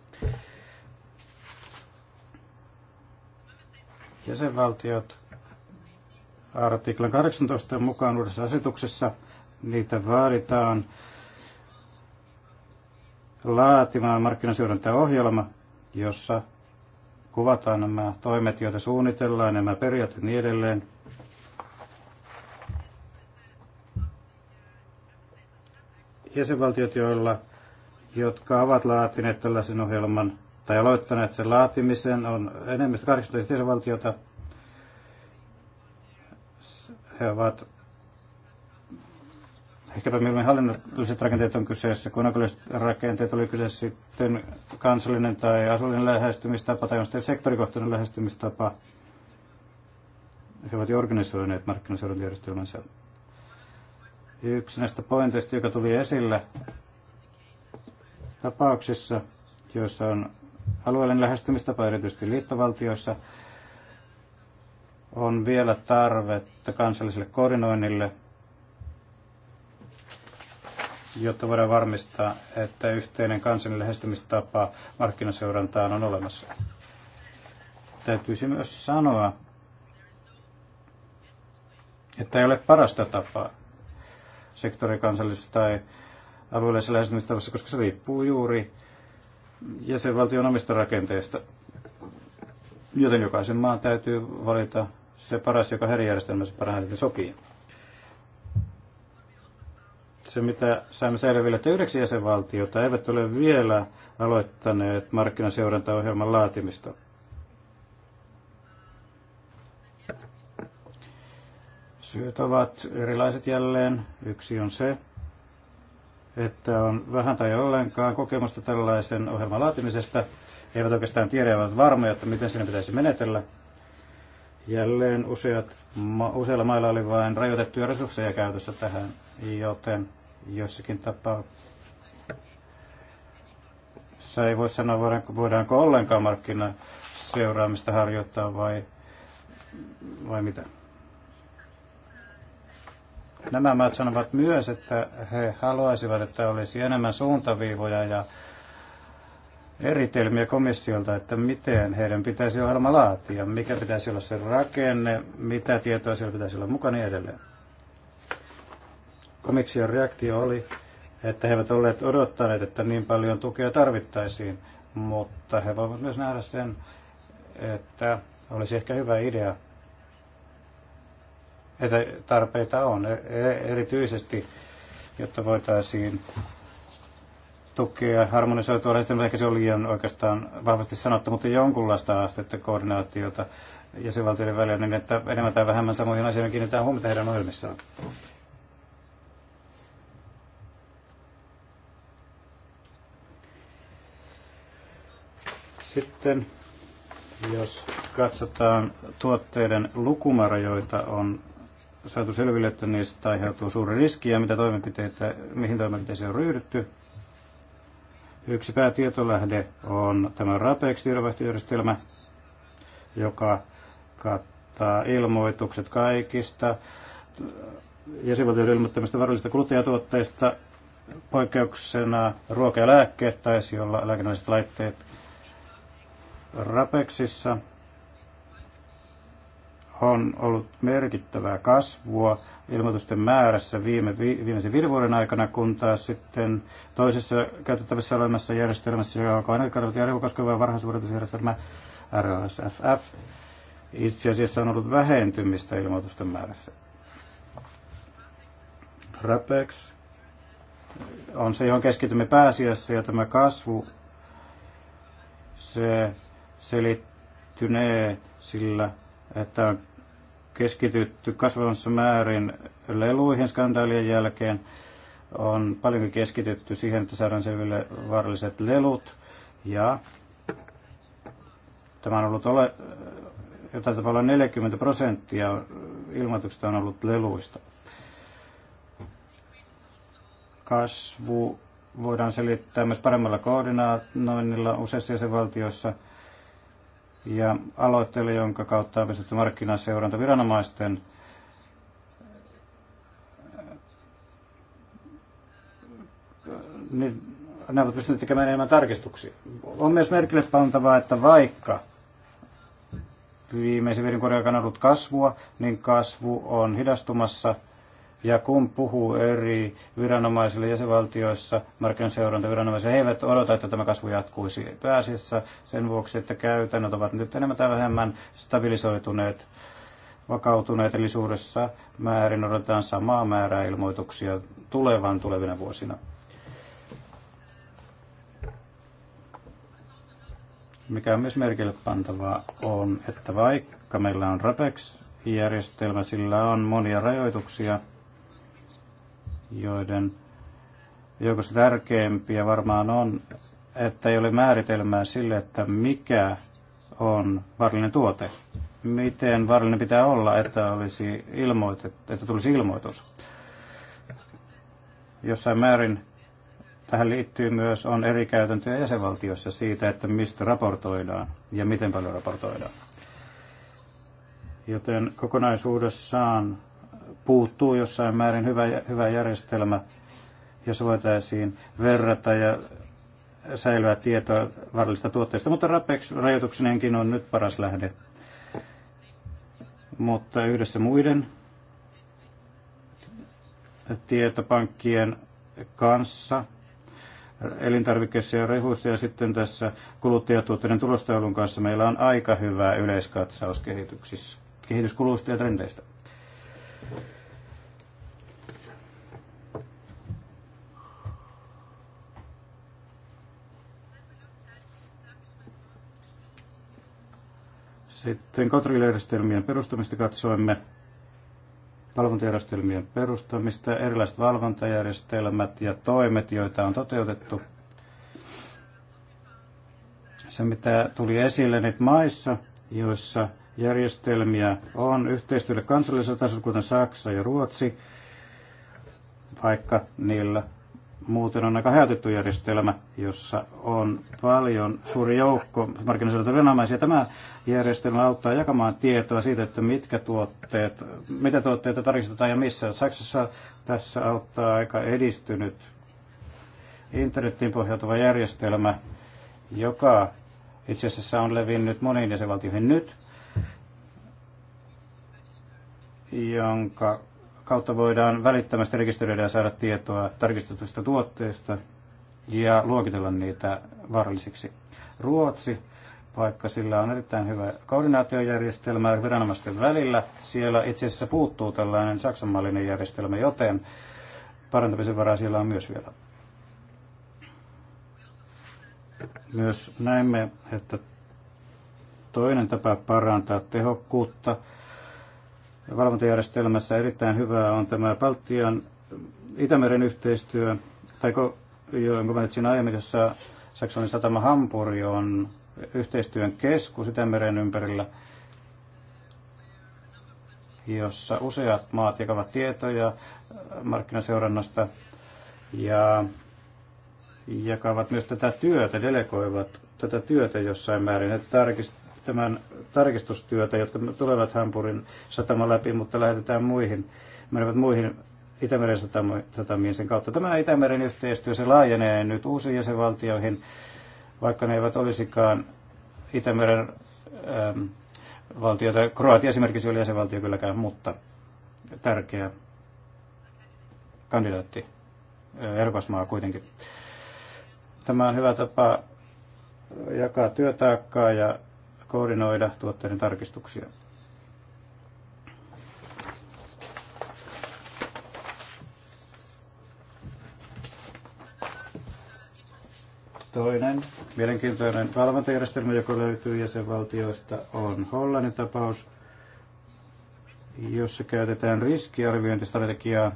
Jäsenvaltiot artiklan 18 mukaan uudessa asetuksessa niitä vaaditaan laatimaan markkinaseurantaohjelma, jossa kuvataan nämä toimet, joita suunnitellaan, nämä periaatteet niin edelleen. Jäsenvaltiot, joilla, jotka ovat laatineet tällaisen ohjelman tai aloittaneet sen laatimisen, on enemmistö 18 jäsenvaltiota. He ovat ehkäpä milloin hallinnolliset rakenteet on kyseessä, kun rakenteet oli kyseessä sitten kansallinen tai asuinen lähestymistapa tai on sitten sektorikohtainen lähestymistapa. He ovat jo organisoineet markkinaseurantjärjestelmänsä. Yksi näistä pointeista, joka tuli esille tapauksissa, joissa on alueellinen lähestymistapa, erityisesti liittovaltioissa, on vielä tarvetta kansalliselle koordinoinnille – jotta voidaan varmistaa, että yhteinen kansallinen lähestymistapa markkinaseurantaan on olemassa. Täytyisi myös sanoa, että ei ole parasta tapaa sektorikansallisessa tai alueellisessa lähestymistavassa, koska se riippuu juuri jäsenvaltion omista rakenteista. Joten jokaisen maan täytyy valita se paras, joka heidän järjestelmänsä parhaiten sopii se, mitä saimme selville, että yhdeksän jäsenvaltiota eivät ole vielä aloittaneet markkinaseurantaohjelman laatimista. Syyt ovat erilaiset jälleen. Yksi on se, että on vähän tai ollenkaan kokemusta tällaisen ohjelman laatimisesta. He eivät oikeastaan tiedä, ovat varmoja, että miten sinne pitäisi menetellä. Jälleen useat, ma, useilla mailla oli vain rajoitettuja resursseja käytössä tähän, joten jossakin tapaa ei voi sanoa, voidaanko, voidaanko ollenkaan markkinaseuraamista harjoittaa vai, vai mitä. Nämä maat sanovat myös, että he haluaisivat, että olisi enemmän suuntaviivoja ja eritelmiä komissiolta, että miten heidän pitäisi ohjelma laatia, mikä pitäisi olla se rakenne, mitä tietoa siellä pitäisi olla mukana ja edelleen. Komission reaktio oli, että he eivät olleet odottaneet, että niin paljon tukea tarvittaisiin, mutta he voivat myös nähdä sen, että olisi ehkä hyvä idea, että tarpeita on, e-, e-, erityisesti, jotta voitaisiin tukea harmonisoitua lähestymistä, ehkä se oli liian oikeastaan vahvasti sanottu, mutta jonkunlaista astetta koordinaatiota jäsenvaltioiden välillä, niin että enemmän tai vähemmän samoihin asioihin kiinnitetään huomiota heidän ohjelmissaan. Sitten jos katsotaan tuotteiden lukumääräjoita on saatu selville, että niistä aiheutuu suuri riski ja mitä toimenpiteitä, mihin toimenpiteisiin on ryhdytty. Yksi päätietolähde on tämä RAPEX-tiedonvaihtojärjestelmä, joka kattaa ilmoitukset kaikista jäsenvaltioiden ilmoittamista varallisista kuluttajatuotteista poikkeuksena ruoka ja lääkkeet taisi olla lääkinnälliset laitteet Rapeksissa on ollut merkittävää kasvua ilmoitusten määrässä viime, viimeisen viiden vuoden aikana, kun taas sitten toisessa käytettävissä olemassa järjestelmässä, joka on energiakartoitus koskeva varhaisuudetusjärjestelmä RSFF, itse asiassa on ollut vähentymistä ilmoitusten määrässä. RAPEX on se, johon keskitymme pääasiassa, ja tämä kasvu, se selittynee sillä, että on keskitytty kasvavassa määrin leluihin skandaalien jälkeen. On paljon keskitytty siihen, että saadaan selville vaaralliset lelut. Ja tämä on ollut ole, jotain tavalla 40 prosenttia ilmoituksista on ollut leluista. Kasvu voidaan selittää myös paremmalla koordinaatioinnilla useissa jäsenvaltioissa – ja aloitteelle, jonka kautta on pystytty markkinaseuranta viranomaisten niin ne ovat pystyneet tekemään enemmän tarkistuksia. On myös merkille pantavaa, että vaikka viimeisen viiden vuoden aikana on ollut kasvua, niin kasvu on hidastumassa – ja kun puhuu eri viranomaisille jäsenvaltioissa, markkinaseurantaviranomaisille, he eivät odota, että tämä kasvu jatkuisi pääasiassa sen vuoksi, että käytännöt ovat nyt enemmän tai vähemmän stabilisoituneet, vakautuneet, eli suuressa määrin odotetaan samaa määrää ilmoituksia tulevan tulevina vuosina. Mikä on myös merkille pantavaa on, että vaikka meillä on RAPEX, järjestelmä, sillä on monia rajoituksia, joiden joukossa tärkeimpiä varmaan on, että ei ole määritelmää sille, että mikä on varallinen tuote. Miten varallinen pitää olla, että, olisi ilmoitet, että tulisi ilmoitus. Jossain määrin tähän liittyy myös on eri käytäntöjä jäsenvaltiossa siitä, että mistä raportoidaan ja miten paljon raportoidaan. Joten kokonaisuudessaan puuttuu jossain määrin hyvä, hyvä järjestelmä, jossa voitaisiin verrata ja säilyä tietoa varallista tuotteista, mutta RAPEX-rajoituksinenkin on nyt paras lähde. Mutta yhdessä muiden tietopankkien kanssa elintarvikkeissa ja rehuissa ja sitten tässä kuluttajatuotteiden tulostaulun kanssa meillä on aika hyvää yleiskatsaus kehityskuluista ja trendeistä. Sitten kontrollijärjestelmien perustamista katsoimme, valvontajärjestelmien perustamista, erilaiset valvontajärjestelmät ja toimet, joita on toteutettu. Se, mitä tuli esille nyt maissa, joissa järjestelmiä on yhteistyölle kansallisella tasolla, kuten Saksa ja Ruotsi, vaikka niillä muuten on aika hajautettu järjestelmä, jossa on paljon suuri joukko markkinointiviranomaisia. Tämä järjestelmä auttaa jakamaan tietoa siitä, että mitkä tuotteet, mitä tuotteita tarkistetaan ja missä. Saksassa tässä auttaa aika edistynyt internetin pohjautuva järjestelmä, joka itse asiassa on levinnyt moniin jäsenvaltioihin nyt, jonka kautta voidaan välittömästi rekisteröidä ja saada tietoa tarkistetuista tuotteista ja luokitella niitä vaarallisiksi. Ruotsi, vaikka sillä on erittäin hyvä koordinaatiojärjestelmä viranomaisten välillä, siellä itse asiassa puuttuu tällainen saksanmallinen järjestelmä, joten parantamisen varaa siellä on myös vielä. Myös näemme, että toinen tapa parantaa tehokkuutta valvontajärjestelmässä erittäin hyvää on tämä Baltian Itämeren yhteistyö, tai jonka mainitsin aiemmin, jossa Saksonin satama Hampuri on yhteistyön keskus Itämeren ympärillä, jossa useat maat jakavat tietoja markkinaseurannasta ja jakavat myös tätä työtä, delegoivat tätä työtä jossain määrin. että tarkist, tämän tarkistustyötä, jotka tulevat Hampurin satama läpi, mutta lähetetään muihin, menevät muihin Itämeren satamiin sen kautta. Tämä Itämeren yhteistyö se laajenee nyt uusiin jäsenvaltioihin, vaikka ne eivät olisikaan Itämeren ähm, valtioita. Kroatia esimerkiksi oli jäsenvaltio kylläkään, mutta tärkeä kandidaatti, äh, erkosmaa kuitenkin. Tämä on hyvä tapa jakaa työtaakkaa ja koordinoida tuotteiden tarkistuksia. Toinen mielenkiintoinen valvontajärjestelmä, joka löytyy jäsenvaltioista, on Hollannin tapaus, jossa käytetään riskiarviointistrategiaa,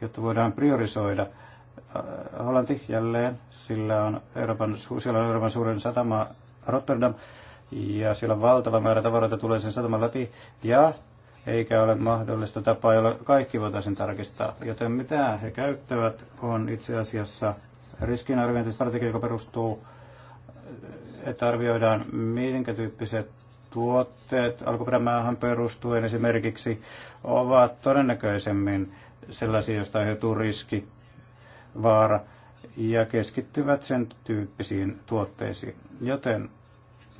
jotta voidaan priorisoida Hollanti jälleen, sillä on Euroopan, siellä on Euroopan suurin satama Rotterdam, ja siellä on valtava määrä tavaroita tulee sen sataman läpi ja eikä ole mahdollista tapaa, jolla kaikki voitaisiin tarkistaa. Joten mitä he käyttävät on itse asiassa riskinarviointistrategia, joka perustuu, että arvioidaan minkä tyyppiset tuotteet alkuperämaahan perustuen esimerkiksi ovat todennäköisemmin sellaisia, joista aiheutuu riski, vaara, ja keskittyvät sen tyyppisiin tuotteisiin. Joten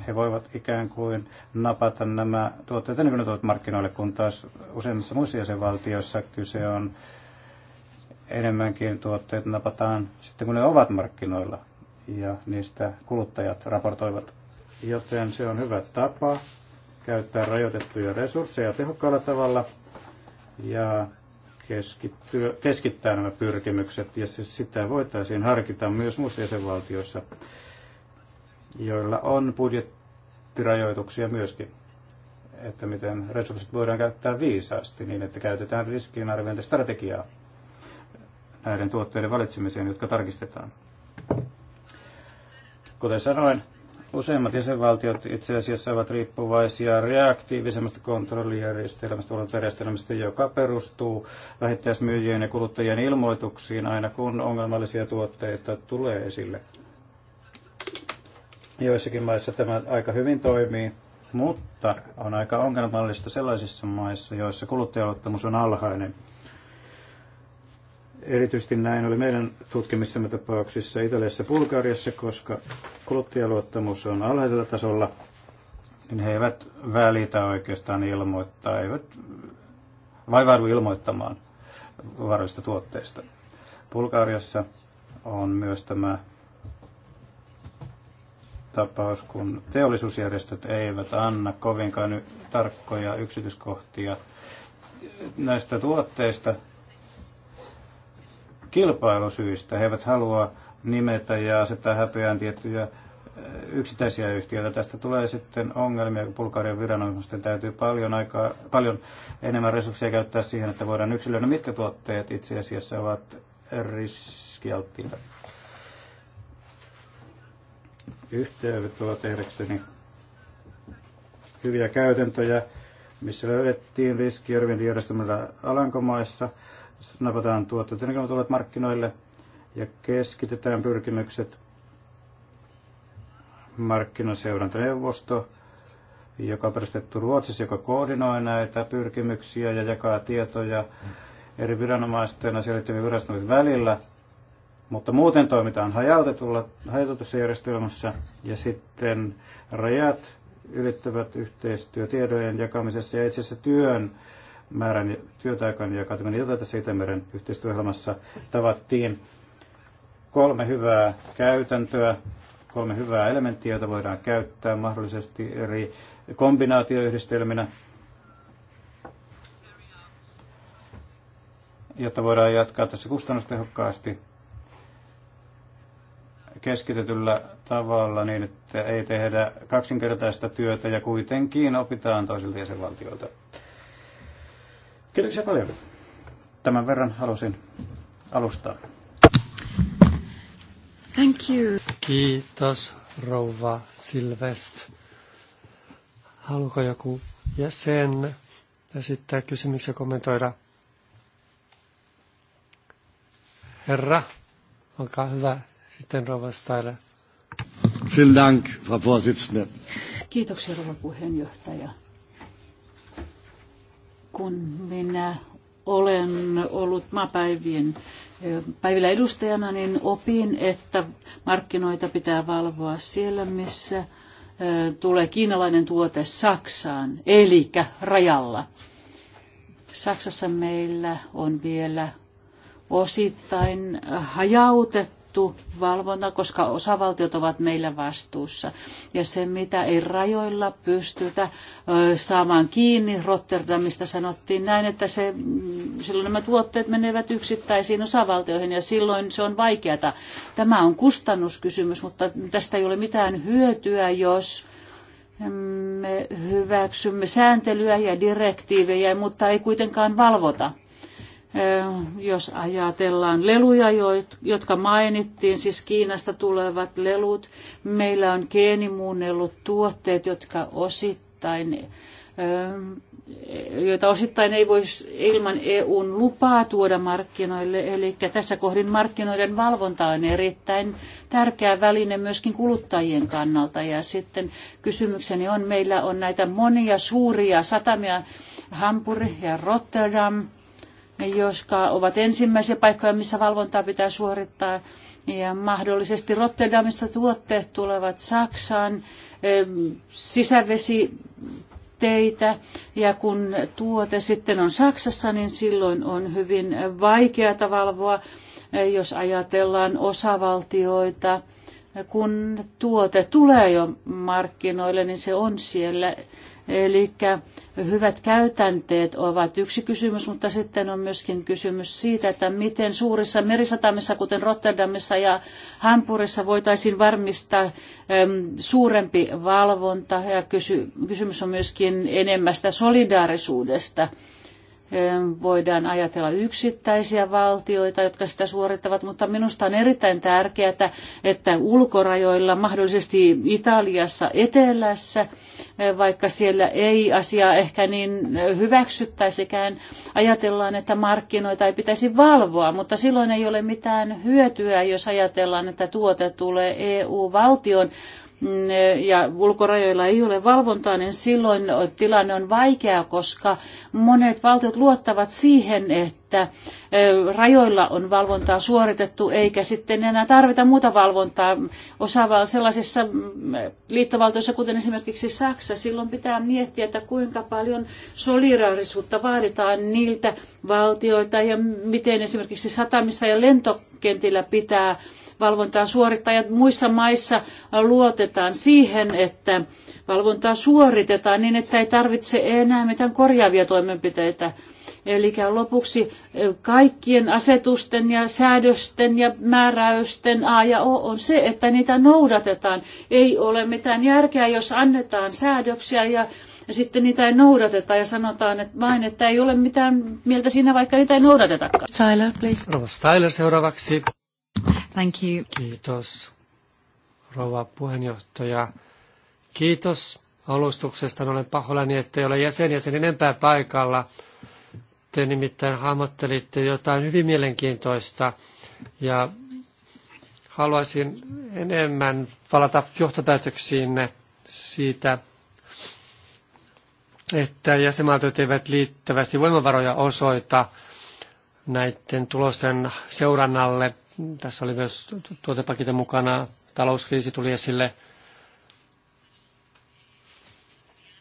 he voivat ikään kuin napata nämä tuotteet ennen kuin ne tuovat markkinoille, kun taas useimmissa muissa jäsenvaltioissa kyse on enemmänkin tuotteet napataan sitten kun ne ovat markkinoilla ja niistä kuluttajat raportoivat. Joten se on hyvä tapa käyttää rajoitettuja resursseja tehokkaalla tavalla ja keskittyä, keskittää nämä pyrkimykset, ja siis sitä voitaisiin harkita myös muissa jäsenvaltioissa joilla on budjettirajoituksia myöskin, että miten resurssit voidaan käyttää viisaasti niin, että käytetään riskiinarviointistrategiaa näiden tuotteiden valitsemiseen, jotka tarkistetaan. Kuten sanoin, useimmat jäsenvaltiot itse asiassa ovat riippuvaisia reaktiivisemmasta kontrollijärjestelmästä, valvontajärjestelmästä, joka perustuu vähittäismyyjien ja kuluttajien ilmoituksiin aina kun ongelmallisia tuotteita tulee esille. Joissakin maissa tämä aika hyvin toimii, mutta on aika ongelmallista sellaisissa maissa, joissa kuluttajaluottamus on alhainen. Erityisesti näin oli meidän tutkimissamme tapauksissa Italiassa ja Bulgariassa, koska kuluttajaluottamus on alhaisella tasolla, niin he eivät välitä oikeastaan ilmoittaa, eivät vaivaudu ilmoittamaan varoista tuotteista. Bulgariassa on myös tämä tapaus, kun teollisuusjärjestöt eivät anna kovinkaan tarkkoja yksityiskohtia näistä tuotteista kilpailusyistä. He eivät halua nimetä ja asettaa häpeään tiettyjä yksittäisiä yhtiöitä. Tästä tulee sitten ongelmia, kun Bulgarian viranomaisten täytyy paljon, aikaa, paljon enemmän resursseja käyttää siihen, että voidaan yksilöidä, mitkä tuotteet itse asiassa ovat riskialttiita yhteenvetoa tehdäkseni hyviä käytäntöjä, missä löydettiin järjestelmällä Alankomaissa, napataan tuotteet ennen tulevat markkinoille ja keskitetään pyrkimykset markkinaseurantaneuvosto, joka on perustettu Ruotsissa, joka koordinoi näitä pyrkimyksiä ja jakaa tietoja eri viranomaisten ja liittyvien virastojen välillä – mutta muuten toimitaan hajautetulla, hajautetussa järjestelmässä ja sitten rajat ylittävät yhteistyö tiedojen jakamisessa ja itse asiassa työn määrän työtaikan jakautuminen, jota tässä Itämeren yhteistyöohjelmassa tavattiin. Kolme hyvää käytäntöä, kolme hyvää elementtiä, joita voidaan käyttää mahdollisesti eri kombinaatioyhdistelminä, jotta voidaan jatkaa tässä kustannustehokkaasti keskitetyllä tavalla niin, että ei tehdä kaksinkertaista työtä ja kuitenkin opitaan toisilta jäsenvaltioilta. Kiitoksia paljon. Tämän verran halusin alustaa. Thank you. Kiitos, rouva Silvest. Haluko joku jäsen esittää kysymyksiä kommentoida? Herra, olkaa hyvä, sitten Rova Kiitoksia, rouva puheenjohtaja. Kun minä olen ollut maapäivien päivillä edustajana, niin opin, että markkinoita pitää valvoa siellä, missä tulee kiinalainen tuote Saksaan, eli rajalla. Saksassa meillä on vielä osittain hajautettu tehostettu valvonta, koska osavaltiot ovat meillä vastuussa. Ja se, mitä ei rajoilla pystytä saamaan kiinni, Rotterdamista sanottiin näin, että se, mm, silloin nämä tuotteet menevät yksittäisiin osavaltioihin ja silloin se on vaikeata. Tämä on kustannuskysymys, mutta tästä ei ole mitään hyötyä, jos me hyväksymme sääntelyä ja direktiivejä, mutta ei kuitenkaan valvota jos ajatellaan leluja, jotka mainittiin, siis Kiinasta tulevat lelut, meillä on geenimuunnellut tuotteet, jotka osittain joita osittain ei voisi ilman EUn lupaa tuoda markkinoille. Eli tässä kohdin markkinoiden valvonta on erittäin tärkeä väline myöskin kuluttajien kannalta. Ja sitten kysymykseni on, meillä on näitä monia suuria satamia, Hampuri ja Rotterdam, jotka ovat ensimmäisiä paikkoja, missä valvontaa pitää suorittaa. Ja mahdollisesti Rotterdamissa tuotteet tulevat Saksaan sisävesiteitä. Ja kun tuote sitten on Saksassa, niin silloin on hyvin vaikeata valvoa, jos ajatellaan osavaltioita. Kun tuote tulee jo markkinoille, niin se on siellä Eli hyvät käytänteet ovat yksi kysymys, mutta sitten on myöskin kysymys siitä, että miten suurissa merisatamissa, kuten Rotterdamissa ja Hampurissa, voitaisiin varmistaa suurempi valvonta. Ja kysymys on myöskin enemmästä solidaarisuudesta voidaan ajatella yksittäisiä valtioita, jotka sitä suorittavat, mutta minusta on erittäin tärkeää, että ulkorajoilla, mahdollisesti Italiassa etelässä, vaikka siellä ei asiaa ehkä niin hyväksyttäisikään, ajatellaan, että markkinoita ei pitäisi valvoa, mutta silloin ei ole mitään hyötyä, jos ajatellaan, että tuote tulee EU-valtion ja ulkorajoilla ei ole valvontaa, niin silloin tilanne on vaikea, koska monet valtiot luottavat siihen, että rajoilla on valvontaa suoritettu, eikä sitten enää tarvita muuta valvontaa. Osaava sellaisissa liittovaltioissa, kuten esimerkiksi Saksa, silloin pitää miettiä, että kuinka paljon solidaarisuutta vaaditaan niiltä valtioita ja miten esimerkiksi satamissa ja lentokentillä pitää valvontaa suorittajat muissa maissa luotetaan siihen, että valvontaa suoritetaan niin, että ei tarvitse enää mitään korjaavia toimenpiteitä. Eli lopuksi kaikkien asetusten ja säädösten ja määräysten A ja O on se, että niitä noudatetaan. Ei ole mitään järkeä, jos annetaan säädöksiä ja ja sitten niitä ei noudateta ja sanotaan että vain, että ei ole mitään mieltä siinä, vaikka niitä ei noudatetakaan. Tyler, please. Styler seuraavaksi. Thank you. Kiitos, rouva puheenjohtaja. Kiitos alustuksesta. Olen pahoillani, ettei ole jäseniä sen enempää paikalla. Te nimittäin hahmottelitte jotain hyvin mielenkiintoista ja haluaisin enemmän palata johtopäätöksiinne siitä, että jäsenmaat eivät liittävästi voimavaroja osoita näiden tulosten seurannalle tässä oli myös tuotepaketin mukana, talouskriisi tuli esille.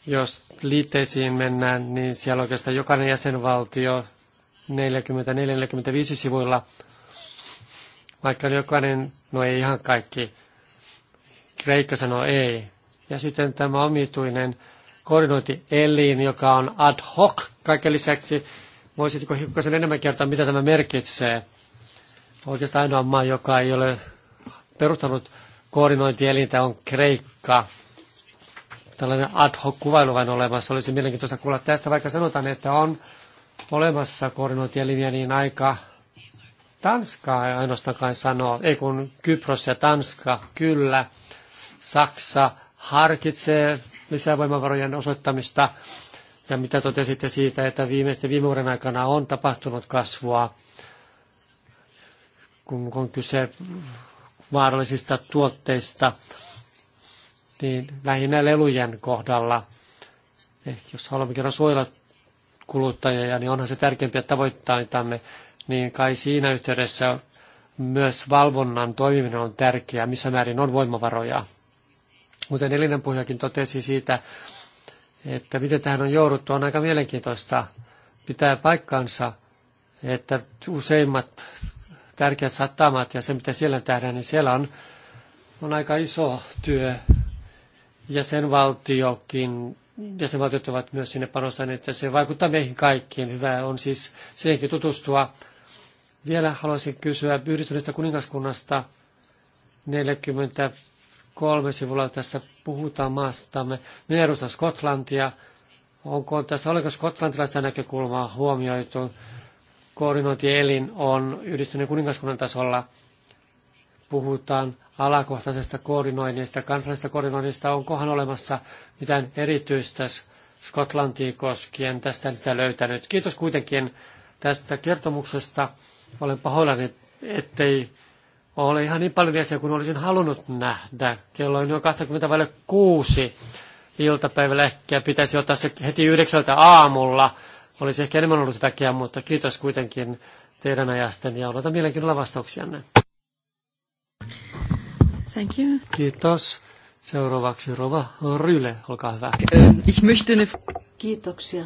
Jos liitteisiin mennään, niin siellä oikeastaan jokainen jäsenvaltio 40-45 sivuilla, vaikka jokainen, no ei ihan kaikki, Kreikka sanoi ei. Ja sitten tämä omituinen koordinointielin, joka on ad hoc kaiken lisäksi. Voisitko hiukkasen enemmän kertoa, mitä tämä merkitsee? Oikeastaan ainoa maa, joka ei ole perustanut koordinointielintä, on Kreikka. Tällainen ad hoc kuvailu vain olemassa. Olisi mielenkiintoista kuulla tästä, vaikka sanotaan, että on olemassa koordinointielimiä niin aika Tanskaa ei ainoastaan sanoa, ei kun Kypros ja Tanska, kyllä. Saksa harkitsee lisävoimavarojen osoittamista ja mitä totesitte siitä, että viimeisten viime vuoden aikana on tapahtunut kasvua kun on kyse vaarallisista tuotteista, niin lähinnä lelujen kohdalla, ehkä jos haluamme kerran suojella kuluttajia, niin onhan se tärkeimpiä tavoitteitamme, niin kai siinä yhteydessä myös valvonnan toimiminen on tärkeää, missä määrin on voimavaroja. Kuten Elinen puhujakin totesi siitä, että miten tähän on jouduttu, on aika mielenkiintoista pitää paikkansa, että useimmat tärkeät satamat ja se, mitä siellä tehdään, niin siellä on, on aika iso työ. Jäsenvaltiokin, valtiot ovat myös sinne panostaneet että se vaikuttaa meihin kaikkiin. Hyvä on siis siihenkin tutustua. Vielä haluaisin kysyä yhdistyneestä kuningaskunnasta 43 sivulla tässä puhutaan maastamme. Minä edustan Skotlantia. Onko tässä, oliko skotlantilaista näkökulmaa huomioitu? koordinointielin on yhdistyneen kuningaskunnan tasolla. Puhutaan alakohtaisesta koordinoinnista, kansallisesta koordinoinnista. Onkohan olemassa mitään erityistä Skotlantia koskien? Tästä en sitä löytänyt. Kiitos kuitenkin tästä kertomuksesta. Olen pahoillani, ettei ole ihan niin paljon viestiä kuin olisin halunnut nähdä. Kello on jo 26 kuusi iltapäivällä ehkä pitäisi ottaa se heti yhdeksältä aamulla. Olisi ehkä enemmän ollut väkeä, mutta kiitos kuitenkin teidän ajasten ja odotan mielenkiinnolla vastauksianne. Thank you. Kiitos. Seuraavaksi Rova Ryle, olkaa hyvä. Eh, ich möchte Kiitoksia.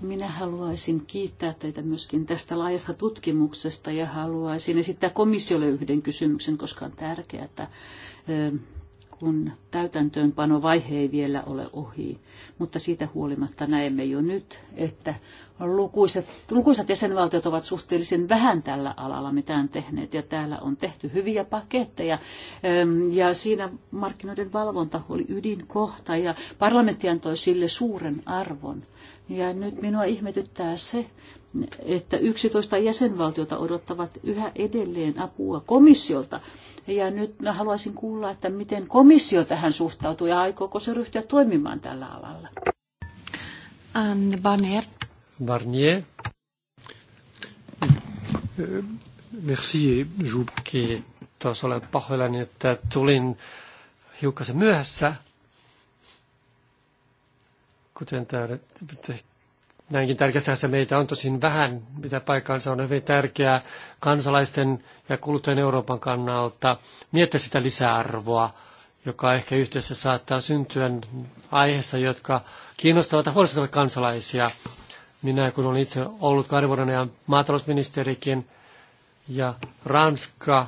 Minä haluaisin kiittää teitä myöskin tästä laajasta tutkimuksesta ja haluaisin esittää komissiolle yhden kysymyksen, koska on tärkeää, että eh, kun täytäntöönpanovaihe ei vielä ole ohi. Mutta siitä huolimatta näemme jo nyt, että lukuiset, lukuisat jäsenvaltiot ovat suhteellisen vähän tällä alalla mitään tehneet. Ja täällä on tehty hyviä paketteja. Ja siinä markkinoiden valvonta oli ydinkohta ja parlamentti antoi sille suuren arvon. Ja nyt minua ihmetyttää se, että 11 jäsenvaltiota odottavat yhä edelleen apua komissiolta. Ja nyt mä haluaisin kuulla, että miten komissio tähän suhtautuu ja aikooko se ryhtyä toimimaan tällä alalla. Anne Barnier. Barnier. Merci, Taas olen pahoillani, että tulin hiukan myöhässä. Kuten täällä näinkin tärkeässä asiassa meitä on tosin vähän, mitä paikkaansa on hyvin tärkeää kansalaisten ja kuluttajien Euroopan kannalta miettiä sitä lisäarvoa, joka ehkä yhteydessä saattaa syntyä aiheessa, jotka kiinnostavat ja huolestuttavat kansalaisia. Minä kun olen itse ollut kahden vuoden ajan maatalousministerikin ja Ranska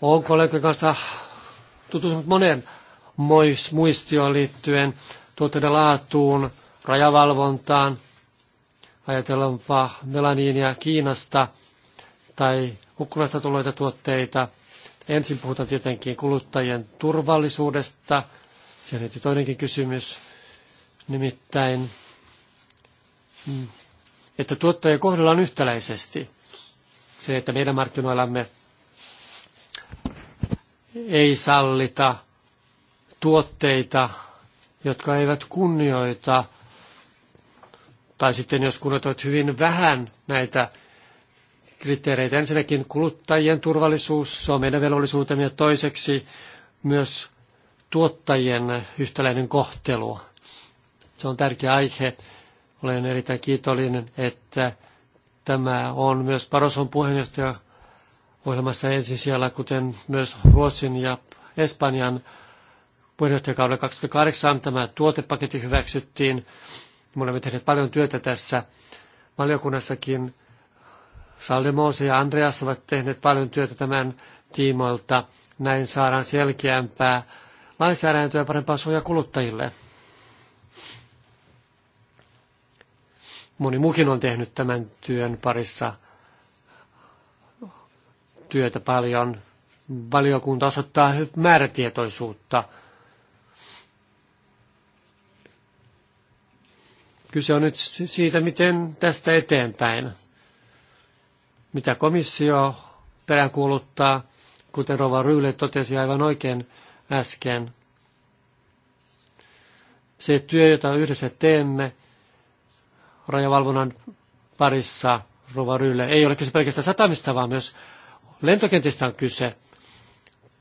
on kollegojen kanssa tutustunut monen muistioon liittyen tuotteiden laatuun, rajavalvontaan. Ajatellaanpa melaniinia Kiinasta tai Ukrainasta tulleita tuotteita. Ensin puhutaan tietenkin kuluttajien turvallisuudesta. Se liittyy toinenkin kysymys, nimittäin, mm, että tuottajia kohdellaan yhtäläisesti. Se, että meidän markkinoillamme ei sallita tuotteita, jotka eivät kunnioita tai sitten jos kunnat hyvin vähän näitä kriteereitä. Ensinnäkin kuluttajien turvallisuus, se on meidän velvollisuutemme, ja toiseksi myös tuottajien yhtäläinen kohtelu. Se on tärkeä aihe. Olen erittäin kiitollinen, että tämä on myös Paroson puheenjohtaja ohjelmassa siellä, kuten myös Ruotsin ja Espanjan puheenjohtajakaudella 2008 tämä tuotepaketti hyväksyttiin. Me olemme tehneet paljon työtä tässä valiokunnassakin. Moose ja Andreas ovat tehneet paljon työtä tämän tiimoilta. Näin saadaan selkeämpää lainsäädäntöä ja parempaa suojaa kuluttajille. Moni muukin on tehnyt tämän työn parissa työtä paljon. Valiokunta osoittaa määrätietoisuutta – Kyse on nyt siitä, miten tästä eteenpäin, mitä komissio peräänkuuluttaa, kuten Rova Ryyle totesi aivan oikein äsken. Se työ, jota yhdessä teemme rajavalvonnan parissa Rova Ryyle, ei ole kyse pelkästään satamista, vaan myös lentokentistä on kyse.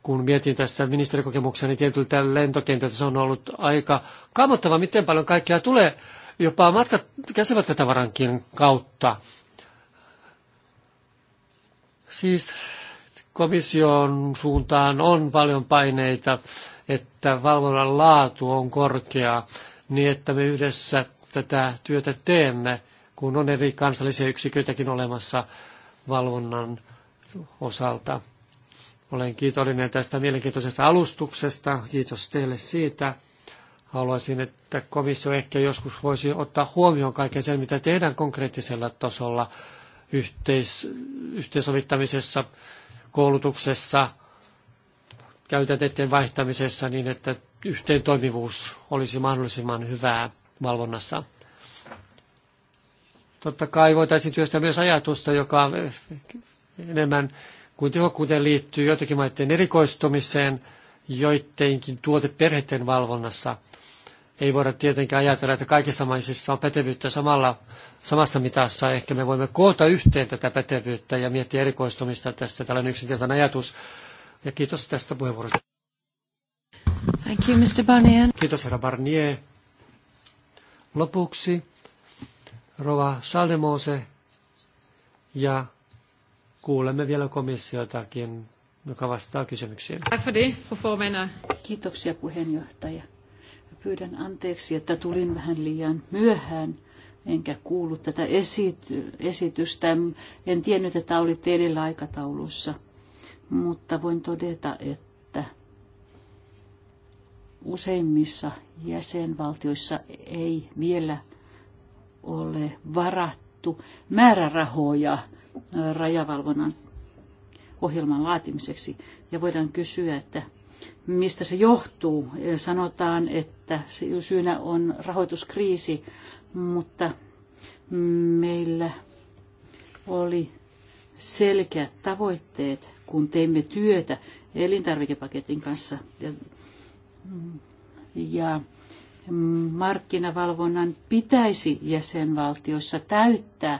Kun mietin tässä ministerikokemukseni niin tietyllä lentokentältä, se on ollut aika kamottava, miten paljon kaikkea tulee jopa matkat, käsimatkatavarankin kautta. Siis komission suuntaan on paljon paineita, että valvonnan laatu on korkea, niin että me yhdessä tätä työtä teemme, kun on eri kansallisia yksiköitäkin olemassa valvonnan osalta. Olen kiitollinen tästä mielenkiintoisesta alustuksesta. Kiitos teille siitä. Haluaisin, että komissio ehkä joskus voisi ottaa huomioon kaiken sen, mitä tehdään konkreettisella tasolla yhteis- yhteensovittamisessa, koulutuksessa, käytänteiden vaihtamisessa niin, että yhteen toimivuus olisi mahdollisimman hyvää valvonnassa. Totta kai voitaisiin työstää myös ajatusta, joka enemmän kuin tehokkuuteen liittyy joitakin maiden erikoistumiseen – joidenkin tuoteperheiden valvonnassa. Ei voida tietenkään ajatella, että kaikissa maisissa on pätevyyttä samalla, samassa mitassa. Ehkä me voimme koota yhteen tätä pätevyyttä ja miettiä erikoistumista tästä. Tällainen yksinkertainen ajatus. Ja kiitos tästä puheenvuorosta. Thank you, Mr. Barnier. Kiitos, herra Barnier. Lopuksi Rova Saldemose ja kuulemme vielä komissiotakin joka vastaa kysymyksiin. Kiitoksia puheenjohtaja. Pyydän anteeksi, että tulin vähän liian myöhään enkä kuullut tätä esity- esitystä. En tiennyt, että olitte edellä aikataulussa, mutta voin todeta, että useimmissa jäsenvaltioissa ei vielä ole varattu määrärahoja äh, rajavalvonnan ohjelman laatimiseksi. Ja voidaan kysyä, että mistä se johtuu. Sanotaan, että syynä on rahoituskriisi, mutta meillä oli selkeät tavoitteet, kun teimme työtä elintarvikepaketin kanssa. Ja, ja markkinavalvonnan pitäisi jäsenvaltioissa täyttää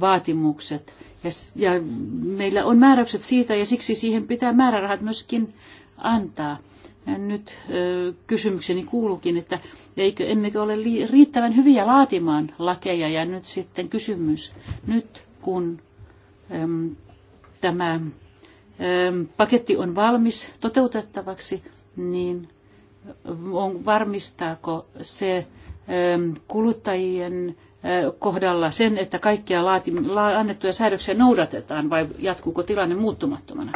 vaatimukset. Ja, ja meillä on määräykset siitä ja siksi siihen pitää määrärahat myöskin antaa. Ja nyt ö, kysymykseni kuuluukin, että eikö, emmekö ole li, riittävän hyviä laatimaan lakeja. Ja nyt sitten kysymys, nyt kun ö, tämä ö, paketti on valmis toteutettavaksi, niin on, varmistaako se ö, kuluttajien kohdalla sen, että kaikkia annettuja säädöksiä noudatetaan vai jatkuuko tilanne muuttumattomana?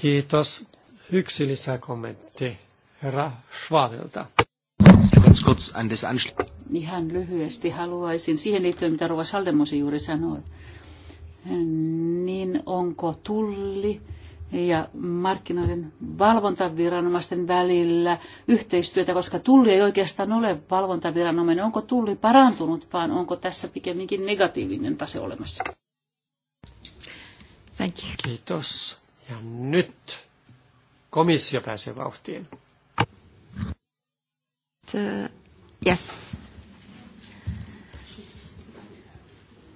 Kiitos. Yksi lisäkommentti herra Schwabilta. Ihan lyhyesti haluaisin siihen liittyen, mitä Rova Saldemosi juuri sanoi. Niin onko tulli ja markkinoiden valvontaviranomaisten välillä yhteistyötä, koska tulli ei oikeastaan ole valvontaviranomainen. Onko tulli parantunut, vaan onko tässä pikemminkin negatiivinen tase olemassa? Thank you. Kiitos. Ja nyt komissio pääsee vauhtiin. Uh, yes.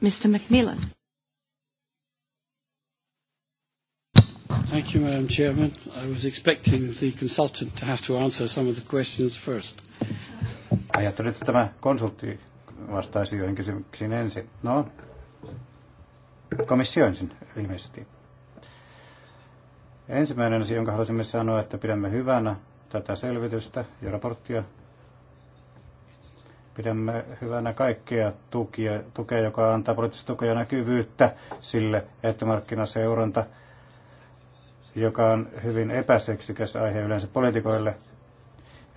Mr. McMillan. Thank you, Madam Chairman. I was expecting the consultant to have to answer some of the questions first. Ajattelin, että tämä konsultti vastaisi joihin kysymyksiin ensin. No, komissio ensin ilmeisesti. Ensimmäinen asia, jonka halusimme sanoa, että pidämme hyvänä tätä selvitystä ja raporttia. Pidämme hyvänä kaikkea tukea, joka antaa poliittista tukea ja näkyvyyttä sille, että markkinaseuranta – joka on hyvin epäseksikäs aihe yleensä poliitikoille,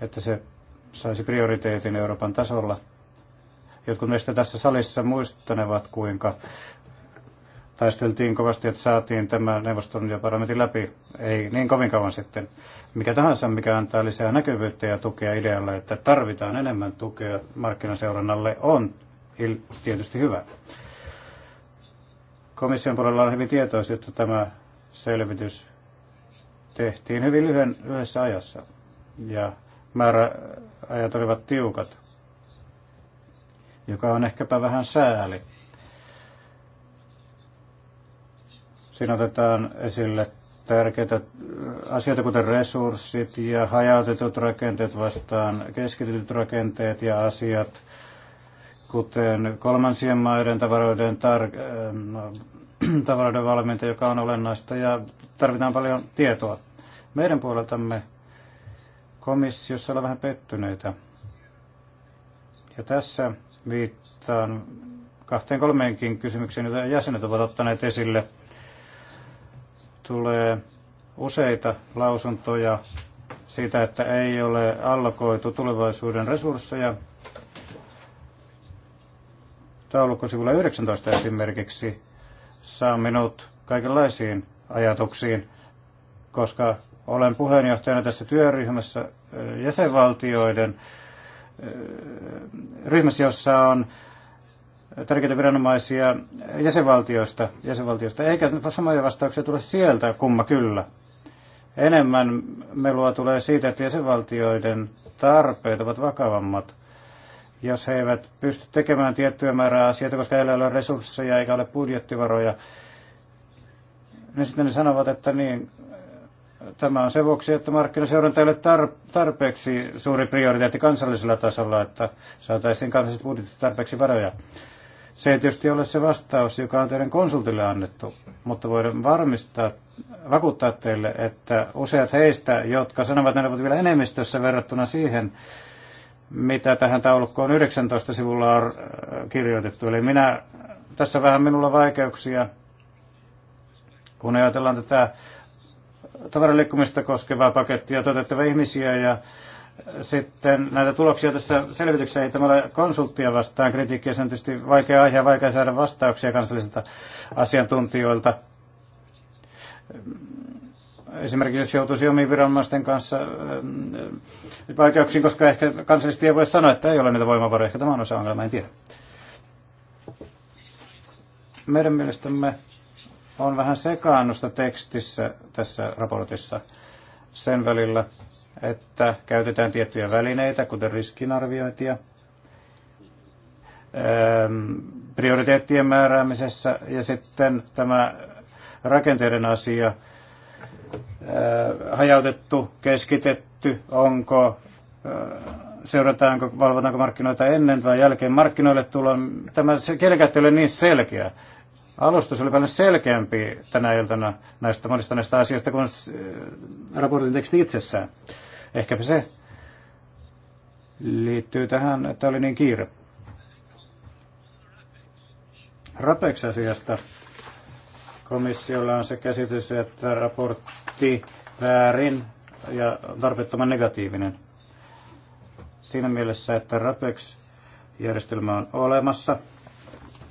että se saisi prioriteetin Euroopan tasolla. Jotkut meistä tässä salissa muistanevat, kuinka taisteltiin kovasti, että saatiin tämä neuvoston ja parlamentin läpi, ei niin kovin kauan sitten. Mikä tahansa, mikä antaa lisää näkyvyyttä ja tukea idealle, että tarvitaan enemmän tukea markkinaseurannalle, on tietysti hyvä. Komission puolella on hyvin tietoisia, että tämä selvitys tehtiin hyvin lyhyen, lyhyessä ajassa ja määräajat olivat tiukat, joka on ehkäpä vähän sääli. Siinä otetaan esille tärkeitä asioita, kuten resurssit ja hajautetut rakenteet vastaan keskitytyt rakenteet ja asiat, kuten kolmansien maiden tavaroiden tar- tavaroiden valmiinta, joka on olennaista ja tarvitaan paljon tietoa. Meidän puoleltamme komissiossa ollaan vähän pettyneitä. Ja tässä viittaan kahteen kolmeenkin kysymykseen, joita jäsenet ovat ottaneet esille. Tulee useita lausuntoja siitä, että ei ole allokoitu tulevaisuuden resursseja. Taulukkosivulla 19 esimerkiksi saa minut kaikenlaisiin ajatuksiin, koska olen puheenjohtajana tässä työryhmässä jäsenvaltioiden ryhmässä, jossa on tärkeitä viranomaisia jäsenvaltioista, jäsenvaltioista, eikä samoja vastauksia tule sieltä, kumma kyllä. Enemmän melua tulee siitä, että jäsenvaltioiden tarpeet ovat vakavammat jos he eivät pysty tekemään tiettyä määrää asioita, koska heillä ei ole resursseja eikä ole budjettivaroja, niin sitten ne sanovat, että niin, tämä on se vuoksi, että markkinaseuranta ei ole tarpeeksi suuri prioriteetti kansallisella tasolla, että saataisiin kansalliset budjetit tarpeeksi varoja. Se ei tietysti ole se vastaus, joka on teidän konsultille annettu, mutta voidaan varmistaa, vakuuttaa teille, että useat heistä, jotka sanovat, että ne ovat vielä enemmistössä verrattuna siihen, mitä tähän taulukkoon 19 sivulla on äh, kirjoitettu. Eli minä, tässä vähän minulla vaikeuksia, kun ajatellaan tätä tavaraliikkumista koskevaa pakettia toteuttavia ihmisiä ja sitten näitä tuloksia tässä selvityksessä ei tämä ole konsulttia vastaan kritiikkiä, se on tietysti vaikea aihe ja vaikea saada vastauksia kansallisilta asiantuntijoilta. Esimerkiksi jos joutuisi omien viranomaisten kanssa ähm, vaikeuksiin, koska ehkä kansallisesti ei voi sanoa, että ei ole niitä voimavaroja. Ehkä tämä on osa ongelmaa, en tiedä. Meidän mielestämme on vähän sekaannusta tekstissä tässä raportissa sen välillä, että käytetään tiettyjä välineitä, kuten riskinarviointia, ähm, prioriteettien määräämisessä ja sitten tämä rakenteiden asia, hajautettu, keskitetty, onko, seurataanko, valvotaanko markkinoita ennen vai jälkeen markkinoille tullaan. Tämä kielenkäyttö ei ole niin selkeä. Alustus oli paljon selkeämpi tänä iltana näistä monista näistä asioista kuin raportin teksti itsessään. Ehkäpä se liittyy tähän, että oli niin kiire. RAPEX-asiasta komissiolla on se käsitys, että raportti kortti, väärin ja tarpeettoman negatiivinen. Siinä mielessä, että RAPEX-järjestelmä on olemassa.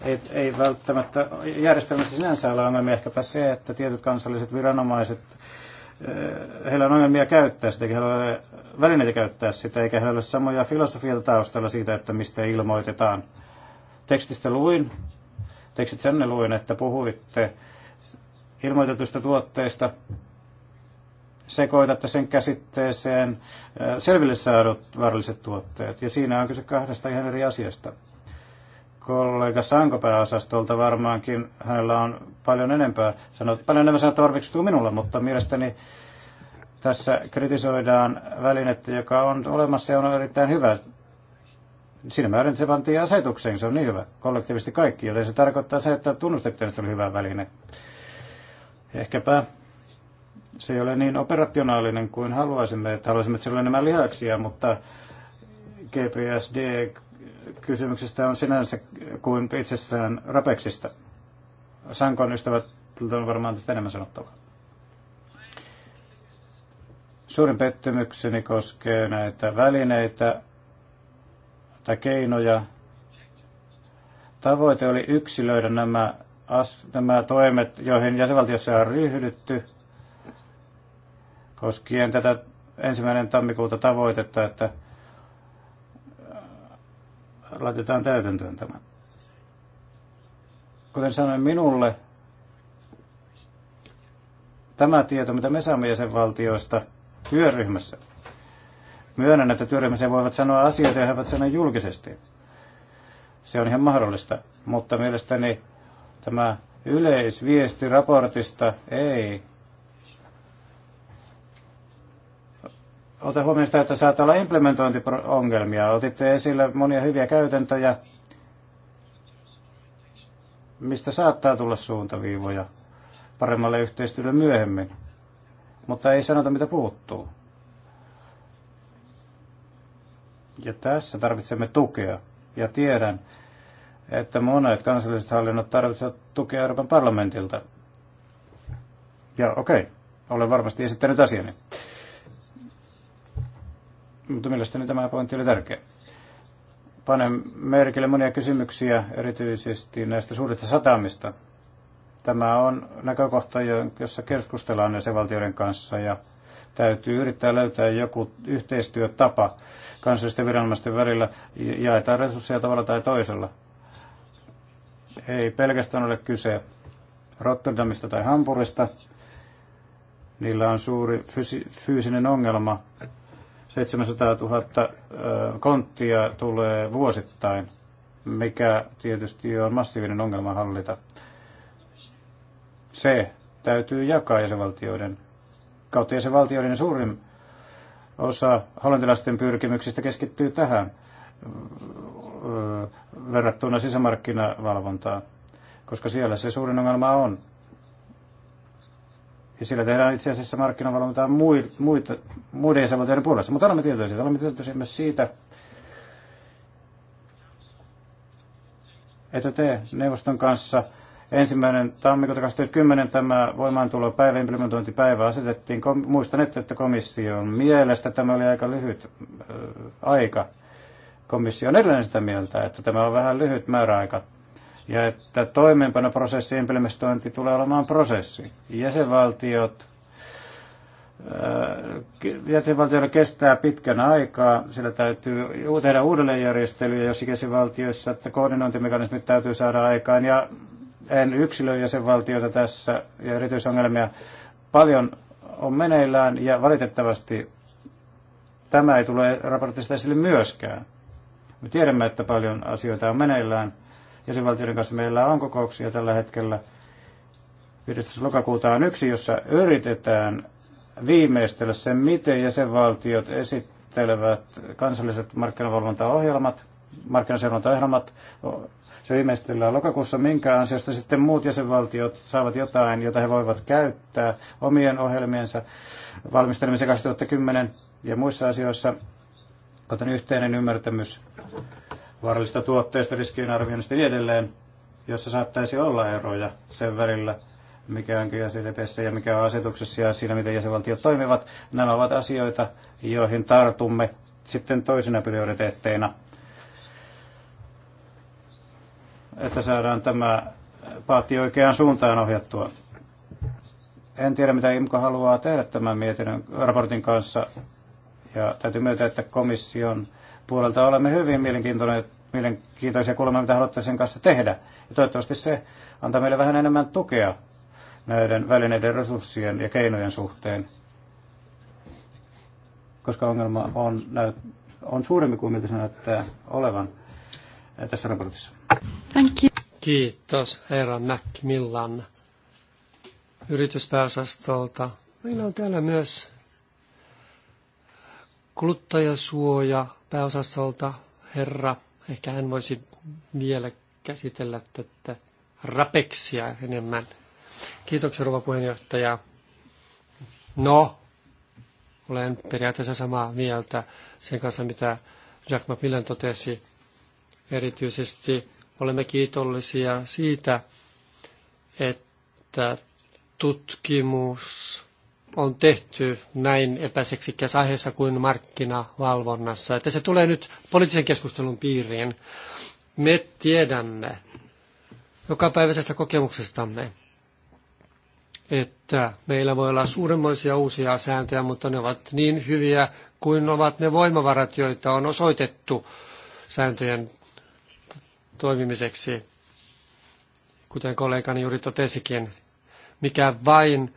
Et, ei välttämättä järjestelmässä sinänsä ole ongelmia ehkäpä se, että tietyt kansalliset viranomaiset, eh, heillä on ongelmia käyttää sitä, eikä heillä ole välineitä käyttää sitä, eikä heillä ole samoja filosofioita taustalla siitä, että mistä ilmoitetaan. Tekstistä luin, tekstit sen luin, että puhuitte ilmoitetusta tuotteista, sekoitatte sen käsitteeseen selville saadut vaaralliset tuotteet. Ja siinä on kyse kahdesta ihan eri asiasta. Kollega Sanko pääosastolta varmaankin, hänellä on paljon enempää, sanot, paljon enemmän sanottavaa kuin mutta mielestäni tässä kritisoidaan välinettä, joka on olemassa ja on erittäin hyvä. Siinä määrin se pantiin asetukseen, se on niin hyvä, kollektiivisesti kaikki, joten se tarkoittaa se, että tunnustettiin, että se oli hyvä väline. Ehkäpä se ei ole niin operationaalinen kuin haluaisimme, että haluaisimme, että sillä enemmän lihaksia, mutta GPSD kysymyksestä on sinänsä kuin itsessään rapeksista. Sankon ystävät on varmaan tästä enemmän sanottavaa. Suurin pettymykseni koskee näitä välineitä tai keinoja. Tavoite oli yksilöidä nämä, nämä toimet, joihin jäsenvaltiossa on ryhdytty, koskien tätä ensimmäinen tammikuuta tavoitetta, että laitetaan täytäntöön tämä. Kuten sanoin, minulle tämä tieto, mitä me saamme jäsenvaltioista työryhmässä, myönnän, että työryhmässä voivat sanoa asioita ja he voivat sanoa julkisesti. Se on ihan mahdollista, mutta mielestäni tämä yleisviesti raportista ei ota huomioon sitä, että saattaa olla implementointiongelmia. Otitte esille monia hyviä käytäntöjä, mistä saattaa tulla suuntaviivoja paremmalle yhteistyölle myöhemmin, mutta ei sanota, mitä puuttuu. Ja tässä tarvitsemme tukea. Ja tiedän, että monet kansalliset hallinnot tarvitsevat tukea Euroopan parlamentilta. Ja okei, okay, olen varmasti esittänyt asiani mutta mielestäni tämä pointti oli tärkeä. Panen merkille monia kysymyksiä, erityisesti näistä suurista satamista. Tämä on näkökohta, jossa keskustellaan jäsenvaltioiden kanssa ja täytyy yrittää löytää joku yhteistyötapa kansallisten viranomaisten välillä, jaetaan resursseja tavalla tai toisella. Ei pelkästään ole kyse Rotterdamista tai Hampurista. Niillä on suuri fysi- fyysinen ongelma 700 000 konttia tulee vuosittain, mikä tietysti on massiivinen ongelma hallita. Se täytyy jakaa jäsenvaltioiden kautta jäsenvaltioiden suurin osa hollantilaisten pyrkimyksistä keskittyy tähän verrattuna sisämarkkinavalvontaan, koska siellä se suurin ongelma on. Ja sillä tehdään itse asiassa markkinavalvontaa muita, muiden jäsenvaltioiden puolesta. Mutta olemme tietoisia. Olemme tietoisia myös siitä, että te neuvoston kanssa ensimmäinen tammikuuta 2010 tämä päivä, implementointipäivä asetettiin. Kom- muistan, että komission mielestä tämä oli aika lyhyt äh, aika. Komissio on edelleen sitä mieltä, että tämä on vähän lyhyt määräaika ja että toimeenpanoprosessi ja implementointi tulee olemaan prosessi. Jäsenvaltiot äh, jäsenvaltioilla kestää pitkän aikaa, sillä täytyy tehdä uudelleenjärjestelyjä jossakin jäsenvaltioissa, että koordinointimekanismit täytyy saada aikaan ja en yksilö jäsenvaltioita tässä ja erityisongelmia paljon on meneillään ja valitettavasti tämä ei tule raportista esille myöskään. Me tiedämme, että paljon asioita on meneillään jäsenvaltioiden kanssa meillä on kokouksia tällä hetkellä. 15. lokakuuta on yksi, jossa yritetään viimeistellä sen, miten jäsenvaltiot esittelevät kansalliset markkinavalvontaohjelmat, markkinaseurantaohjelmat. Se viimeistellään lokakuussa, minkä ansiosta sitten muut jäsenvaltiot saavat jotain, jota he voivat käyttää omien ohjelmiensa valmistelemiseen 2010 ja muissa asioissa, kuten yhteinen ymmärtämys vaarallisista tuotteista, arvioinnista ja niin edelleen, jossa saattaisi olla eroja sen välillä, mikä on GSDPssä ja mikä on asetuksessa ja siinä, miten jäsenvaltiot toimivat. Nämä ovat asioita, joihin tartumme sitten toisena prioriteetteina, että saadaan tämä paatti oikeaan suuntaan ohjattua. En tiedä, mitä IMKO haluaa tehdä tämän mietinnön raportin kanssa. Ja täytyy myöntää, että komission puolelta olemme hyvin mielenkiintoisia, mielenkiintoisia mitä haluatte sen kanssa tehdä. Ja toivottavasti se antaa meille vähän enemmän tukea näiden välineiden resurssien ja keinojen suhteen, koska ongelma on, on suurempi kuin miltä se näyttää olevan eh, tässä raportissa. Thank you. Kiitos herra Mäkkimillan yrityspääsastolta. Meillä on täällä myös Kuluttajasuoja pääosastolta herra, ehkä hän voisi vielä käsitellä tätä rapeksia enemmän. Kiitoksia, rouva puheenjohtaja. No, olen periaatteessa samaa mieltä sen kanssa, mitä Jack McMillan totesi. Erityisesti olemme kiitollisia siitä, että tutkimus on tehty näin epäseksikäs aiheessa kuin markkinavalvonnassa, että se tulee nyt poliittisen keskustelun piiriin. Me tiedämme jokapäiväisestä kokemuksestamme, että meillä voi olla suuremmoisia uusia sääntöjä, mutta ne ovat niin hyviä kuin ovat ne voimavarat, joita on osoitettu sääntöjen toimimiseksi. Kuten kollegani juuri totesikin, mikä vain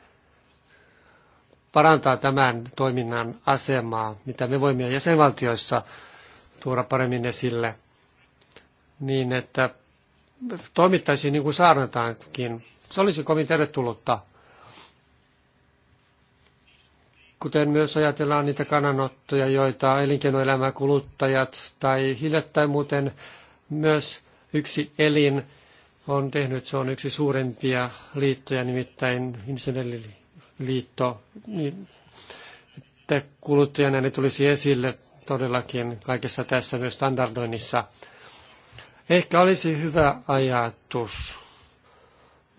parantaa tämän toiminnan asemaa, mitä me voimme jäsenvaltioissa tuoda paremmin esille, niin että toimittaisiin niin kuin saarnataankin. Se olisi kovin tervetullutta. Kuten myös ajatellaan niitä kannanottoja, joita elinkeinoelämä, kuluttajat tai hiljattain muuten myös yksi elin on tehnyt. Se on yksi suurempia liittoja, nimittäin insinööriliitto liitto, niin että kuluttajana ne tulisi esille todellakin kaikessa tässä myös standardoinnissa. Ehkä olisi hyvä ajatus,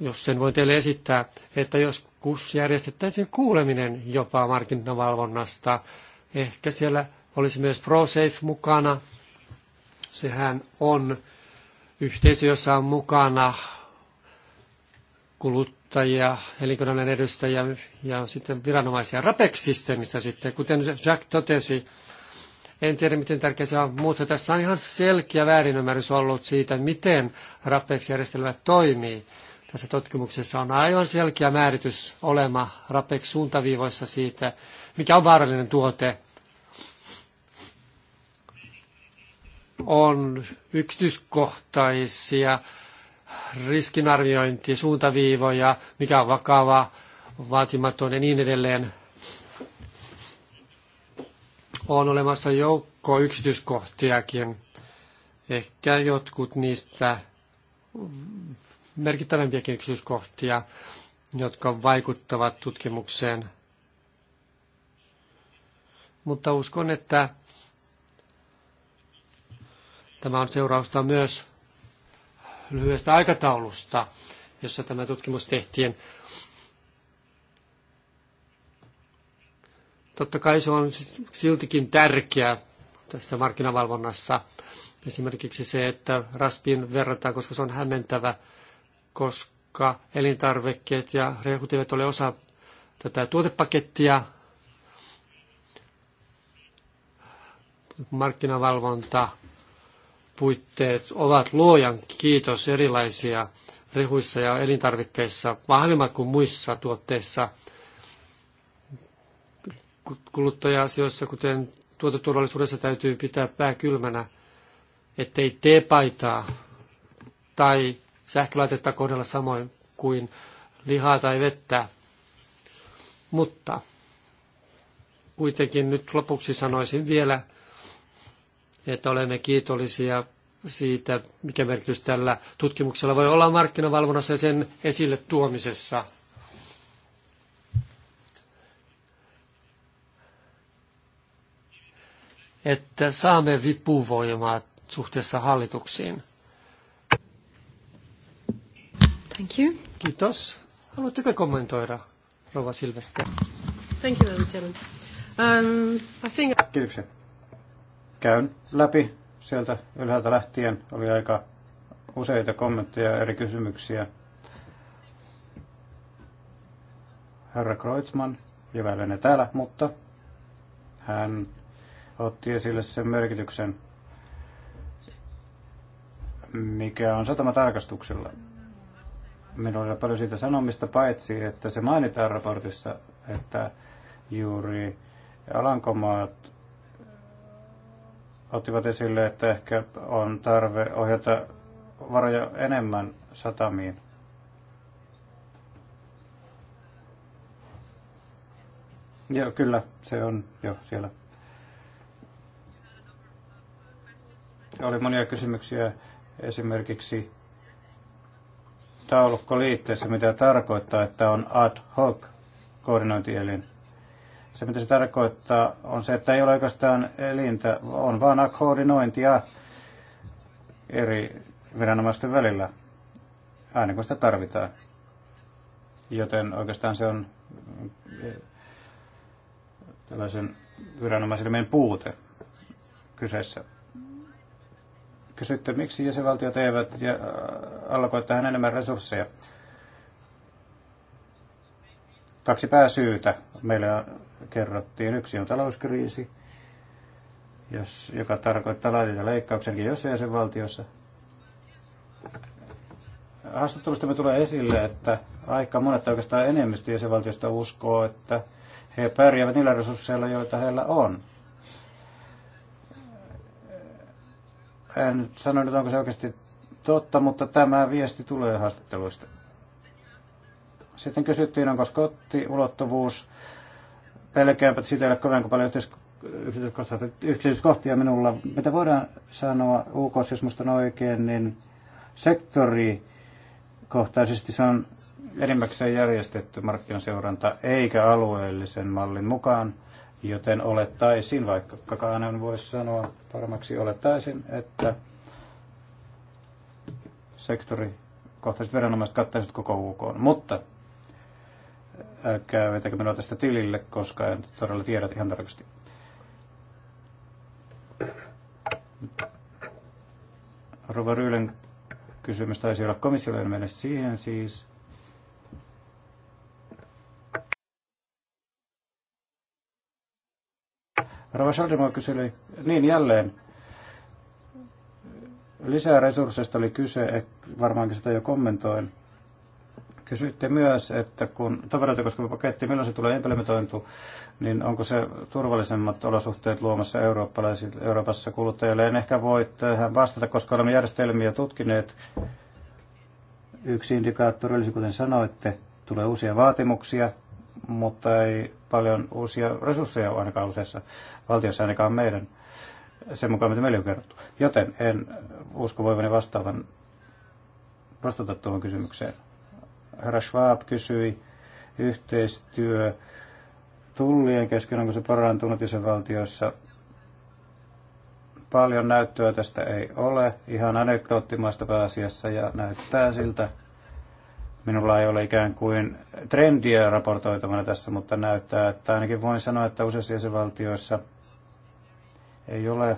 jos sen voi teille esittää, että jos KUS järjestettäisiin kuuleminen jopa markkinavalvonnasta, ehkä siellä olisi myös ProSafe mukana. Sehän on yhteisö, jossa on mukana kulut kuluttajia, elinkeinoelämän edustajia ja sitten viranomaisia RAPEX-systeemistä sitten. Kuten Jack totesi, en tiedä miten tärkeä se on, mutta tässä on ihan selkeä väärinymmärrys ollut siitä, miten RAPEX-järjestelmä toimii. Tässä tutkimuksessa on aivan selkeä määritys olema RAPEX-suuntaviivoissa siitä, mikä on vaarallinen tuote. On yksityiskohtaisia riskinarviointi, suuntaviivoja, mikä on vakava, vaatimaton ja niin edelleen. On olemassa joukko yksityiskohtiakin. Ehkä jotkut niistä merkittävämpiä yksityiskohtia, jotka vaikuttavat tutkimukseen. Mutta uskon, että tämä on seurausta myös lyhyestä aikataulusta, jossa tämä tutkimus tehtiin. Totta kai se on siltikin tärkeä tässä markkinavalvonnassa. Esimerkiksi se, että raspiin verrataan, koska se on hämmentävä, koska elintarvikkeet ja rehut ole osa tätä tuotepakettia. Markkinavalvonta puitteet ovat luojan kiitos erilaisia rehuissa ja elintarvikkeissa vahvemmat kuin muissa tuotteissa kuluttaja-asioissa, kuten tuoteturvallisuudessa täytyy pitää pää kylmänä, ettei teepaitaa tai sähkölaitetta kohdella samoin kuin lihaa tai vettä. Mutta kuitenkin nyt lopuksi sanoisin vielä, että olemme kiitollisia siitä, mikä merkitys tällä tutkimuksella voi olla markkinavalvonnassa ja sen esille tuomisessa. Että saamme vipuvoimaa suhteessa hallituksiin. Thank you. Kiitos. Haluatteko kommentoida, Rova Silvester? Thank you, Madam Um, I think... Kiitoksia käyn läpi sieltä ylhäältä lähtien. Oli aika useita kommentteja ja eri kysymyksiä. Herra Kreutzmann, jyväilenee täällä, mutta hän otti esille sen merkityksen, mikä on satamatarkastuksella. Minulla oli paljon siitä sanomista, paitsi että se mainitaan raportissa, että juuri Alankomaat ottivat esille, että ehkä on tarve ohjata varoja enemmän satamiin. Joo, kyllä, se on jo siellä. Oli monia kysymyksiä esimerkiksi taulukkoliitteessä, mitä tarkoittaa, että on ad hoc koordinointielin. Se, mitä se tarkoittaa, on se, että ei ole oikeastaan elintä, on vaan koordinointia eri viranomaisten välillä, aina kun sitä tarvitaan. Joten oikeastaan se on eh, tällaisen viranomaiselimen puute kyseessä. Kysytte, miksi jäsenvaltiot eivät ja, eh, allokoi tähän enemmän resursseja. Kaksi pääsyytä meillä kerrottiin. Yksi on talouskriisi, jos, joka tarkoittaa laajoja leikkauksenkin jossain jäsenvaltiossa. Haastattelusta me tulee esille, että aika monet oikeastaan enemmistö jäsenvaltiosta uskoo, että he pärjäävät niillä resursseilla, joita heillä on. En sano nyt, onko se oikeasti totta, mutta tämä viesti tulee haastatteluista. Sitten kysyttiin, onko ulottuvuus pelkeämpä, että siitä ei ole kovin paljon yksityiskohtia minulla. Mitä voidaan sanoa UK, jos musta on oikein, niin sektorikohtaisesti se on enimmäkseen järjestetty markkinaseuranta eikä alueellisen mallin mukaan, joten olettaisin, vaikka kakaanen voisi sanoa varmaksi, olettaisin, että sektorikohtaiset viranomaiset kattaisivat koko UK. Mutta älkää äh, vetäkö minua tästä tilille, koska en todella tiedä ihan tarkasti. Rova Ryylen kysymys taisi olla komissiolle, en mene siihen siis. Rova Schaldemar kysyi, niin jälleen, lisää resursseista oli kyse, e- varmaankin sitä jo kommentoin. Kysyitte myös, että kun tavaroita koskeva paketti, milloin se tulee implementointu, niin onko se turvallisemmat olosuhteet luomassa Euroopassa kuluttajille? En ehkä voi tähän vastata, koska olemme järjestelmiä tutkineet. Yksi indikaattori olisi, kuten sanoitte, tulee uusia vaatimuksia, mutta ei paljon uusia resursseja ainakaan useissa valtiossa, ainakaan meidän, sen mukaan mitä meillä on kerrottu. Joten en usko voivani vastaavan vastata tuohon kysymykseen herra Schwab kysyi, yhteistyö tullien kesken, onko se parantunut jäsenvaltioissa. Paljon näyttöä tästä ei ole, ihan anekdoottimaista pääasiassa, ja näyttää siltä, minulla ei ole ikään kuin trendiä raportoitavana tässä, mutta näyttää, että ainakin voin sanoa, että useissa jäsenvaltioissa ei ole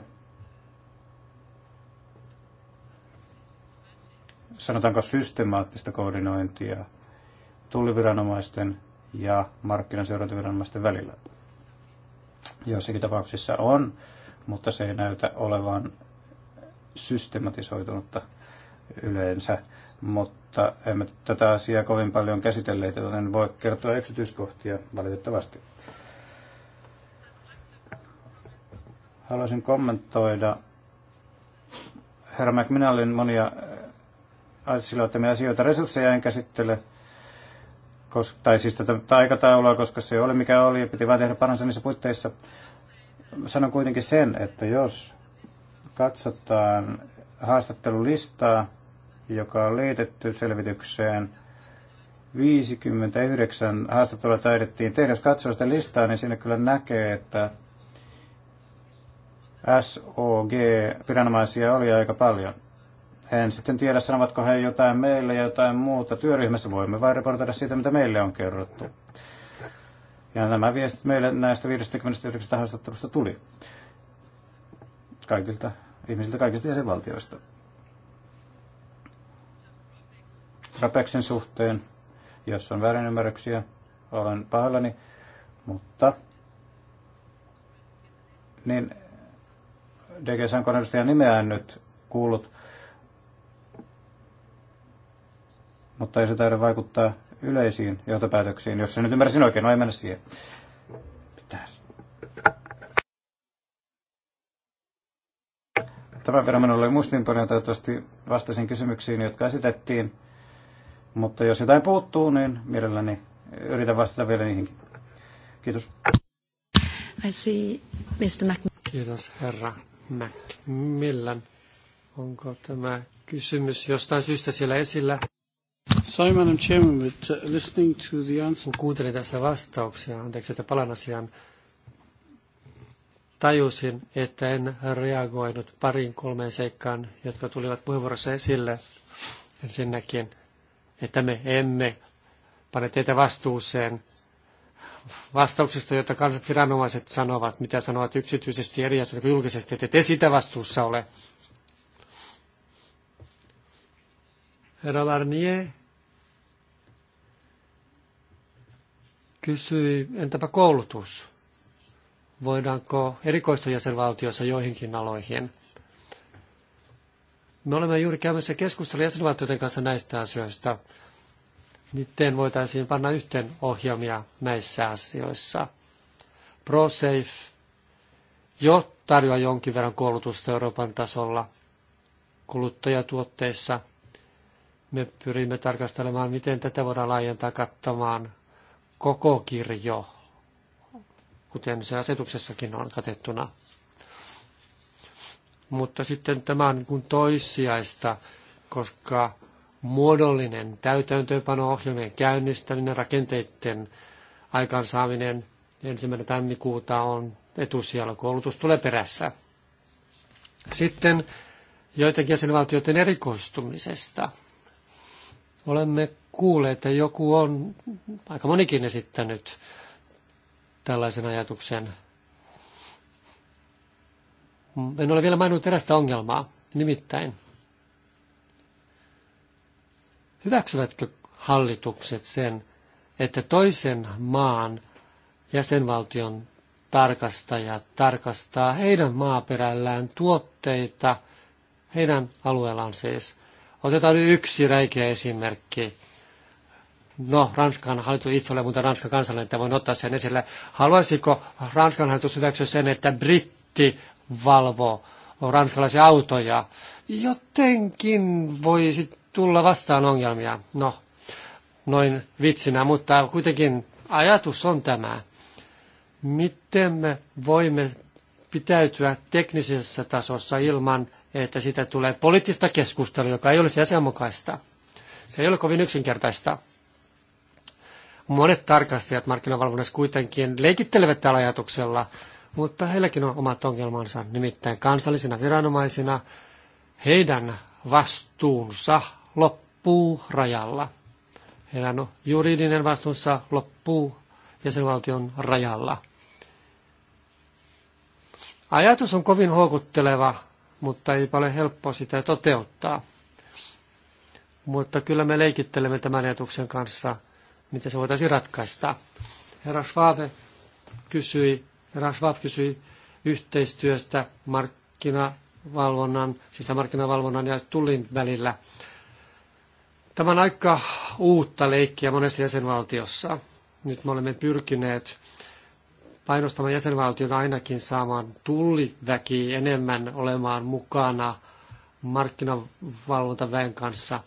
sanotaanko systemaattista koordinointia tulliviranomaisten ja markkinaseurantaviranomaisten välillä. Joissakin tapauksissa on, mutta se ei näytä olevan systematisoitunutta yleensä, mutta emme tätä asiaa kovin paljon käsitelleet, joten voi kertoa yksityiskohtia valitettavasti. Haluaisin kommentoida herra McMinnallin monia sillä ottamia asioita. Resursseja en käsittele, koska, tai siis tätä, tätä aikataulua, koska se oli mikä oli ja piti vain tehdä paransa niissä puitteissa. Sanon kuitenkin sen, että jos katsotaan haastattelulistaa, joka on liitetty selvitykseen, 59 haastattelua taidettiin tehdä. Jos katsoo sitä listaa, niin sinne kyllä näkee, että SOG-viranomaisia oli aika paljon. En sitten tiedä, sanovatko he jotain meille ja jotain muuta. Työryhmässä voimme vain raportoida siitä, mitä meille on kerrottu. Ja nämä viestit meille näistä 59 haastattelusta tuli kaikilta ihmisiltä kaikista jäsenvaltioista. Rapeksen suhteen, jos on väärinymmärryksiä, olen pahoillani, mutta niin DG Sankon edustajan nimeään nyt kuullut mutta ei se taida vaikuttaa yleisiin johtopäätöksiin, jos se nyt ymmärsin oikein, no ei mennä siihen. Pitäis. Tämän verran minulla oli muistinpanoja, toivottavasti vastasin kysymyksiin, jotka esitettiin. Mutta jos jotain puuttuu, niin mielelläni yritän vastata vielä niihinkin. Kiitos. I see Mr. Mac... Kiitos herra Mac. Millan. onko tämä kysymys jostain syystä siellä esillä? Sorry, Madam Chairman, but uh, listening to the answer... Kun kuuntelin tässä vastauksia, anteeksi, että palan asiaan, tajusin, että en reagoinut pariin kolmeen seikkaan, jotka tulivat puheenvuorossa esille. Ensinnäkin, että me emme pane teitä vastuuseen vastauksista, joita kansat viranomaiset sanovat, mitä sanovat yksityisesti eri asioita kuin julkisesti, että te sitä vastuussa ole. Herra Barnier kysyi, entäpä koulutus? Voidaanko erikoistua jäsenvaltiossa joihinkin aloihin? Me olemme juuri käymässä keskustelua jäsenvaltioiden kanssa näistä asioista. Miten voitaisiin panna yhteen ohjelmia näissä asioissa? ProSafe jo tarjoaa jonkin verran koulutusta Euroopan tasolla kuluttajatuotteissa – me pyrimme tarkastelemaan, miten tätä voidaan laajentaa kattamaan koko kirjo, kuten se asetuksessakin on katettuna. Mutta sitten tämä on niin toissijaista, koska muodollinen täytäntöönpano ohjelmien käynnistäminen, rakenteiden aikaansaaminen ensimmäinen tammikuuta on etusijalla, koulutus tulee perässä. Sitten joitakin jäsenvaltioiden erikoistumisesta. Olemme kuulleet, että joku on, aika monikin esittänyt tällaisen ajatuksen. En ole vielä maininnut erästä ongelmaa, nimittäin. Hyväksyvätkö hallitukset sen, että toisen maan jäsenvaltion tarkastaja tarkastaa heidän maaperällään tuotteita, heidän alueellaan siis – Otetaan nyt yksi räikeä esimerkki. No, Ranskan hallitus itse ole muuten Ranskan kansalainen, että voin ottaa sen esille. Haluaisiko Ranskan hallitus hyväksyä sen, että britti valvoo ranskalaisia autoja? Jotenkin voisi tulla vastaan ongelmia. No, noin vitsinä, mutta kuitenkin ajatus on tämä. Miten me voimme pitäytyä teknisessä tasossa ilman, että siitä tulee poliittista keskustelua, joka ei olisi asianmukaista. Se ei ole kovin yksinkertaista. Monet tarkastajat markkinavalvonnassa kuitenkin leikittelevät tällä ajatuksella, mutta heilläkin on omat ongelmansa, nimittäin kansallisina viranomaisina heidän vastuunsa loppuu rajalla. Heidän juridinen vastuunsa loppuu jäsenvaltion rajalla. Ajatus on kovin houkutteleva, mutta ei ole helppoa sitä toteuttaa. Mutta kyllä me leikittelemme tämän ajatuksen kanssa, miten se voitaisiin ratkaista. Herra Schwab kysyi, herra Schwab kysyi yhteistyöstä markkinavalvonnan, sisämarkkinavalvonnan ja tullin välillä. Tämä on aika uutta leikkiä monessa jäsenvaltiossa. Nyt me olemme pyrkineet painostamaan jäsenvaltiota ainakin saamaan tulliväki enemmän olemaan mukana markkinavalvontaväen kanssa.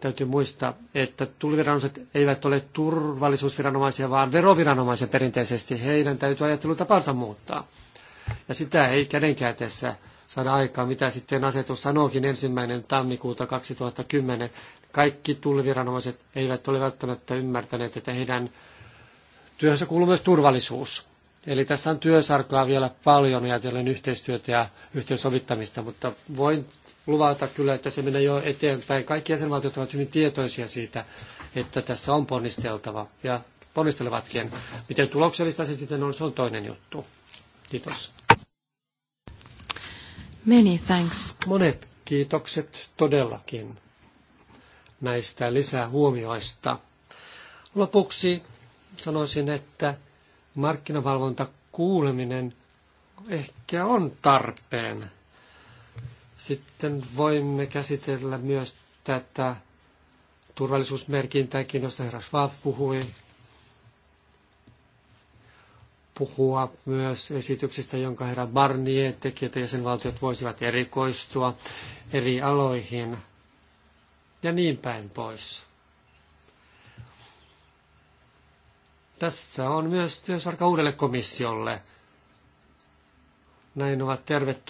Täytyy muistaa, että tulliviranomaiset eivät ole turvallisuusviranomaisia, vaan veroviranomaisia perinteisesti. Heidän täytyy ajattelutapansa muuttaa. Ja sitä ei kädenkäyteessä saada aikaa, mitä sitten asetus sanookin ensimmäinen tammikuuta 2010. Kaikki tulliviranomaiset eivät ole välttämättä ymmärtäneet, että heidän Työhönsä kuuluu myös turvallisuus. Eli tässä on työsarkaa vielä paljon ajatellen yhteistyötä ja yhteensovittamista, mutta voin luvata kyllä, että se menee jo eteenpäin. Kaikki jäsenvaltiot ovat hyvin tietoisia siitä, että tässä on ponnisteltava ja ponnistelevatkin. Miten tuloksellista se sitten on, se on toinen juttu. Kiitos. Many thanks. Monet kiitokset todellakin näistä lisähuomioista. Lopuksi sanoisin, että markkinavalvonta kuuleminen ehkä on tarpeen. Sitten voimme käsitellä myös tätä turvallisuusmerkintääkin, josta herra Schwab puhui. Puhua myös esityksistä, jonka herra Barnier teki, että jäsenvaltiot voisivat erikoistua eri aloihin ja niin päin pois. Tässä on myös työsarka uudelle komissiolle. Näin ovat tervetulleet.